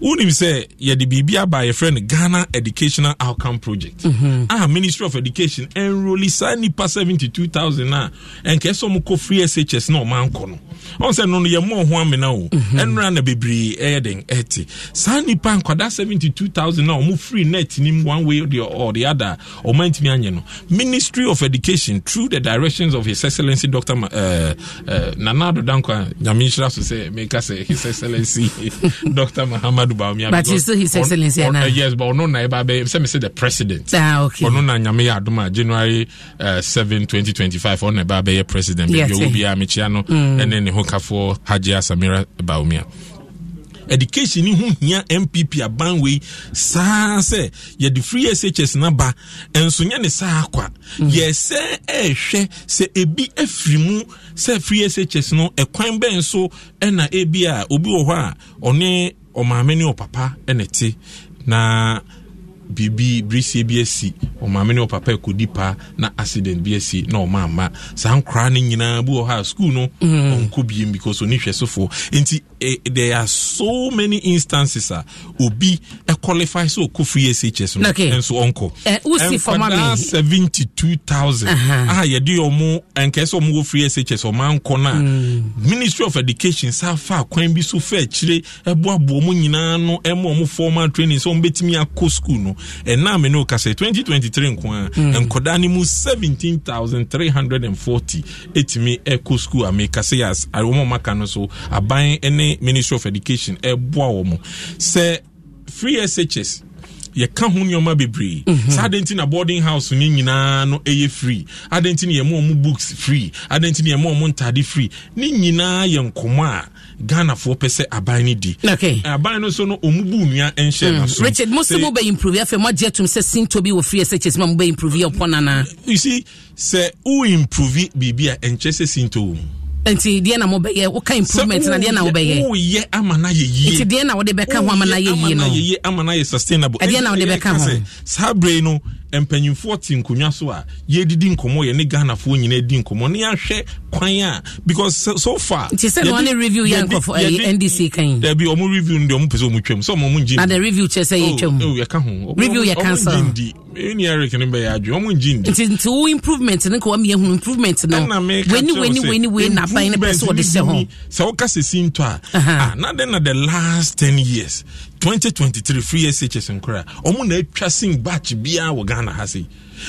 wonim sɛ yɛde biribi aba yɛfrɛ no ghana educational outcome project mm-hmm. a ah, ministry of education ɛnroli saa nnipa 72000 a ah, ɛnkɛ sɛ ɔmo free shs na ɔma nkɔ no ɔn sɛ no no yɛmmɔ ho amena o ɛnora na bebree ɛyɛ den ɛte saa nnipa nkwadaa 72000 a ɔmo eh, eh, free net nim one way or the other ɔma ntumi anyɛ no ministry of education through the directions of his excellency dr uh, eh, uh, nana adodankwa nyame so sɛ meka sɛ his excellency dr mahamad Amadou Baumia. But you still His Excellency. On, on, uh, yes, but ono na eba eh, be. Say me say the president. Ah, okay. Ono na nyame ya aduma January uh, 7, 2025. Ono eba be president. Yes. Eh. Obi be amichiano. Mm. Ene ne hokafo Hajia Samira Baumia. education ni ho hia mpp aban wei saa sɛ yɛde free shs na ba nso nyɛ ne saa kwa mm. yɛsɛ ɛrehwɛ sɛ ebi afiri se sɛ free shs no ɛkwan bɛn so ɛna eh, ebi a obi wɔ hɔ a ɔmaame ne ɔpapa ɛna ɛte na biribi birisie bi asi ɔmaame ne ɔpapa ɛkɔdi paa na accident bi asi na ɔmaama saa nkoraa no nyinaa bi wɔ ha a school no mhm. ɔnkɔ biem because so hwɛ sofoɔ nti Eh, there are so many instances a obi qualify sɛ ɔkɔ free shs no nso ɔnkɔ nkwadaa seventy two thousand a yɛde ɔmo nkɛsɛ so wɔ free shs ɔmo man no a hmm. ministry of education saa fa kwan bi so fɛ akyire ɛboaboa eh, ɔmo nyinaa no ɛma eh, ɔmo formal training so ɔmo bɛtumi akɔ school no ɛnna mi no kasa twenty twenty three nko a nkwadaa no mu seventeen thousand three hundred and forty ɛtumi ɛkɔ school a ah, mi kasa yɛ ɔmo ah, ɔmo aka no so aban ɛne ne ministry of education ɛboa eh, wɔ mo sɛ free shs yɛka ho nneɔma bebree mhm. sɛ adɛn na boarding house no nyinaa no ɛyɛ free adɛn nti ne yɛma ɔmo books free adɛn nti ne yɛma ɔmo ntade free ne nyinaa yɛ nkɔmmɔ a ghanafoɔ pɛ sɛ aban no di aban no so no ɔmu bu nnua nhyɛ naso mm. richard mo se mobɛ improve afei moagye atom sɛ sinto bi wɔ free sɛkyɛs ma mobɛ improve yɛ mpɔ nanaa you see sɛ wo improve biribi a ɛnkyɛ sɛ sinto wɔ mu nti deɛ na mobɛyɛ woka improvement na deɛ na wobɛyɛ woyɛ ama no ayɛ yie nti deɛ na wode bɛka ho ama no ayɛ yie no ɛdeɛ na wode bɛka ho saa berɛ no mpanyinfoɔ te nkonnwa so a yɛdidi nkɔmɔ yɛ ne ghanafoɔ nyinaa di nkɔmɔ ne yɛahwɛ kwan a because so far. nti sɛ na wɔn review yɛ nkɔfɔ ɛyi eh, ndc kan. dabi ɔmo review no deɛ ɔmo pɛ sɛ ɔmo twɛm sɛ ɔmo ɔmo ngye. na the review kyɛ sɛ yɛ twɛm. o oh, oh, yɛ ho. review yɛ cancel. ɔmo ngye ndi ɛni eric ne bɛyɛ adwe ɔmo ngye ndi. nti nti wo improvement ne kò wɔn yɛ hu improvement no. ɛna mi ka kyerɛ sɛ weni weni weni n'aban ne pɛ sɛ ɔde hyɛ ho. sɛ ɔka sɛ si ntɔ a. Ah, na de na the last ten years 2023 free shs nkora ɔmo na atwa sin batch biara wɔ ghana ha sei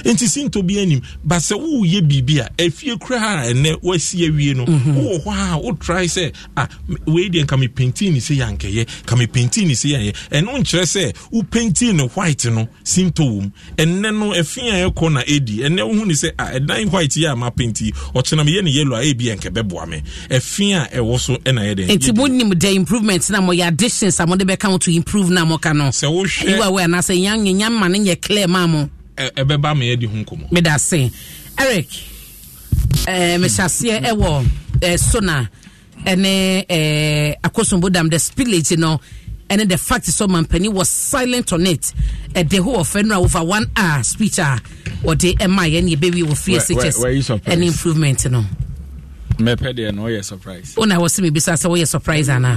nti sinto bi anim ba sɛ woyɛ biribi a afie koraa ɛnɛ wasi awie no mhm. wowɔ hɔ a wotrae sɛ a ah, wei deɛ nka mepenti ne sɛ yɛankɛyɛ ka mepenti ne sɛ yɛayɛ ɛno nkyerɛ sɛ wopenti ne white no sinto wɔ ɛnɛ no afi a ɛkɔ na ɛdi ɛnɛ wohu ne sɛ ah, ɛdan white yɛ a mapenti ɔkyena meyɛ ne yellow a ɛbi ɛnkɛ bɛboa me afi a ɛwɔ so ɛna yɛ dɛn monim the improvement na moyɛ additions a mode bɛka wo to improve na mɔka no sɛ wohwɛ you aware anaasɛ yɛnyɛ ma no yɛ clear ma mo ɛbɛba ma yɛdi ho nkɔmmɔ meda se eric mehyɛseɛ ɛwɔ sona ɛne akosombo the spillage no ɛne the fact sɛ mampani was silent on it ɛde ho ɔfɛ no over one hour speech a wɔde ɛma yɛ ne yɛbɛwie wɔ free sges ɛne improvement no mɛpɛ deɛ no woyɛ surprise wona wɔ sɛ mebisa sɛ woyɛ surprise anaa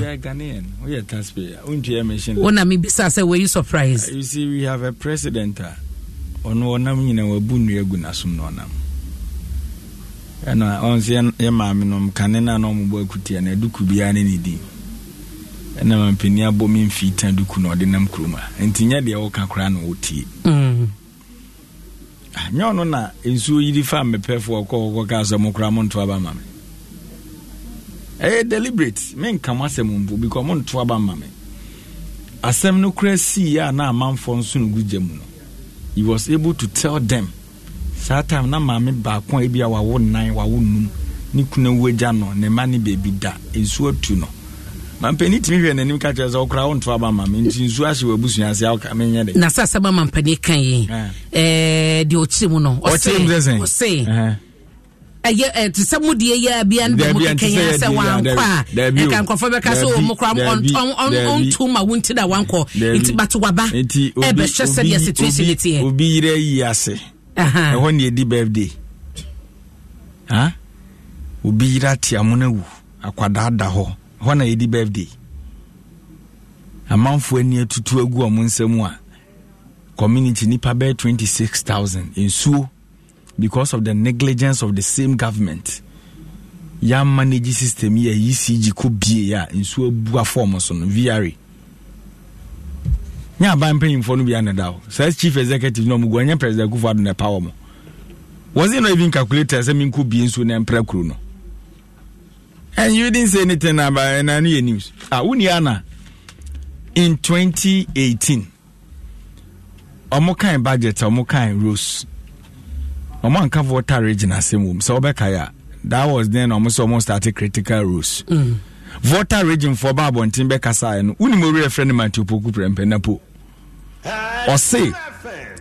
mebisa sɛ woyi surprise you see we have a president a uh, ɔno ɔnam nyina wabu nnua gu n'asom na ɔnam ɛna ɔn sɛ yɛ maame nom no a na ɔmobɔ akutia na duku biara ne ne din ɛna mampani abɔ me mfii ta duku na ɔde nam kurom a nti nyɛ deɛ woka koraa na wɔtie mm. ah, nyɛ ɔno na nsuo yiri fa mmepɛfoɔ ɔkɔkɔkɔ kaa sɛ mo koraa monto aba ma ɛyɛ eh, deliberate menka mo asɛm mpo because monto aba ma asɛm no koraa sii a na amanfoɔ nso no gu gya mu no he was able to tell them saa time na maame baako a ebi a wawo nan wawo num ne kuna wu agya no ne mma ne beebi da nsuo tu no mampanin tumi hwɛ n'anim ka kyerɛ sɛ ɔkora wo ntoa ba ma me nti nsuo ahye w'abusua ase awoka menyɛ de na sɛ asɛm a mampanin ka yi eh. Eh, deɛ ɔkyerɛ mu no ɔse ɛyɛ ɛte sɛ mu deɛ yɛ bia no bɛmu kɛnyɛ sɛ wankɔ a ɛka nkurɔfoɔ bɛka sɛ wɔ mu kora ɔnto ma wo nti da wankɔ nti bato waba ɛbɛhwɛ sɛdeɛ situation no teɛ obi yerɛ yi ase ɛhɔ ne ɛdi birthday ha obi yerɛ atiamo no awu akwadaa da hɔ hɔ na yɛdi birthday amanfoɔ ani atutu agu ɔmo nsɛm a community nipa bɛyɛ 26000 nsuo because of the negligence of the same government yɛn manage system yi a ecg kɔ bie a nsuo bua fɔm so no vre nyɛ aban mpanyimfoɔ no bi anada o saa chief executive no ɔmo gu ɔnyɛ president kufo ado na ɛpa wɔn was it not even calculated sɛ mi nkɔ bie nsuo na mpere kuro no and you didn't say anything about ɛna no yɛ news ah wuni ana in 2018 ɔmo kan budget ɔmo kan rules ɔmo ankafoɔ ta region asɛm wom sɛ wɔbɛkae a that was then ɔmo sɛ ɔmo start critical rules mm. voter region foɔ ba abɔnten bɛkasaeɛ no wonim ɔwerɛ frɛ no mateo poku prɛmpɛnapo ɔse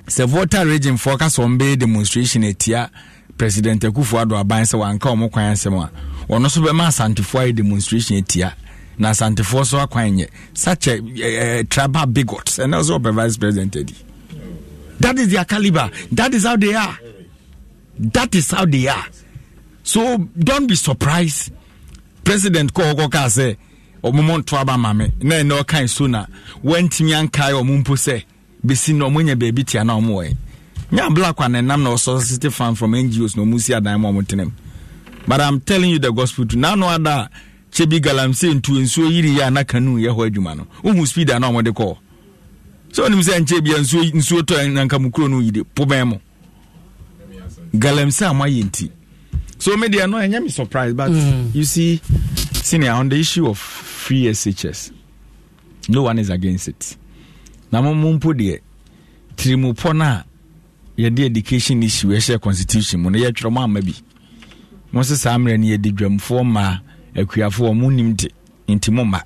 sɛ voter region foɔ ka sɛ ɔmbɛyɛ demonstration atia president akufo ado aban sɛ wanka ɔmo kwan asɛm a ɔno nso bɛma asantefoɔ ayɛ demonstration atia na asantefoɔ so akwan yɛ such a uh, uh, tribal bigot ɛnɛ sɛ ɔpɛ vice president adi that is their caliber that is how they are that is how they are so don't be surprised president kɔ ɔkɔ kaa sɛ ɔmo nto aba ma me na ɛnɛ ɔkan so na wantumi ankae ɔmo mpo sɛ besi na ɔmo nya baabi tia na ɔmo wɔyɛ nya black one nam na ɔsɔsiti fan from ngos na ɔmo si adan mu ɔmo tenam but i'm telling you the gospel too na ada chebi galamsey ntu nsuo yiri yɛ anaka nu yɛ hɔ adwuma no ohun speed a na ɔmo de kɔ so onim sɛ nkyɛ bi nsuo nsuo tɔ nanka kuro no yi de po mu galamsey a moayɛ nti so me deɛ no ɛnyɛ me surprise but mm. you see senior on the issue of free shs no one is against it na momo mpo deɛ tirimupɔ no a yɛde education issue ɛhyɛ constitution mu no yɛtwerɛ mo ama bi mo se saa mmerɛ no yɛde dwamfoɔ mmaa akuafoɔ mo nim de nti mo mma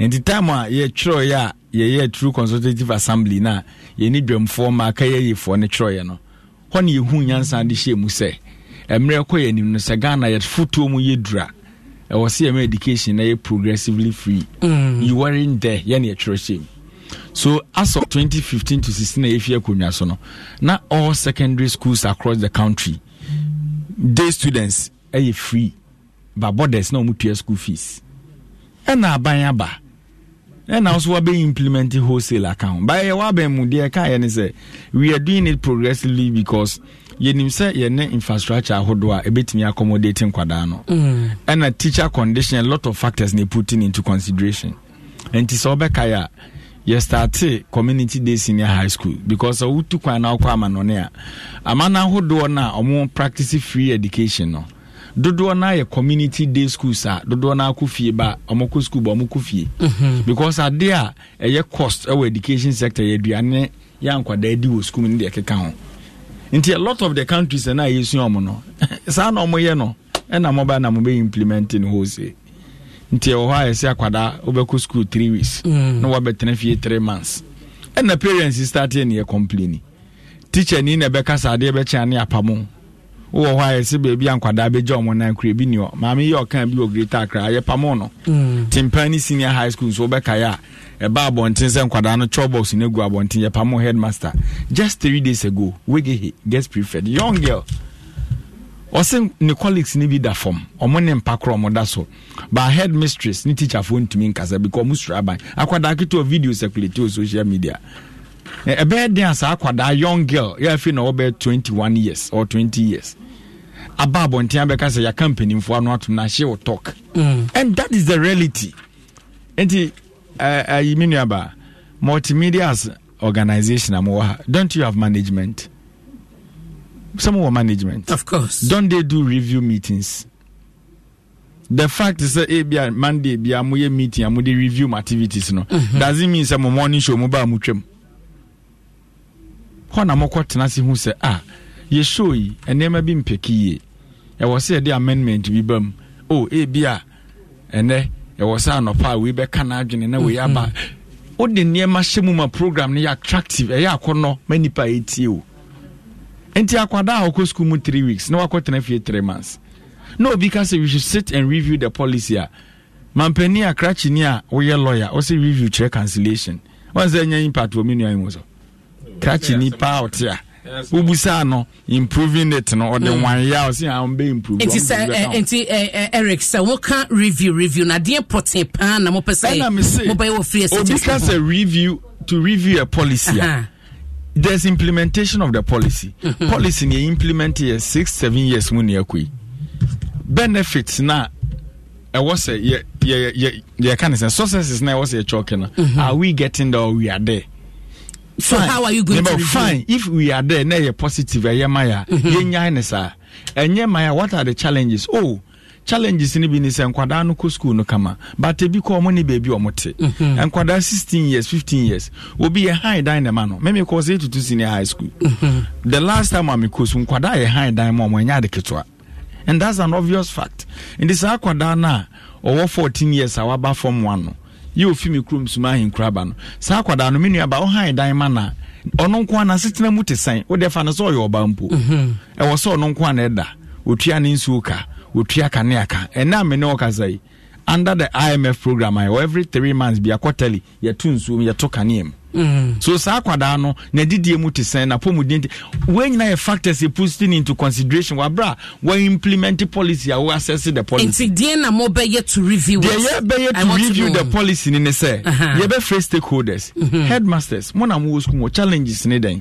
nti time a yɛtwerɛeɛ a yɛyɛ true consultative assembly na a yɛne dwamfoɔ mmaa ka yɛyefoɔ no twerɛeɛ no hɔ ne yɛhu nyansa de hyɛ mu sɛ mmerɛ kɔ yɛ anim no sɛ ghana yɛfotuo mu yɛdura ɛwɔ sɛ yɛma education na yɛ progressively free mm. you wearing there yɛne yɛtwerɛ hyɛ mu so as of 2015 to 16 na yɛfi akonnwa so no na all secondary schools across the country day students ɛyɛ free ba borders na ɔmutua school fees ɛna aban aba ɛna nso wabɛ implement wholesale account but yɛ wabɛn mu deɛ ɛka yɛ ne sɛ we are doing it progressively because yɛnim sɛ yɛne infrastructure ahodoɔ a ɛbɛtumi accommodate nkwadaa no mm. ɛna teacher condition a lot of factors na putting into consideration nti sɛ wobɛkae a yɛstarte community day senior high school because wotu kwan na wokɔ amanɔne a amano ahodoɔ no a ɔmo practice free education no dodoɔ no yɛ community day schools a dodoɔ no akɔ fie ba ɔmokɔ school ba ɔmokɔ fie mhm. because adeɛ a ɛyɛ cost ɛwɔ education sector yɛ aduane yɛ nkwadaa di wɔ school mu no deɛ ɛkeka ho nti a lot of the countries ɛna yɛsua ɔmo no saa na ɔmoyɛ no ɛna mɔba na mobɛ implement no hɔ se nti ɛwɔ hɔ a yɛsɛ akwadaa wobɛkɔ school three weeks mm. na wabɛtena fie three months ɛna parents start starte ne yɛ complaini teacher ni na ɛbɛka saa adeɛ bɛkyɛn ne apamo wowɔ hɔ ayɛ sɛ baabi a nkwadaa bɛgya ɔmɔ nan kora bi ni hɔ maame yɛ ɔka bi wɔ greta akra yɛ pamo no hmm. timpan ne senior high school nso wobɛkaeɛ a ɛba abɔnten sɛ nkwadaa no chɔ box no agu abɔnten yɛ pamo headmaster just three days ago wegehe guest prefect young girl ɔsɛ ne colleagues no bi da fam ɔmo ne mpa korɔ ɔmo da so ba head mistress ne teacherfoɔ ntumi nkasa because ɔmo sura ban akwadaa ketewa video circulate wɔ social media ɛbɛyɛ eh, eh, den a saa akwadaa young girl yɛafi na wɔbɛyɛ 21 years or 20 years aba abɔnten abɛka sɛ yɛaka mpanimfoɔ ano atom na ahye wo talk mm. and that is the reality nti ayi uh, me nuaba multimedia's organization a mowɔ ha don't you have management some wɔ management of course don't they do review meetings the fact sɛ ebia eh, monday bia moyɛ meeting a mode review m activities no mm -hmm. doesn't mean sɛ mo morning show mo ba motwam hɔ na mokɔ tena se hu sɛ ah, a yɛhyɛo yi nneɛma bi mpɛki ɛwɔ sɛ yɛde amendment bi ba mu o oh, ebi eh, a ɛnɛ ɛwɔ sɛ anɔpa a wei bɛka n'adwene na wei aba mm-hmm. wode nneɛma hyɛ mu ma program no yɛ attractive ɛyɛ akɔnɔ ma nipa ɛtie o nti akwada a ɔkɔ school mu three weeks na wakɔ tena fie three months na obi ka sɛ we should sit and review the policy a mampanin akrakyini a woyɛ lawyer ɔsɛ review kyerɛ cancellation wɔn sɛ ɛnyɛ impact wɔ me nua yi mu so krakye nipa a ɔte a wobusa no improving it no ɔde wan yɛ a ɔsi bɛ improve. nti sɛ nti eric sɛ woka review review na deɛ pɔtɛ paa na mo pɛ sɛ mo bɛ wɔ free estate. obi ka sɛ review to review a policy. Uh-huh. There's implementation of the policy. Policy ni implement yɛ six seven years mu ni ɛkɔ yi. Benefits na ɛwɔ sɛ yɛ yɛ yɛ yɛ kan sɛ successes na ɛwɔ sɛ yɛ chalk na. Are we getting the or we are there? so fine. how are you going Remember, to review? fine if we are there now yɛ positive ɛyɛ eh, maya mm-hmm. yɛnyae ne saa eh, maya what are the challenges oh challenges ni bi ni sɛ nkwadaa no kɔ school no kama but ebi kɔ ɔmo ne beebi ɔmo te mm-hmm. eh, nkwadaa sixteen years fifteen years obi yɛ high dan ne ma no mɛmi kɔ sɛ etutu senior high school mm-hmm. the last time ami kɔ so nkwadaa yɛ high dan ma ɔmo ɛnyɛ ade ketewa and that's an obvious fact nti saa akwadaa na ɔwɔ fourteen years a waba form one no. yɛ ofi me kurom suma ahenkura ba no saa akwadaa no mi nua ba dan ma na ɔno nko ana asetena mu te sɛn wo deɛ fa no sɛ ɔyɛ ɔba mpo ɛwɔ sɛ ɔno nko ana ɛda otua ne nsuo ka ɔtua kaneaka ka ɛnna mi ne ɔkasa yi. under the imf program ayɛwɔ every three months bi akɔtali yɛto nsuo mu yɛto kanea mu Mm. so saa akwadaa no n'adidie mu te sɛn n'apɔmuden te wɔn nyinaa yɛ factors yɛ pusting into consideration wabra wɔn implement policy a wɔassess the policy. nti deɛ na mo bɛyɛ to review to review the policy ni ne sɛ uh-huh. yɛ bɛ free stakeholders mm-hmm. headmasters mona na mo wɔ school mo challenges ni dɛn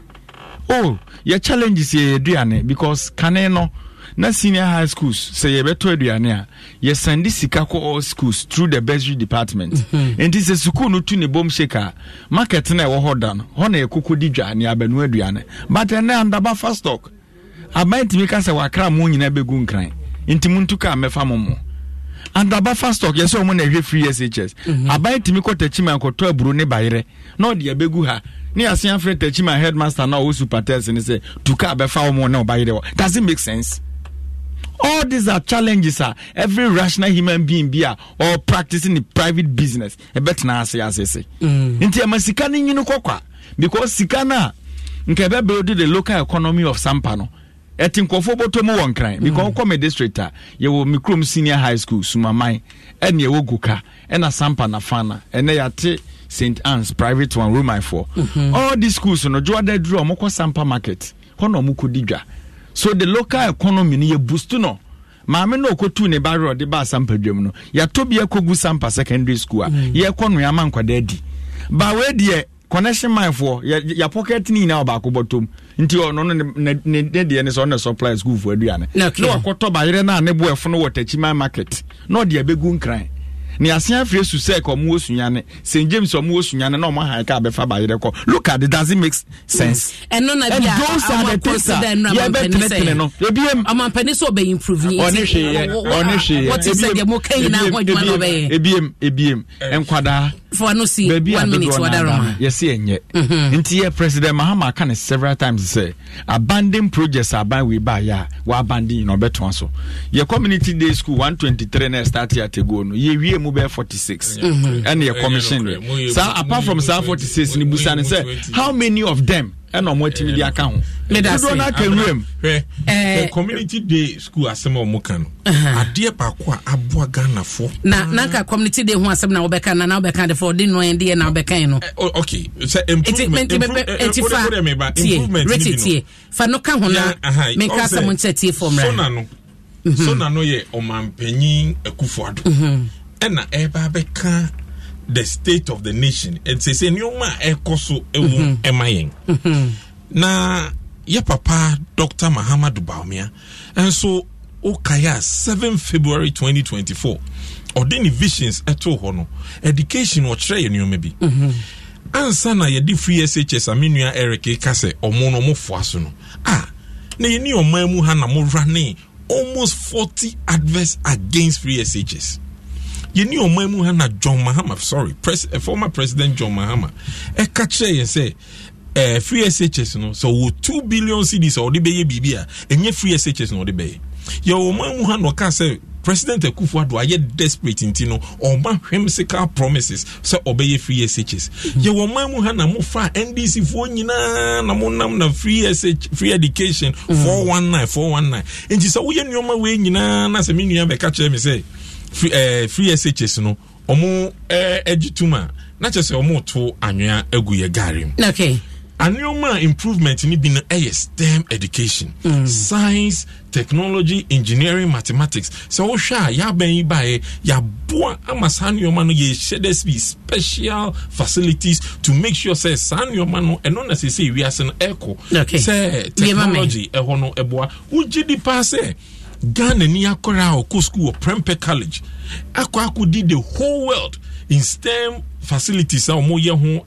oh yɛ challenges yɛ yɛ because kane no. na senior high schools sɛ yɛbɛtɔ aduane a yɛsande sika kɔ all schools through the bestery department enti mhm. sɛ sukuu no tu ne bom shake a market no ɛwɔ hɔ da no hɔ na yɛkokɔ di dwa ne abɛno aduane but ɛnɛ andaba fa stock aban tumi ka sɛ wakra mo nyinaa bɛgu nkran nti montu kaa mɛfa mo mo andaba fa stock yɛsɛ ɔmo na ɛhwɛ free shs mhm. aban tumi kɔ takyima nkɔtɔ aburo ne bayerɛ na ɔde abɛgu ha ne yɛase afrɛ takyima headmaster na ɔwɔ supertels ne sɛ tu kaa bɛfa wo mo ne ɔbayerɛ wɔ doesn't make sense all these are challenges a every rational human being bi a or practicing the private business ɛbɛtena ase asese nti ɛma sika no nyini kɔkɔ a because sika no a nka ɛbɛbrɛ the local economy of sampa no ɛti nkɔfoɔ bɔtɔ mu wɔ nkran mm. because wokɔ me district a yɛwɔ me kurom senior high school sumaman ɛne ɛwɔ guka ɛna sampa fana ɛnɛ yate st annes private one room romanfoɔ mm-hmm. all these schools no dwoada duru a sampa market hɔ na ɔmokɔdi dwa so the local economy ni yɛ boost no maame na ɔkɔtu ne barrel ɔde ba asampadwam no yɛatɔ bi akɔgu sampa secondary school a mm. yɛkɔ noa ma nkwadaa adi bawee deɛ connection man foɔ yɛapɔkɛt no nyinaa ɔbaako bɔtɔm nti ɔno no ne deɛ ne sɛ ɔne supply school foɔ aduane na wakɔtɔ bayerɛ no ne boɛfo no wɔ takyiman market na ɔde abɛgu nkran ne aseɛ afiri su sɛ kɔ ɔmo osunyane st james ɔmo osunyane na ɔmo ahan ka abɛfa bayerɛ kɔ look at it does it make sense. ɛno na bi a ɔmo akɔsi dɛ nnura mampanin sɛ yɛ ɔmampanin sɛ ɔbɛ improve yi ɔne hwee yɛ ɔne hwee yɛ wɔte sɛ deɛ mo kɛn nyinaa ho adwuma na ɔbɛyɛ ebiem ebiem nkwadaa for no see one minute wɔda roma yɛsi enye. nti yɛ president mahama aka ne several times sɛ abandon projects aban wei ba yɛ a wɔ abandon yi na ɔbɛtoa so yɛ community day school one twenty three na ɛstart yɛ atego no yɛ wiem mu bɛyɛ 46 ɛne yɛ commission saa apart from saa 46 no busa ne sɛ how many of them ɛna ɔmo atumi de aka ho dodoɔ no aka nwuram community day school asɛm a ɔmo ka no uh-huh. adeɛ baako a aboa ghanafoɔ na naka community day ho asɛm na wobɛka na na wobɛka de fɔ ɔde nnɔɛ deɛ na wobɛka yi no eh, okay sɛ improvement Improvement. fa tie rete tie fa no ka ho na menka asɛm nkyɛ tie fɔ mmra sona no mhm. sona no yɛ ɔmampanyin akufo ado mhm ɛna ɛreba abɛka the state of the nation ɛnti sɛ nneɛma a ɛrekɔ so ɛwɔ ɛma yɛn na yɛ papa dr mahamadu baumia nso okaya seven february 2024 twenty ɔde ne visions ɛto hɔ no education ɔkyerɛ yɛ nneɛma bi mm-hmm. ansa na yɛde free shs a me nua eric ka sɛ ɔmo no ɔmofoa so no a na yɛni ɔman mu ha na mora almost forty adverse against free shs yɛni ɔman mu ha na john mahama sorry pres, eh, former president john mahama ɛka kyerɛ yɛ sɛ eh, free shs no sɛ ɔwɔ two billion cds a ɔde bɛyɛ biribi a ɛnyɛ free shs na ɔde bɛyɛ yɛwɔ ɔman mu ha na ɔka sɛ president akufo ado ayɛ desperate nti no ɔma hwɛm sika promises sɛ ɔbɛyɛ free shs yɛwɔ ɔman mu ha na mofa ndc foɔ nyinaa na monam na free sh free education mm. four one nine 419 419 enti sɛ woyɛ nneɔma wei nyinaa na sɛ me nua bɛka kyerɛ me sɛ free, uh, free shs no ɔmo agye eh, tum a na kyerɛ sɛ ɔmo to anwea agu yɛ gare mu okay. aneɔma a improvement ni bi no ɛyɛ stem education mm. science technology engineering mathematics sɛ wohwɛ a yɛabɛn yi baeɛ yɛaboa ama saa nneɔma no yɛhyɛ dɛ special facilities to make sure sɛ saa nneɔma no ɛno na sɛ sɛ wiase no ɛkɔ sɛ technology ɛhɔ no ɛboa wogye di paa sɛ ghana ni akɔra a ɔkɔ school wɔ prempeh college akɔ akɔdi the whole world in stem facilities a wɔn yɛ ho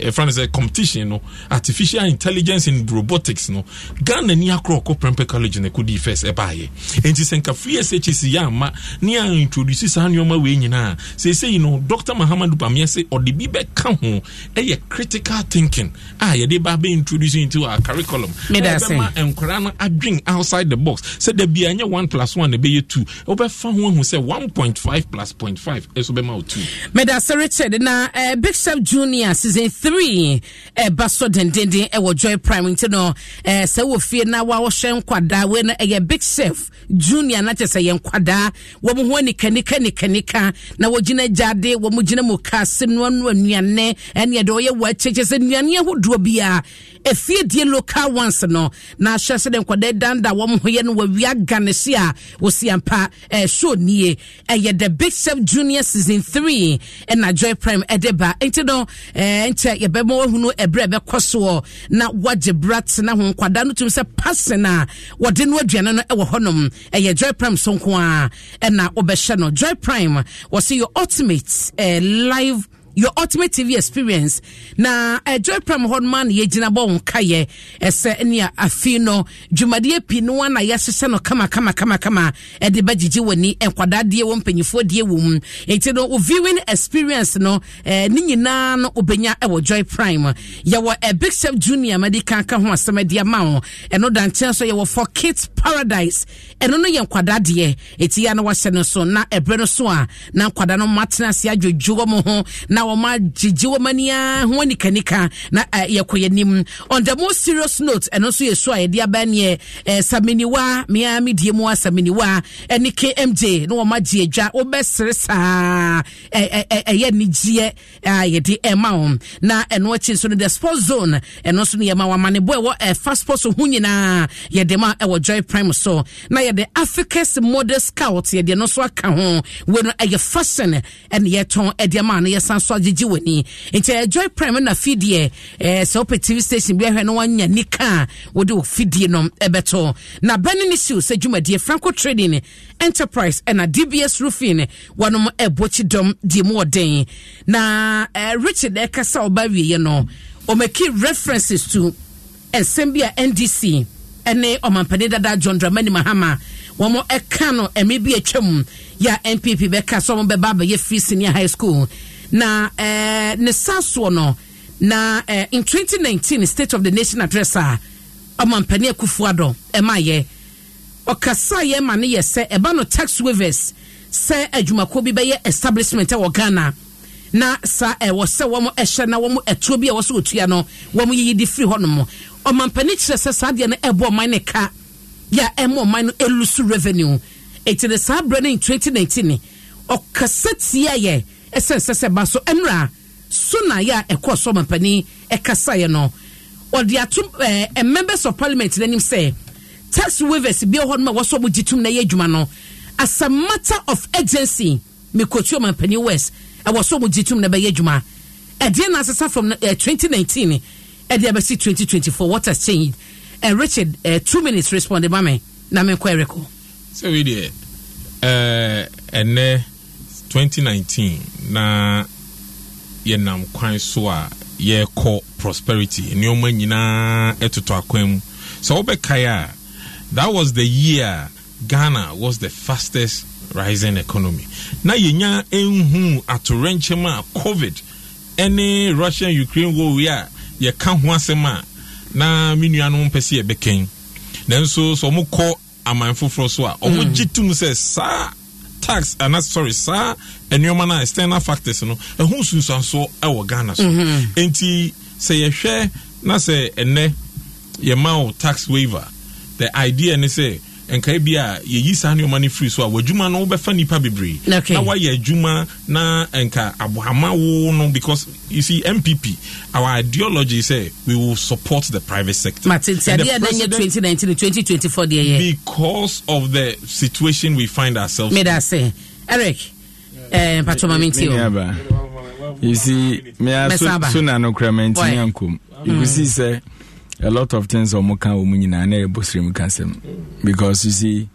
ɛfra um, no sɛ competition no artificial intelligence and robotics no ghana ni akorɔ ɔkɔ prempeh college na ɛkɔ di first ɛbaayɛ nti sɛ nka free shs yɛ ama ne a introduce saa nneɛma wei nyinaa seesei no dr mahamadu bamia sɛ ɔde bi bɛka ho ɛyɛ critical thinking a yɛde ba bɛ introduce into our curriculum ɛbɛma nkwaraa no adwene outside the box sɛ da bia nyɛ one plus one na ɛbɛyɛ two wobɛfa ho ahu sɛ one point five plus point five ɛso bɛma o two. meda sɛ richard na na uh, big sam junior season three ɛba eh, uh, so dendenden ɛwɔ eh, joy prime nti no uh, sɛ wɔ fie na wɔahyɛ nkwadaa wei no ɛyɛ big chef junior na kyɛ sɛ yɛ nkwadaa wɔn ho nikanika nikanika na wɔgyina gyade wɔn gyina mu ka se nua nua nnuane ɛne ɛde ɔyɛ wɔ akyire kyɛ sɛ nnuane ahodoɔ biara efie die local ones no na ahyɛ sɛ de nkwadaa danda wɔn ho yɛ no wɔwia ganesi a wɔsi ampa ɛɛ show nie ɛyɛ the big chef junior season three ɛna joy prime nsɛm ɛde ba nti no eh, nkyɛ yɛbɛma wahunu ɛberɛ ɛbɛkɔ soɔ na wagye bra tena ho nkwadaa no tumi sɛ pasen a wɔde no aduane no ɛwɔ hɔnom ɛyɛ joy prime so nko a ɛna wobɛhyɛ no joy prime wɔse your ultimate uh, live your ultimate tv experience na eh, Joy Prime pram hɔ noma na yɛgyina bɔ wo nkayɛ ɛsɛ ne a afei no dwumadeɛ kama kama kama yɛahyehyɛ no kamakamakamakama ɛde bɛgyegye w'ani nkwadaa deɛ wɔ mpanyifoɔ deɛ wɔ mu no viewing experience no eh, ne nyinaa no wobɛnya ɛwɔ joy prime yɛwɔ eh, big chef junior made kanka ho asɛm adi ama wo ɛno dankyɛn so yɛwɔ for kids paradise ɛno no yɛ nkwadaa deɛ ɛti ya na wahyɛ no so na ɛberɛ no so a na nkwadaa no matena ase adwodwo wɔ ho na wɔma gyegye wɔ mani ho anikanika na eh, yɛkɔ yɛnim on the most serious note ɛno nso yɛ so a yɛde aba neɛ eh, saminiwa mea medie mu a saminiwa ɛne kmj na wɔma gye adwa wobɛsere saa ɛyɛ nigyeɛ yɛde ɛma wo na ɛno akyi nso no the sports zone ɛno nso no yɛma wamane bo ɛwɔ ɛfa eh, sports ho nyinaa yɛde ma ɛwɔ joy prime so na yɛde africa's model scout yɛde no so aka ho wei no ɛyɛ fashion ɛne yɛtɔn ɛdeɛ ma no yɛsan so agyegye w'ani nti ɛjoy prime na fidie ɛɛ sɛ wopɛ tv station bi ahwɛ no wanya nika a wode wɔ fidie no ɛbɛtɔ na bɛne ne siw sɛ dwumadie franco trading enterprise ɛna dbs roofing wɔnom ɛbɔkyi dɔm deɛ mu ɔden na ɛɛ richard ɛkasa ɔba wieɛ no ɔmaki references to nsɛm bi a ndc ne ɔmampanin dada john dramani mahama wɔn ɛka no ɛmɛ bi atwam yɛ a npp bɛka so wɔn bɛba abɛyɛ free senior high school na ɛɛ ne saa no na ɛɛ in 2019 state of the nation address a ɔmampanin akufo adɔ ɛma yɛ ɔkasa yɛ ma ne yɛ sɛ ɛba no tax waivers sɛ adwumakuo bi bɛyɛ establishment ɛwɔ ghana na saa ɛwɔ sɛ wɔn ɛhyɛ na wɔn ɛtuo eh, bi a eh, wɔsɛ otua no wɔn yiyi de firi hɔnom ɔmampanin kyerɛ sɛ saa deɛ no ɛbɔ ɔman ne ka yɛ a ɛmo ɔman no elusu revenue eti ne saa abirɛ ne twenty nineteen ne ɔkasa tia yɛ ɛsɛ nsɛ ba so ɛnura so na yɛ a ɛkɔɔ so ɔmampanin ɛkasa yɛ no ɔde ato ɛɛ eh, eh, members of parliament n'anim sɛ tax waivers bi wɔ hɔnom a wɔsɔ wɔn gyi tum na yɛ adwuma no as a matter of urgency mekotu ɔmampanin west ɛwɔ so ɔmogye tom na ɛbɛyɛ adwuma ɛdeɛ na asesa from uh, eh, 2019 ɛde abɛsi 2024 what has changed and eh, richard uh, two minutes respond ma me na menkɔ ɛrekɔ sɛ wei deɛ ɛnɛ 2019 na yɛnam kwan so a yɛrekɔ prosperity nneɔma nyinaa ɛtotɔ akwan mu sɛ wobɛkae a that was the year ghana was the fastest rising economy na yɛnya ɛnhu atorɛnkyɛm a covid ɛne russian ukraine war wei a yɛka ho asɛm a na me nuanom mpɛ sɛ yɛbɛkɛn nanso sɛ ɔmo kɔ aman foforɔ so a ɔmo mm. gye tom sɛ saa tax ana ah, sorry saa nneɛma no a external factors no ɛho nsunsuansoɔ ɛwɔ ghana so mm-hmm. enti sɛ yɛhwɛ na sɛ ɛnɛ yɛma wo tax waiver the idea ne sɛ nkae bi a yɛyi saa nneɛma no firi so a w'adwuma no wobɛfa nnipa bebree okay. na wayɛ adwuma na nka abohama wo no because you see mpp our ideology say we will support the private sector Martin, and the president, 2019 2024 yeah. because of the situation we find ourselves Made in. Say. Eric, yeah. uh, eh, Patroma Mintio. You see, me so, so na no cramentin yankum. Mm. You see, sir. a lot of things ɔmo ka ɔmo nyinaa na ɛyɛ bosrem kasɛm because you see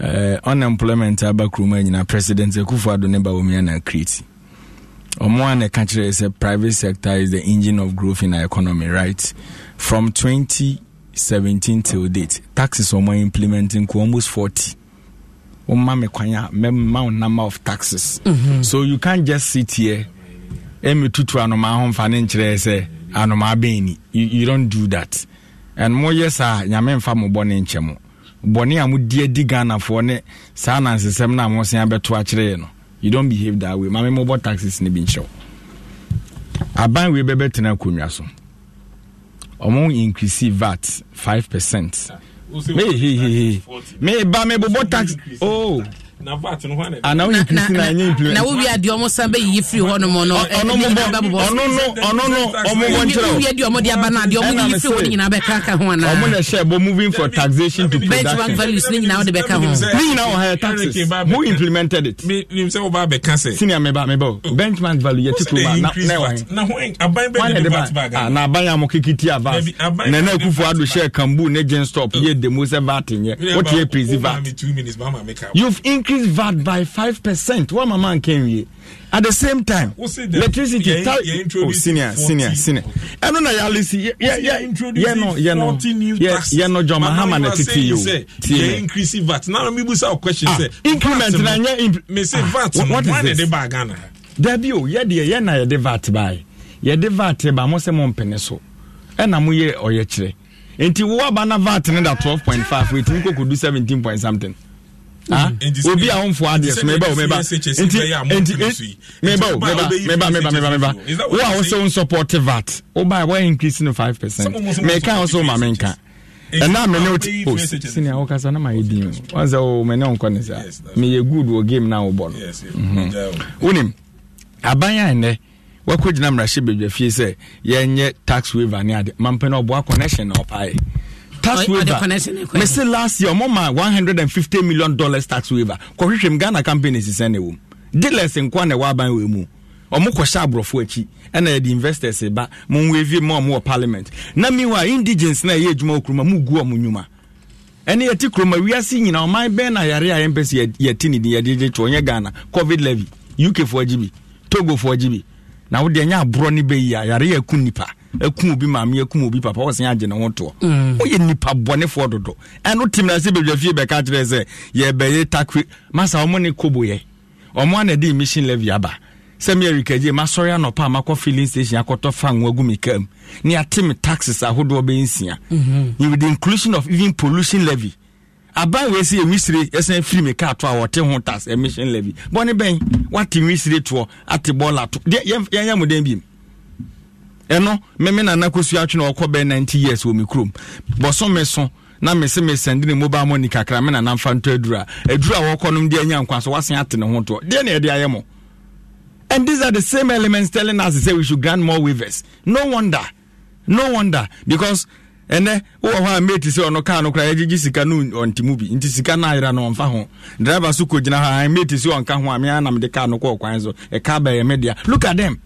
uh, unemployment aba kuroma nyinaa president akufo ado ne ba wɔn na create ɔmo a na ɛka kyerɛ private sector is the engine of growth in our economy right from 2017 till date taxes ɔmo implementing ko almost 40 ɔmo ma mi kwan a mɛ number of taxes mm -hmm. so you can't just sit here. ɛmɛtutu anomaa ho mfa ne nkyerɛ sɛ anomaa bɛn ni you, don't do that and moyɛ saa nyame mfa mo bɔne nkyɛ mo bɔne a modi adi ghanafoɔ ne saa nansesɛm no a mosan bɛto akyerɛɛ no you don't behave that way mame mobɔ taxes no bi nkyɛw aban wei bɛbɛtena akonnwa so ɔmo increase vat five percent meba mebobɔ tax oh na vat no hwan ah, na na na wo wi omo san be yi free hɔ mo no ɔno mo bo ɔno no ɔno no ɔmo mo nkyerɛ wo wi omo de aba na omo yi free hɔ nyina be ka ka ho ana ɔmo na share bo moving for taxation to production benchmark values ne nyina de be ka ho ne nyina wo higher taxes who implemented it me nim sɛ wo ba be ka sɛ senior me ba me ba oh. benchmark value yɛ tutu ba na na wa na ho aban be de vat bag ah, na aban amo kikiti avas na na kufu ado share kambu ne gen stop oh. ye demo sɛ vat nyɛ what ye prezi you've increase VAT by five percent. What my man came here. At the same time, electricity yeah, tar- yeah, oh, senior, 40. senior, senior. I don't know, yeah, listen, yeah, yeah, yeah, yeah, no, yeah, no, yeah, yeah, no, John Mahama, na titi you. Yeah, increase VAT. Now, let me ask a question. Ah, increment, na yeah, me say ah, VAT. What is this? Debut, yeah, dear, yeah, na yeah, the VAT by. Yeah, the VAT by most of my peneso. ɛna moyɛ ɔyɛkyerɛ enti wowaba na vat no da 12.5 wɔtumi kɔkɔdu 17 point something Ah? Mm-hmm. obi a womfo adeɛ so meba wo eh, meba nti meba wo meba meba meba meba meba wo a wo sɛ wo nsupporte vat woba woa increase no 5 percent meka wo so ma menka ɛna mene wotosɛnea wokasa na mayɛ din sɛ wo mene wonkɔ ne saa meyɛ good wɔ game no mm-hmm. a wobɔ no wonim aban a ɛnɛ wakɔgyina mmarahyɛ badwa fie sɛ yɛnyɛ tax waiver ne ade mampɛ no ɔboa connection na ɔpaeɛ tax waiver me say last year ọmọ ma one hundred and fifty million dollars tax waiver kọhwehwẹ ghana company sisan na ewu dealers nkwa na ɛwɔ aban wɔ mu kɔhyɛ aborɔfo akyi ɛna yɛde investors eh, ba mo nwe vie ma ɔmo wɔ parliament na meanwhile indigents na ɛyɛ adwuma wɔ mo gu ɔmo nnwuma ɛne yɛte kuroma wiase nyina ɔman bɛn na yare a yɛmpɛ sɛ yɛte ne din yɛde gye to ɔnyɛ ghana covid levy uk foɔ gye bi togo foɔ gye bi na wode ɛnyɛ aborɔ ne bɛyi a yare yɛ ku nnipa ɛkum obi maame ɛkum obi papa wɔsan agye ne ho toɔ woyɛ mm. nipa bɔnefoɔ dodo ɛno tim na sɛ bɛdwa fie bɛka kyerɛ sɛ yɛbɛyɛ takwe masa ɔmo ne koboyɛ ɔmo ana de mission levy aba sɛmi erikagye masɔre anɔpa a makɔ filling station akɔtɔ fa nwa mi kam ne ate me taxes ahodoɔ bɛyɛ nsia mhm. with the inclusion of even pollution levy aban wei sɛ ɛwisire ɛsan firi me kaa to a wɔte ho tas emission eh, levy bɔne bɛn wate wisire toɔ ate bɔɔla to deɛ yɛnyɛ mo den bim ɛno meme nana kɔsua atwene ɔkɔ bɛɛ 90 years wɔ me kurom bɔsome so na mese mesɛnde ne mobile money kakra me nana mfa ntɔ aduru a aduru a wɔkɔ nom deɛ anya nkwa so ate ne ho toɔ deɛ ne ɛde ayɛ mo and these are the same elements telling us say we should grant more waivers no wonder no wonder because ɛnɛ wowɔ hɔ a meti sɛ ɔno kaa no koraa yɛgyegye sika no ɔnte mu bi nti sika no ayera no ɔmfa ho driver so kɔgyina hɔ a meti sɛ ɔnka ho a meanamde kaa no kɔɔ kwan so ɛka e bɛyɛ me dea look at them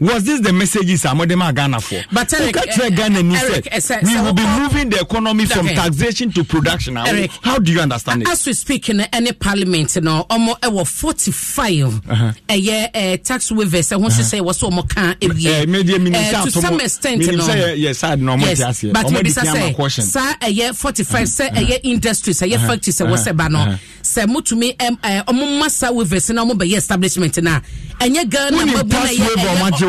was this the messages amode ma Ghana for? But Eric, okay, Ghana ni Eric, eh, we will be moving the economy from taxation to production. Eric, how do you understand it? As we speak in any parliament, you know, omo ewo 45 uh-huh. a year uh, tax waivers. I want to say was omo kan eh, every year. Eh, to some extent, you know. Yes, but we Yes, but maybe say, sir, a year 45, say a year industries, a year uh-huh. factories, I was a banner. Say, mutumi, omo massa waivers, and omo be establishment now. And your Ghana,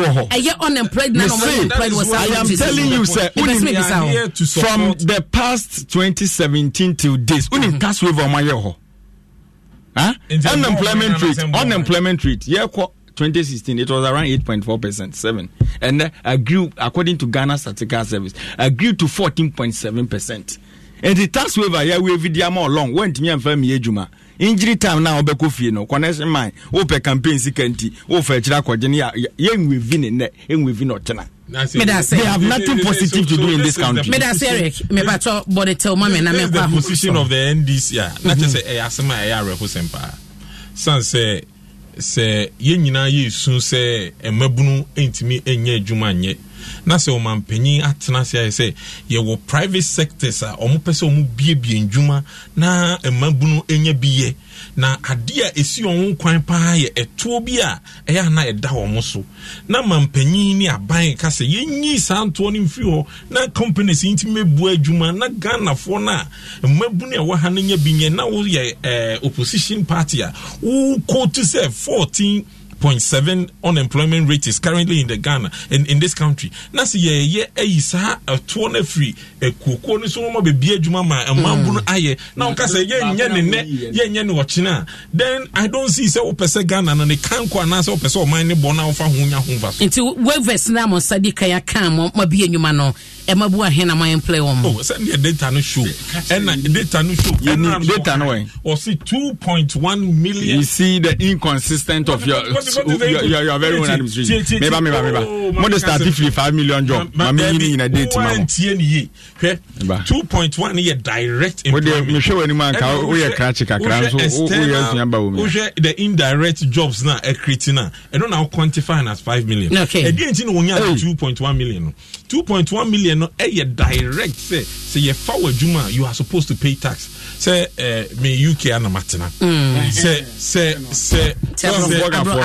wɔ hɔ. ɛyɛ unemployed na unemployed wɔ saa. I am telling you sɛ unim from the past 2017 till this unim mm-hmm. tax waiver ɔmo ayɛ wɔ hɔ. unemployment rate unemployment rate yɛ kɔ. 2016 it was around 8.4 percent seven and uh, grew according to Ghana Statistical Service I uh, grew to 14.7 percent nti tax waiver yɛ waive di ama ɔlɔn wɔntumi amfa mi yɛ adwuma injury time na ɔbɛkɔ fie no connection man wopɛ campaign sika nti wofɛ akyirɛ akɔgye no yɛnwevi ne nnɛ ɛnwevi na ɔtena They have nothing positive to do in this country. Medase Eric, mebato body tell mama na me kwa. The position of the NDC, na kyerɛ mm-hmm. sɛ ɛyɛ asɛm a ɛyɛ awerɛhosɛm paa. San sɛ sɛ yɛn nyinaa yɛ esu sɛ mmabunu ntumi nyɛ adwuma nyɛ. na sɛ ɔmanpanyin atena se ayɛ sɛ yɛwɔ private sectors a ɔmo pɛ sɛ ɔmo biebie ndwuma na mmabunu nya bi yɛ na adeɛ a esi ɔmo kwan paa yɛ ɛtoɔ bi a ɛyɛ ana ɛda ɔmo so na manpanyin ne aban kasa sɛ yɛnyi saa ntoɔ no mfiri hɔ na companies yi ntumi mɛbua adwuma na ghanafoɔ no a mmabunu a ɛwɔ ha no nya bi nyɛ na woyɛ eh, opposition party a wokɔ to sɛ 14 8.7 unemployment rate is currently in the Ghana in, in this country. Na si ye ye e eh, isa a eh, tuone free e eh, koko ni so mo be bia dwuma ma a mambu hmm. no aye. Na onka se ye nye ne ne ye nye ne wochina. Then I don't see say wo pese Ghana na ne kan kwa na say wo pese o man ne bona wo fa ho nya ho va na mo sadi ya kan ma bia nyuma no ɛma bu ahen na mayɛ mplɛ wɔ mu sɛneɛ data no show ɛna data no show ɛna data no wɛ ɔse 2.1 million you see the inconsistent of your your, your, very own administration meba meba oh, meba mode start firi 5 million job ma me yini nyina date ma wɔntie ne ye hwɛ 2.1 ne yɛ direct employment wode mehwɛ w'anim anka woyɛ krakye kakra nso woyɛ asua ba wɔ mu wohwɛ the indirect jobs na ɛkreti e no a ɛno na e wo quantify as 5 million ɛdeɛ e nti two point one million Two point one million yɛ no ɛyɛ direct sɛ sɛ yɛfa wɔ adwuma a you are supposed to pay tax sɛ ɛɛ me uk anam atena. Mm. sɛ sɛ sɛ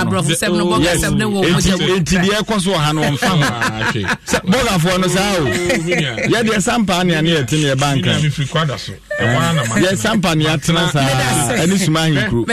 aborɔfosɛm no bɔgasɛm no wɔ mu gyɛ wɔ nti deɛ ɛkɔ so wɔ ha no wɔmfa ho ah, sɛ bɔgafoɔ no saa o oh, yɛdeɛ sampaa nea ne yɛte ne yɛba nka yɛ sampa ne atena saa ɛne suma ahenkuro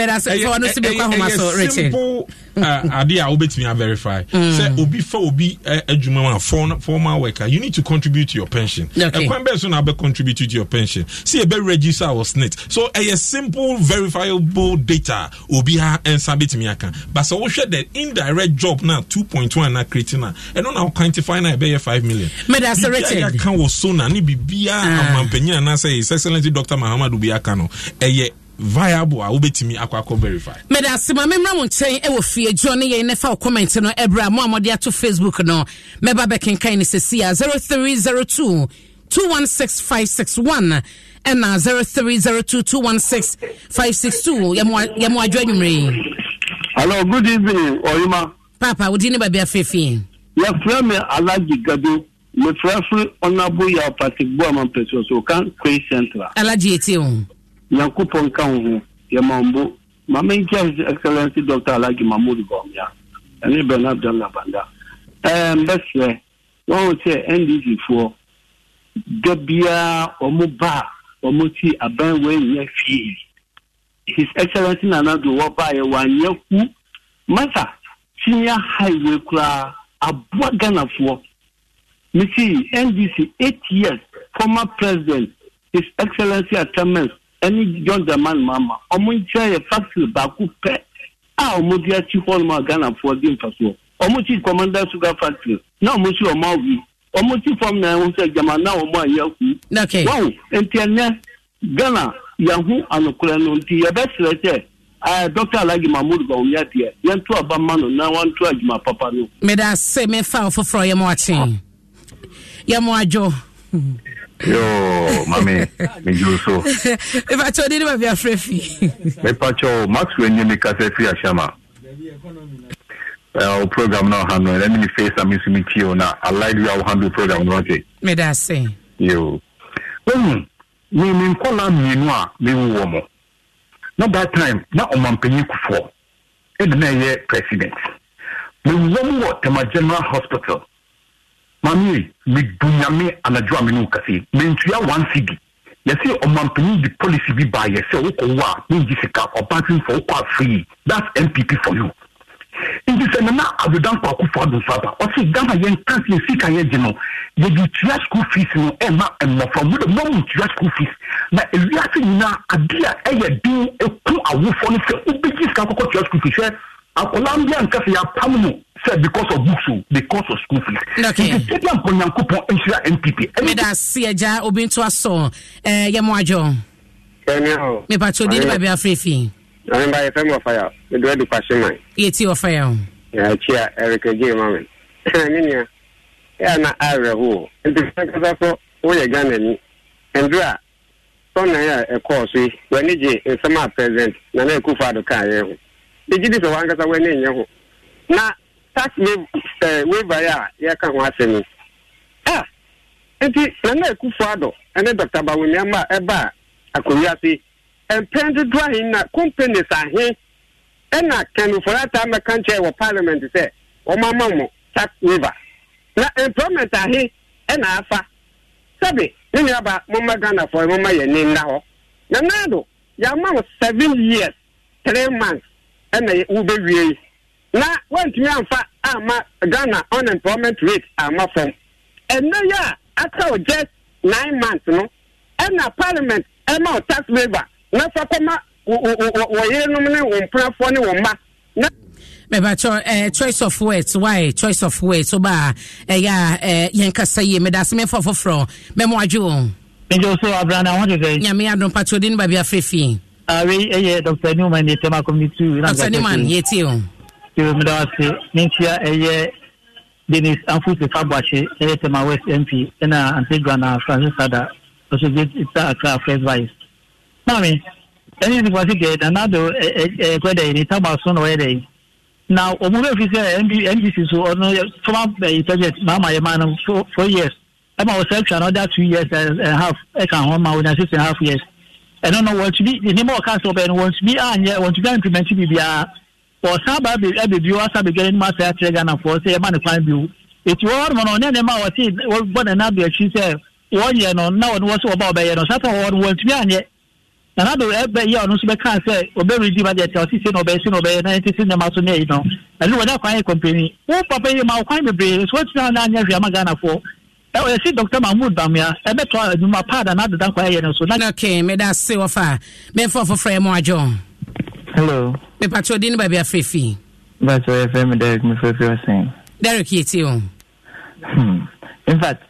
simple uh, adeɛ a wobɛtumi averify mm. sɛ obi fa obi uh, adwuma mu a worker you need to contribute to your pension ɛkwan bɛɛ so na wobɛcontribute to your pension sɛ register wɔ snit so ɛyɛ simple verifiable data obiara ɛnsa bɛtumi aka but sɛ wohwɛ the indirect job na 2.1 na creating a. ɛno na quantify na ɛbɛyɛ 5 million biribiaa yɛaka wɔ so na ne biribiaa ah. amanpanyin anaasɛ yɛ sɛ dr mahamadu bi aka no ɛyɛ viable a wobɛtumi akɔ akɔ verify mede asema memmra mo nkyɛn ɛwɔ fie adwuo ne yɛi ne fa wo comment no ɛberɛ a mo a mɔde ato facebook no mɛba bɛkenkan no sɛsi a 0302 216561 ɛna 0302 216562 yɛmo adwo anwummerɛ hello good evening ɔyima papa wodi ne baabi afeefee yɛfrɛ me alagi gado mefrɛ firi ɔnabo yɛ apatigbo a mampɛsɛ so ka kwei central alagye ɛtie ho nyankopɔn ka wo ho yɛmambo mame excellency dr alagi mahmod bɔmea ɛne bernard dan labanda mbɛsrɛ wɔho sɛ ndc foɔ da biara ɔmo ba a ɔmo ti aban wɔanyɛ fie his excellency nanado wɔbaeɛ wɔanyɛ hu masa senior highway koraa aboa ghanafoɔ misi ndc eight years former president his excellency atamen Any john dramani mahama ɔmo nkyerɛ yɛ factory baako pɛ a ɔmo de akyi hɔ nom a ghanafoɔ de mfa soɔ commander sugar factory na ɔmo si ɔmo awi ɔmo ti fam na ɛho sɛ gyama na ɔmo ayɛ aku wɔn nti ɛnɛ ghana yɛho anokorɛ no nti yɛbɛsrɛ sɛ Uh, dɔkta alhaji mahmud gawuya deɛ yɛnto aba ma no na wanto adwuma papa no meda se mefa wo foforɔ yɛ ma wakyen yɛmo adwo yo mame medwo so mepakyɛ ode ne babi afrɛ fi mepakyɛ maxwell nye me kasa firi ahyɛma wo program no ɔha no ɛne ne face a me nso metie o na alide wi a wohandle program no ɔte meda se yo wohu me me nkɔla mmienu a mewu mo na that time na ɔmampanyin kufoɔ ɛde na ɛyɛ president mewuwɔ mu wɔ tema general hospital mame medunyame anadwo a me ne wo kase mentua one cd yɛse ɔmampanin de policy bi baa yɛ sɛ wokɔwo a mengye sika ɔbatemfo wokɔ a free that's mpp for you nti sɛ nana adodankɔ akofo adomfo aba ɔse ghana yɛnka yɛ sika yɛgye no yɛde tua school fees no ɛma mmɔfra mu de mɔmu tua school fees na ewiase nyinaa adeɛ a ɛyɛ den ɛku awofoɔ no sɛ wobɛgye sika kɔkɔ tua school fees sɛ akɔlaa bi a nka sɛ yɛapam no sɛ because of books oh, because of school fees. nti sɛbi a nkɔnyankopɔn nhyira npp. meda se agya obi nto asɔ eh, yɛ mo adwo. mepatso di ni baabi afeefi. ɔne ba yɛfɛ mu ɔfaya medoa du kwahye man. yɛti ɔfaya o. akyi a ɛrekɛ gye ma me e ne nua e ɛa na awerɛhoɔ e nti sɛnkasa so woyɛ ghanani ɛnduru a sɔnnan a ɛkɔɔ so yi w'ani gye nsɛm a president nana akufo ado kaa yɛn ho egyi di sɛ wankasa w'ani nyɛ ho na tax ya eh, a yɛka ho asɛm yi na na nana akufo ado ne dr bawoni ama a ɛba a akonnwa se na companies ahe ɛna kanfoɔ ata mɛka nkyɛn wɔ parliament sɛ tax na employment afa sɛbi ne nuaba moma ghanafoɔ moma yɛ ne na years months na wantumi amfa ama ghana unemployment rate ama fam ɛnna yɛ a aka o just nine months no ɛna parliament ɛma o tax waiver na fa kɔma wɔyerenom ne wɔn mpunafoɔ ne wɔn mma na. mɛbàtɔ ɛɛ eh, choice of words why choice of words o ba ɛyɛ eh, a ɛɛ eh, yɛn kasa yie mɛ daasi mɛ fɔ foforɔ mɛ mo adwi wɔn. njɛ so abrana wọn ti sɛ. nyame adum pati o di ni baabi afeefee. awe ɛyɛ dr newman de tɛma community. dr newman o yɛwɔ mu da ase ne nkyia ɛyɛ denis amfusi fabuakye e ɛyɛ tema west mp ɛna e antigua na francis sada ɔso e gyeita akra first vice maame ɛne nipa si deɛ nanado ɛɛkɔ dɛ ne taba so na ɔyɛ dɛ na ɔmo bɛ fi sɛ ndc so ɔno former ɛyi budget maama yɛ maa no four four years ɛma ɔsɛ atwa na ɔda two years and half ɛka ho ma ɔnya six and half years ɛno no wɔn to bi nneɛma ɔka sɛ ɔbɛn no wɔn to bi anyɛ wɔn bi implement wɔsan ba abɛbi wasa abɛgya n'anim asɛ akyerɛ ghanafoɔ sɛ yɛma ne kwan bi wo eti wɔwɔ no ɔne ne ma wɔte wɔbɔ ne nan do akyi sɛ wɔnyɛ no na wɔne wɔ sɛ wɔba wɔbɛyɛ no sata wɔwɔ no wɔntumi anyɛ na nado ɛbɛyɛ ɔno nso bɛka sɛ ɔbɛredi ma deɛ si ɔsi se na ɔbɛyɛ se na ɔbɛyɛ na ɛnti se nneɛma so ne ɛyi no ɛno wɔde akwan yɛ kɔmpani wo papa yi ma ɔkwan bebree so wɔtumi ana anyɛ hwɛ ama ghanafoɔ ɛsi dr mahmood bamia ɛbɛtɔ adwuma paada na adeda nkwa ɛyɛ no so. ok meda se wɔfa mɛmfa ɔfoforɔ yɛ mɔ adwo hello. mepatro di ni baabi afre fi. mepatro yɛ fɛ mi derek mi fɛ fi ɔsɛn. derek yɛ ti o. Hmm. in fact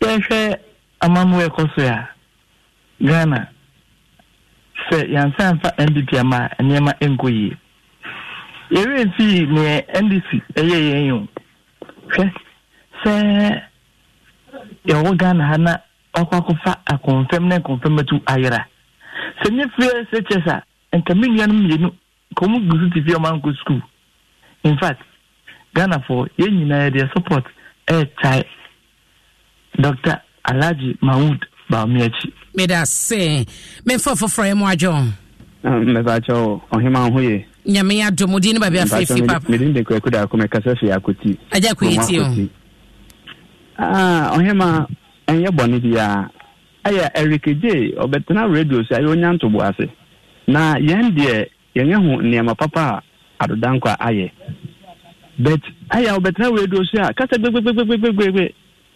yɛhwɛ amamu ɛkɔ so a ghana se yansan fa ndp ama nneɛma nkɔ yie yɛrɛ nfi nea ndc ɛyɛ yɛn yi Se se sɛ yɛwɔ ghana ha na ɔkɔ akɔfa akɔnfɛm na nkɔnfɛm atu ayera sɛ nye fie sɛ kyɛ sa nka me nuanom mmienu nka ɔmo gu so te fie ɔmo ankɔ sukuu in fact ghanafoɔ yɛn nyinaa yɛde support ɛɛtae dr alhaji mahmood baomiakyi. meda se memfa foforɔ yɛ mo adwo mɛbaakyɛ ɔhema ho yɛ nyame adom din no baabi afefi pap meden de kwakuda akɔ mɛkasa fei akɔti agya kɔyɛ ti o ah, ɔhema ɛnyɛ bɔne biaa ɛyɛ eric gye ɔbɛtena radio sɛ ɛyɛ ɔnya ntoboase na yɛn deɛ yɛnyɛ ho nneɛma papa a adodankwa ayɛ but ayɛ a wobɛtena weeduo so a kasa gbegbegbegbegbegbe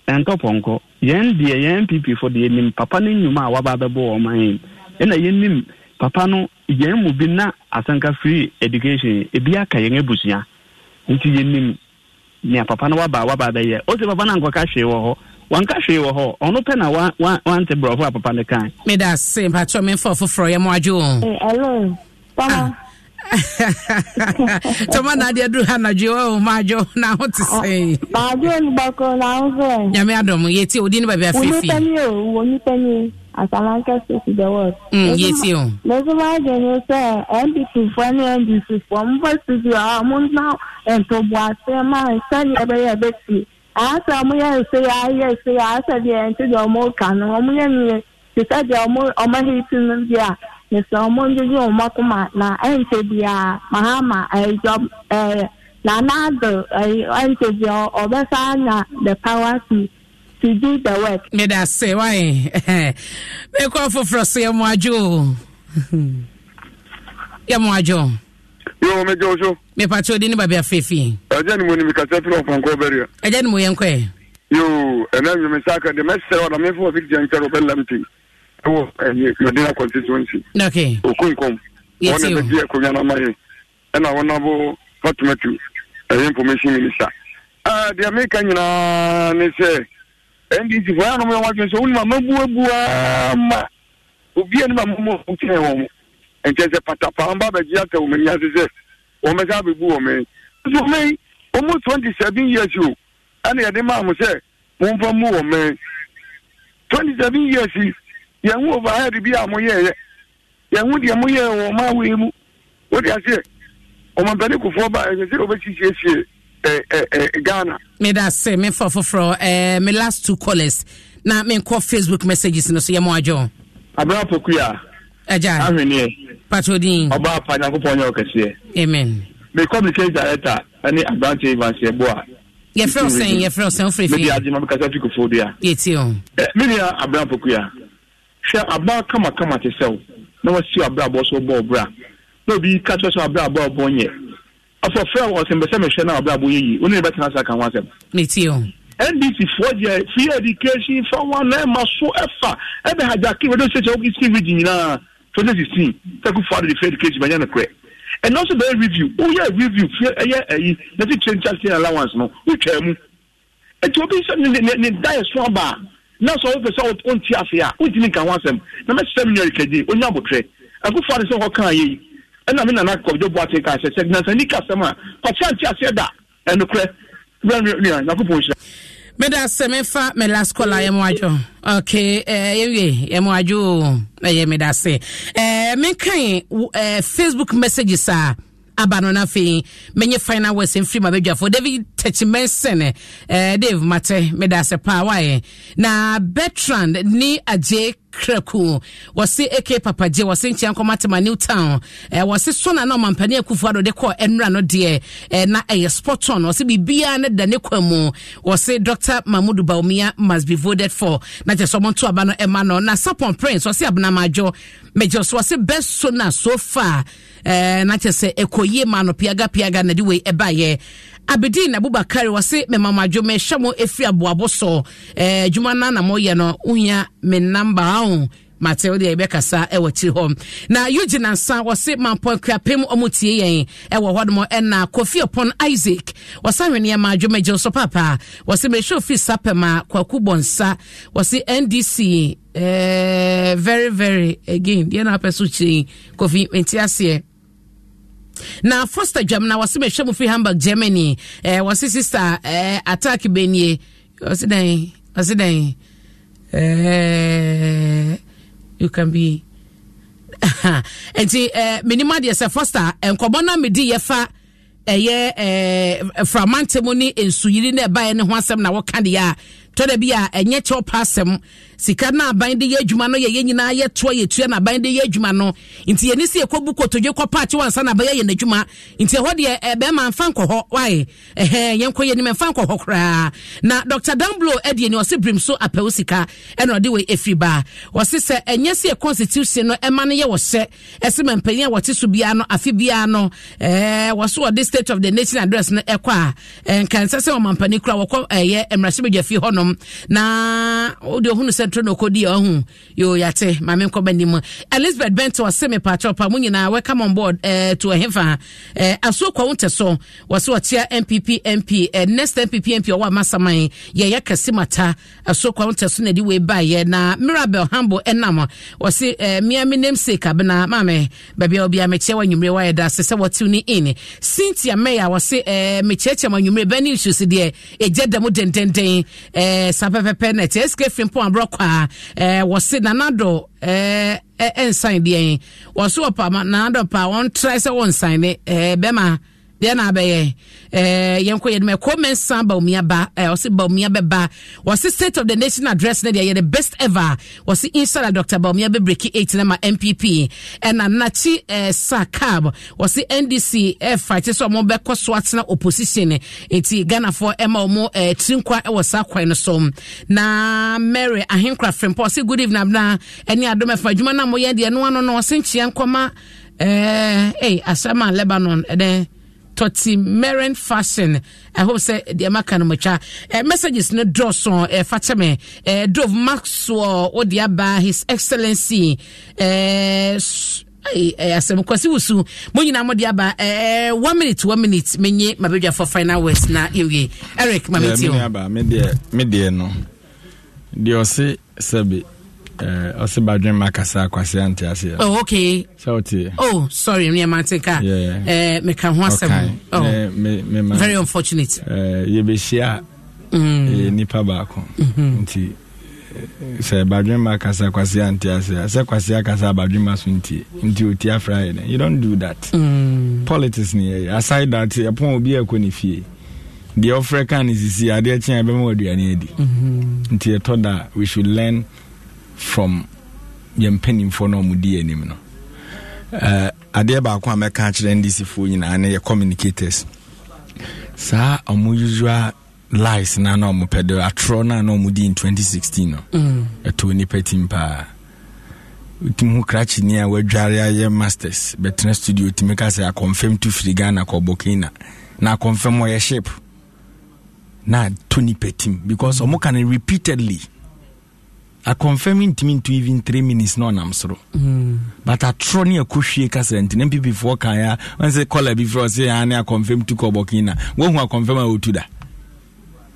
ɛntɔpɔnkɔ yɛn deɛ yɛn npp fo deɛ nim papa no nnwuma a waba bɛbɔ wɔn man ɛna yɛnim papa no yɛn mu bi na asanka free education ebi aka yɛn abusua nti yɛnim nea papa no waba waba bɛyɛ o sɛ papa na ankɔka hwee wɔ hɔ wanka hwee wɔ hɔ ɔno pɛ na wante borɔfo a papa no kan meda se mpatwɛ memfa foforɔ yɛ mo adwo eh, o ah. tɔma nadeɛ duru ha nadwe o maadwo oh, na ho te ah, sɛe maadwo no bɔkɔ na ho mm, sɛ nyame adɔm yɛtie wodi no baabi afefiwɔnipani o wɔnipani asalankɛ sɛsi the world yɛtie o mɛso maadwene sɛ ndpfoɔ ne ndcfoɔ mobɔ studio a mo na ntoboaseɛ ma sɛdeɛ ɛbɛyɛ ɛbɛsie asa ọmụ ya nsị ya ahịa nsị ya asa dị ya ntị dị ọmụ ụka nụ ọmụ ya nne sisa dị ọmụ ọmaghị isi nụ a nsị ọmụ ndị dị ọmụ ọkụ ma na ntị dị ya ma ha ma ịjọ na na-adụ ntị dị ọbasa anya the power to to do the work. mmeda ase nwanyị mmekọ foforọ si ya mụ ajụ ya mụ ajụ. yóò mẹjọ oṣù. mipatsɛ odi ni babi afeefi. ɛjɛ ni mo ni mi kasa fi ɔfɔn kɔ bɛri yan. ni mo yɛ nkɔ yɛ. yoo ɛnɛ mi mi saka de mɛ sɛ ɔda mi fɔ bi jɛn kɛrɛ o bɛ lam ten madina constituency. ok o ko nkɔm. yɛsi o wɔn bɛ di ɛkɔnyanama ye ɛna wɔn nabɔ fatumatu ɛyɛ information minister. ɛɛ ah, deɛ mi ka nyinaa ni sɛ ndc fɔ yan nɔ mo yɛ wa jɛ sɛ wuli ma ma bu nkyɛ sɛ patapa mba bɛgye aka wɔn ani ase sɛ wɔn bɛsa abɛbu wɔn nso years o ɛna yɛde maa mo sɛ wɔn mu wɔn ani twenty years yi yɛn ho overhead bi a mo yɛɛyɛ yɛn ho deɛ mo yɛɛ wɔ ɔmo awo yi mu wɔde aseɛ ɔmo mpɛni kofoɔ ba ɛsɛ sɛ gana. ɛ ɛ ɛ ghana. meda se e, me last two callers na menkɔ facebook messages so yɛ patodin ọba afa nyankopɔn nyɛ amen me communicate director ne abrante vanseɛ bo a yɛfrɛ wo sɛn yɛfrɛ wo sɛn wo frɛfrɛ mede agye ma mekasa fi kofoɔ dua yɛti o me nua abran pokua hwɛ aba kamakama te sɛ wo na wasiw abrabɔ so bɔɔ berɛ na obi ka kyerɛ sɛ abrabɔ ɔbɔ nyɛ ɔsɛ frɛ wo ɔsɛ mbɛsɛ mehwɛ na abrabɔ yɛ yi wo ne bɛtena sa ka ho asɛm o ndc foɔ deɛ free education fa wa na ɛma so ɛfa ɛbɛhagyake wɛde sɛkyɛ wo steve di nyinaa twenty sixteen sẹ́kù fún adìrẹ fẹ́ẹ́ dìkejì bẹ́ẹ̀ yẹn nìkorẹ́ and also bẹ́ẹ̀ review ó oh, yẹ review fi ẹyẹ ẹyí nẹ́tí train charity allowance náà ó twẹ́ mu ètò obi sẹ́ni ní ní ní dáyẹ̀ sọ́ ọba náà sọ wọ́n fẹsẹ̀ ó ń ti àṣẹ à ó ń ti ní nǹkan wọn asẹ̀m na mẹ́sì sẹ́mi ní ẹ̀rìkẹ́dẹ́ ó ní àbùtẹ́rẹ́ ẹ̀kú fún adìsẹ́ ọkọ̀ kan yìí ẹ̀nà mi nana kọ̀ọ̀dọ̀ bu àti kàṣẹ sẹ́gbẹ̀nsẹ̀ ní kàṣẹ́m a pàṣẹ àti àṣẹ dà ẹ̀nukurẹ́ wíwá ní ìyá nàkó pọ̀ nṣẹ́ meda sɛ mefa me last call a yɛmo adwo ok eh, yɛwie yɛmo adwo ɛyɛ meda sɛ eh, menkae eh, facebook messages a aba no no afei menye final west mfiri ma badwafoɔ david tachimensene dave mate meda sɛ paa waayɛ na bertrand ne agye kraku wɔse ak papagye wɔse nkyea nkɔma tema new town eh, wɔse so na na ɔmampane akufo ado de kɔɔ ɛnora no deɛ eh, na ɛyɛ eh, spot on wɔse biribiaa ne da ne kwa mu wɔse dr mamudu baomia must be voted for na kyɛ sɛ ɔmonto aba no ɛma no na sapon prince wɔse abenamaadwo megyɛ so wɔse best so so far eh, na kyɛ sɛ ɛkɔyie ma no piaga piaga na de wei ɛbaeɛ abedin abubakar wɔse memam adwo mehyɛ mo ɛfiri aboabo so adwuma eh, no na moyɛ no wohia me namba o mate wode yɛbɛkasa ɛwɔ akyiri hɔ na eugene ansa wɔse mampɔnkuapem ɔmo tie yɛn ɛwɔ hɔ nom ɛna kofi ɔpɔn isaac wɔsa hwene ɛma adwuma gyew so paapaa wɔse merehyɛ ofiri sapɛm a kwaku bɔnsa wɔse ndc eh, very very again deɛ na apɛ so kyerɛ kofi menti aseɛ na foster dwam na wɔse bɛhwɛ mu firi hamburg germany eh, wɔse sister eh, attack benie wɔse dɛn wɔse dɛn eh, you can be nti eh, menim adeɛ sɛ foster nkɔmmɔ no medi yɛfa ɛyɛ eh, framante mu ne nsuyiri no ɛbaeɛ ne ho asɛm na wɔka deɛ a tɔda bi a ɛnyɛ kyɛw pa asɛm sika na aban de yɛ adwuma no yɛyɛ nyinaa yɛtoa yɛtua na aban de yɛ adwuma no nti yɛne sɛ yɛkɔbu kotodwe kɔpaakye wansa na bɛyɛ yɛ n'adwuma nti ɛhɔ deɛ eh, bɛrima mfa nkɔ hɔ wae ɛhɛ yɛnkɔ yɛ nim ɛmfa nkɔ hɔ koraa na dr danblo adeɛ ni ɔse brim so apɛwo sika ɛna ɔde wei ɛfiri baa ɔse sɛ ɛnyɛ sɛ yɛ constitution no ɛma no yɛ wɔ sɛ ɛsɛ ma mpanyin a wɔte so biara no afe biara no ɛɛ wɔso ɔde state of the nation address no ɛkɔ a ɛnkansɛ sɛ ɔmampani kora wɔkɔ ɛyɛ mmarahyɛbadwafie hɔnom na wode ɔhunu sɛ ntoro na okodi ya ɔhu yoo yate maame nkɔba nim elizabeth benton ɔse me patrɔ nyinaa welcome on board ɛɛ eh, to ɛhefa ɛɛ eh, asuo kɔn tɛ so wɔso ɔtia npp mp ɛɛ eh, next npp mp ɔwɔ amasaman yɛyɛ kɛse mata asuo kɔn tɛ so na ɛde wei baa yɛ na mirabel hambo ɛnam e wɔse ɛɛ eh, miami namesake abena maame baabi a obi a mekyia wɔ anwummerɛ wayɛ da ase sɛ wɔtiw ne in cynthia mɛya wɔse ɛɛ mekyerɛkyerɛ wɔ anwummerɛ bɛni nsuo si deɛ ɛgya paa ɛɛ eh, wɔsi nanadɔ ɛɛ eh, ɛnsan eh, deɛ wɔsi wɔ paa nanadɔ paa wɔn tra sɛ wɔn nsan ne ɛɛ bɛma deɛ na abɛyɛ ɛɛ eh, yɛn ko yɛn mɛ komen san ba ɛɛ eh, ɔsi baomiya bɛ ba wɔsi state of the nation address ne the best ever wɔsi inshallah doctor ba bɛ breki eight ne ma npp ɛna nakyi ɛɛ sa cab wɔsi ndc ɛfa eh, ɛti sɛ ɔmo bɛkɔ so atena opposition eti ghanafoɔ ɛma ɔmo ɛɛ tirinkwa ɛwɔ saa kwan no so na mary from frimpɔ ɔsi good evening abena ɛni adom ɛfa Juma na mo yɛ deɛ no ano no ɔsi nkyia nkɔma ɛɛ ɛy asam lebanon ɛdɛɛ Toti Meren Fashion. I hope say the American Mucha. Uh, messages no draw so uh, Fatame. Uh, Dove Maxwell Odiaba, His Excellency. Uh, asɛm kwasi wo su mo nyinaa mode aba eh, one minute one minute menye for final words na yɛwie eric mametio medeɛ no deɛ ɔse sɛbe Eh, ɔsɛ badwen ma kasa akwase aseɛ oh, okay sɛ oh sorry nneɛma nte ka eh, meka ho asɛm oh. very unfortunate uh, yɛbɛhyia a mm. ɛyɛ nipa baako mm-hmm. nti sɛ sɛ akasa badwen ma so ntie nti ɔti you don't do that mm. politics ne yɛyɛ aside that ɛpɔn obi ɛkɔ ne fie deɛ ɔfrɛ ka ne sisi adeɛ adi mm-hmm. nti ɛtɔ da we should learn from yɛn mpanimfoɔ no ɔmo di anim no uh, eh, adeɛ baako a mɛka akyerɛ ndcfoɔ nyinaa ne yɛ communicators saa ɔmo usual lies na na ɔmo pɛ de atorɔ na na ɔmo di in 2016 no ɛtɔ nipa tim mm. paa wotumi ho krakye ni a wadware ayɛ masters bɛtena studio tumi ka sɛ akɔmfam to firi ghana kɔ burkina na akɔmfam ɔyɛ ship na tɔ nipa tim because ɔmo ka no repeatedly mm. akɔnfɛm ntumi nto even three minutes na ɔnam soro mm. but atorɔ ne akɔhwie kasra nti na mpp foɔ kaeɛ a ɔn sɛ kɔla bi frɛ ɔsɛ aa ah, ne akɔnfɛm tu kɔbɔkin na woahu akɔnfɛm a wɔtu da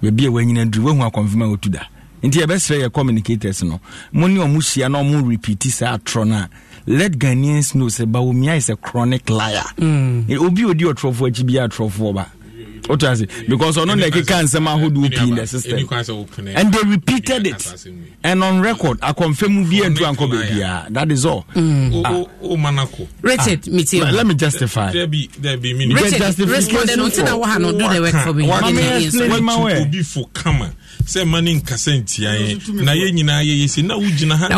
baabi a wanyina duru woahu akɔnfɛm a wɔtu da nti yɛbɛsrɛ yɛ communicators no mo ne ɔmo hyia na ɔmo repeat saa atorɔ no a let ghanaians know sɛ bawomia is a chronic liar mm. Eh, obi odi ɔtorɔfoɔ akyi bi atorɔfoɔ ba wotu ase because ɔno na ɛkeka nsɛm ahodoɔ pii in the system and they repeated it and on record akɔnfɛmu bi antu ankɔ ya. that is all mm. ah. richard ah. metie let me justify there be, there be richard respond ɛno ntina wɔ ha do the work for me mame explain ma wɛ sɛ ma ne nkasa na yɛ na yɛn nyinaa yɛyɛ si na wogyina ha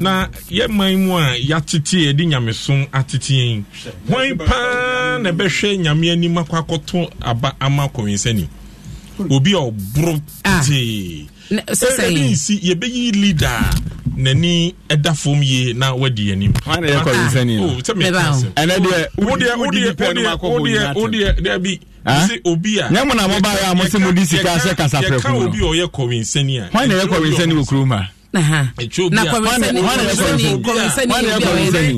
na yɛman mu a yɛatete yɛde nyamesom atete yɛn hwan paa na ɛbɛhwɛ nyame anim akɔ akɔto aba ama kɔwensani obi a ɔboro ah. tee ɛde nsi yɛbɛyi leader a n'ani ɛda fam yie na wadi anim. wọn yɛ kɔ no. yɛ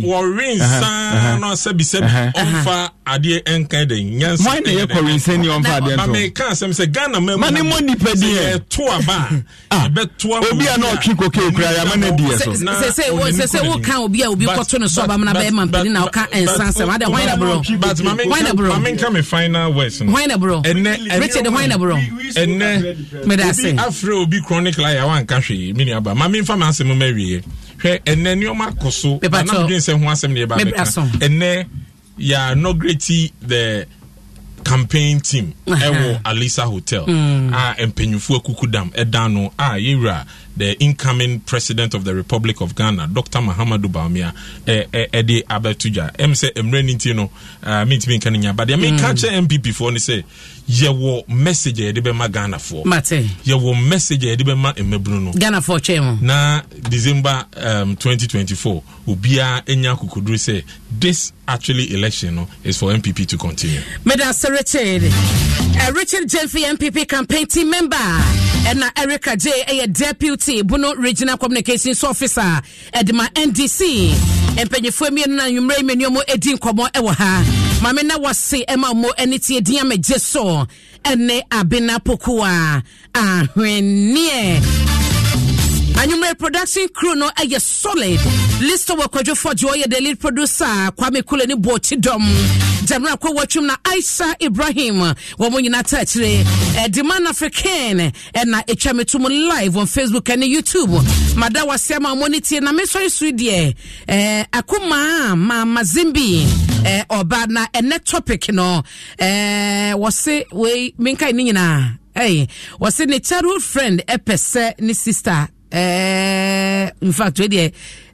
ka obi adeɛ nkan da nyansa wọn na yɛ kɔrin sɛni ɔn fa adeɛ ntɔ mami kan sɛm sɛ ghana mɛ na mani mo nipa di yɛ to aba ɛbɛ to aba obi a na ɔtwi koke okura yɛ ama na di yɛ so sɛsɛ sɛsɛ wo kan obi a obi kɔto ne so mu na bɛyɛ mampanin na ɔka nsansɛm adi hɔn na borɔ hɔn na borɔ mami nka mi final words no hɔn na borɔ ɛnɛ richard hɔn na borɔ ɛnɛ medase afre obi chronic la yɛ awa nka hwɛ mi mami nfa mi asɛm mɛ wie hwɛ ɛnɛ nneɛma akɔ ba bɛka ɛnɛ You yɛ inaugurate the campaign team ɛwɔ uh -huh. alisa hotel mm. a ah, mpanyinfoɔ kuku dam ɛdan no a ah, yɛwura the incoming president of the Republic of Ghana, Dr. Mahamadou Bawumia, eh, eh, Eddie Abetuja, to eh, dwa Nintino, sɛ mmerɛ no nti no mentumi nka no nya badeɛ meka kyerɛ mm. mpp foɔ no sɛ yɛwɔ message Ghana for." bɛma ghanafoɔ yɛwɔ message a yɛde bɛma mmabunu Ghana for twɛ mu na december um, 2024 ubia enya akokoduro Say this actually election no, is for mpp to continue meda Sir richard uh, richard jenfi mpp campaign team member ɛna erica J a deputy ndc buno regional communications officer ɛde ma ndc mpanyinfoɔ mmienu na nnwummerɛ mmienu mu edi nkɔmɔ ɛwɔ ha maame na wase ɛma ɔmo ɛne tie din amagye so ɛne abena pokuwa ahwenneɛ anwummerɛ production crew no ɛyɛ solid listo wɔ kwadwofoɔ gye ɔyɛ the lead producer kwame kule ne bɔɔkyi dɔm damra kɔwɔtwom na isa ibrahim wɔn nyinaa ta akyire ɛdeman eh, african ɛna eh, na me to live on facebook and youtube mada wasɛm a wɔn tie na mesɔre so deɛ ɛɛ eh, akoma maama zimbi ɛɛ ɔba na ɛnɛ topic no ɛɛ wɔsi wei minka ne nyinaa Hey, wɔsi ne childhood friend ɛpɛ sɛ ne sister ɛɛ in fact wei deɛ.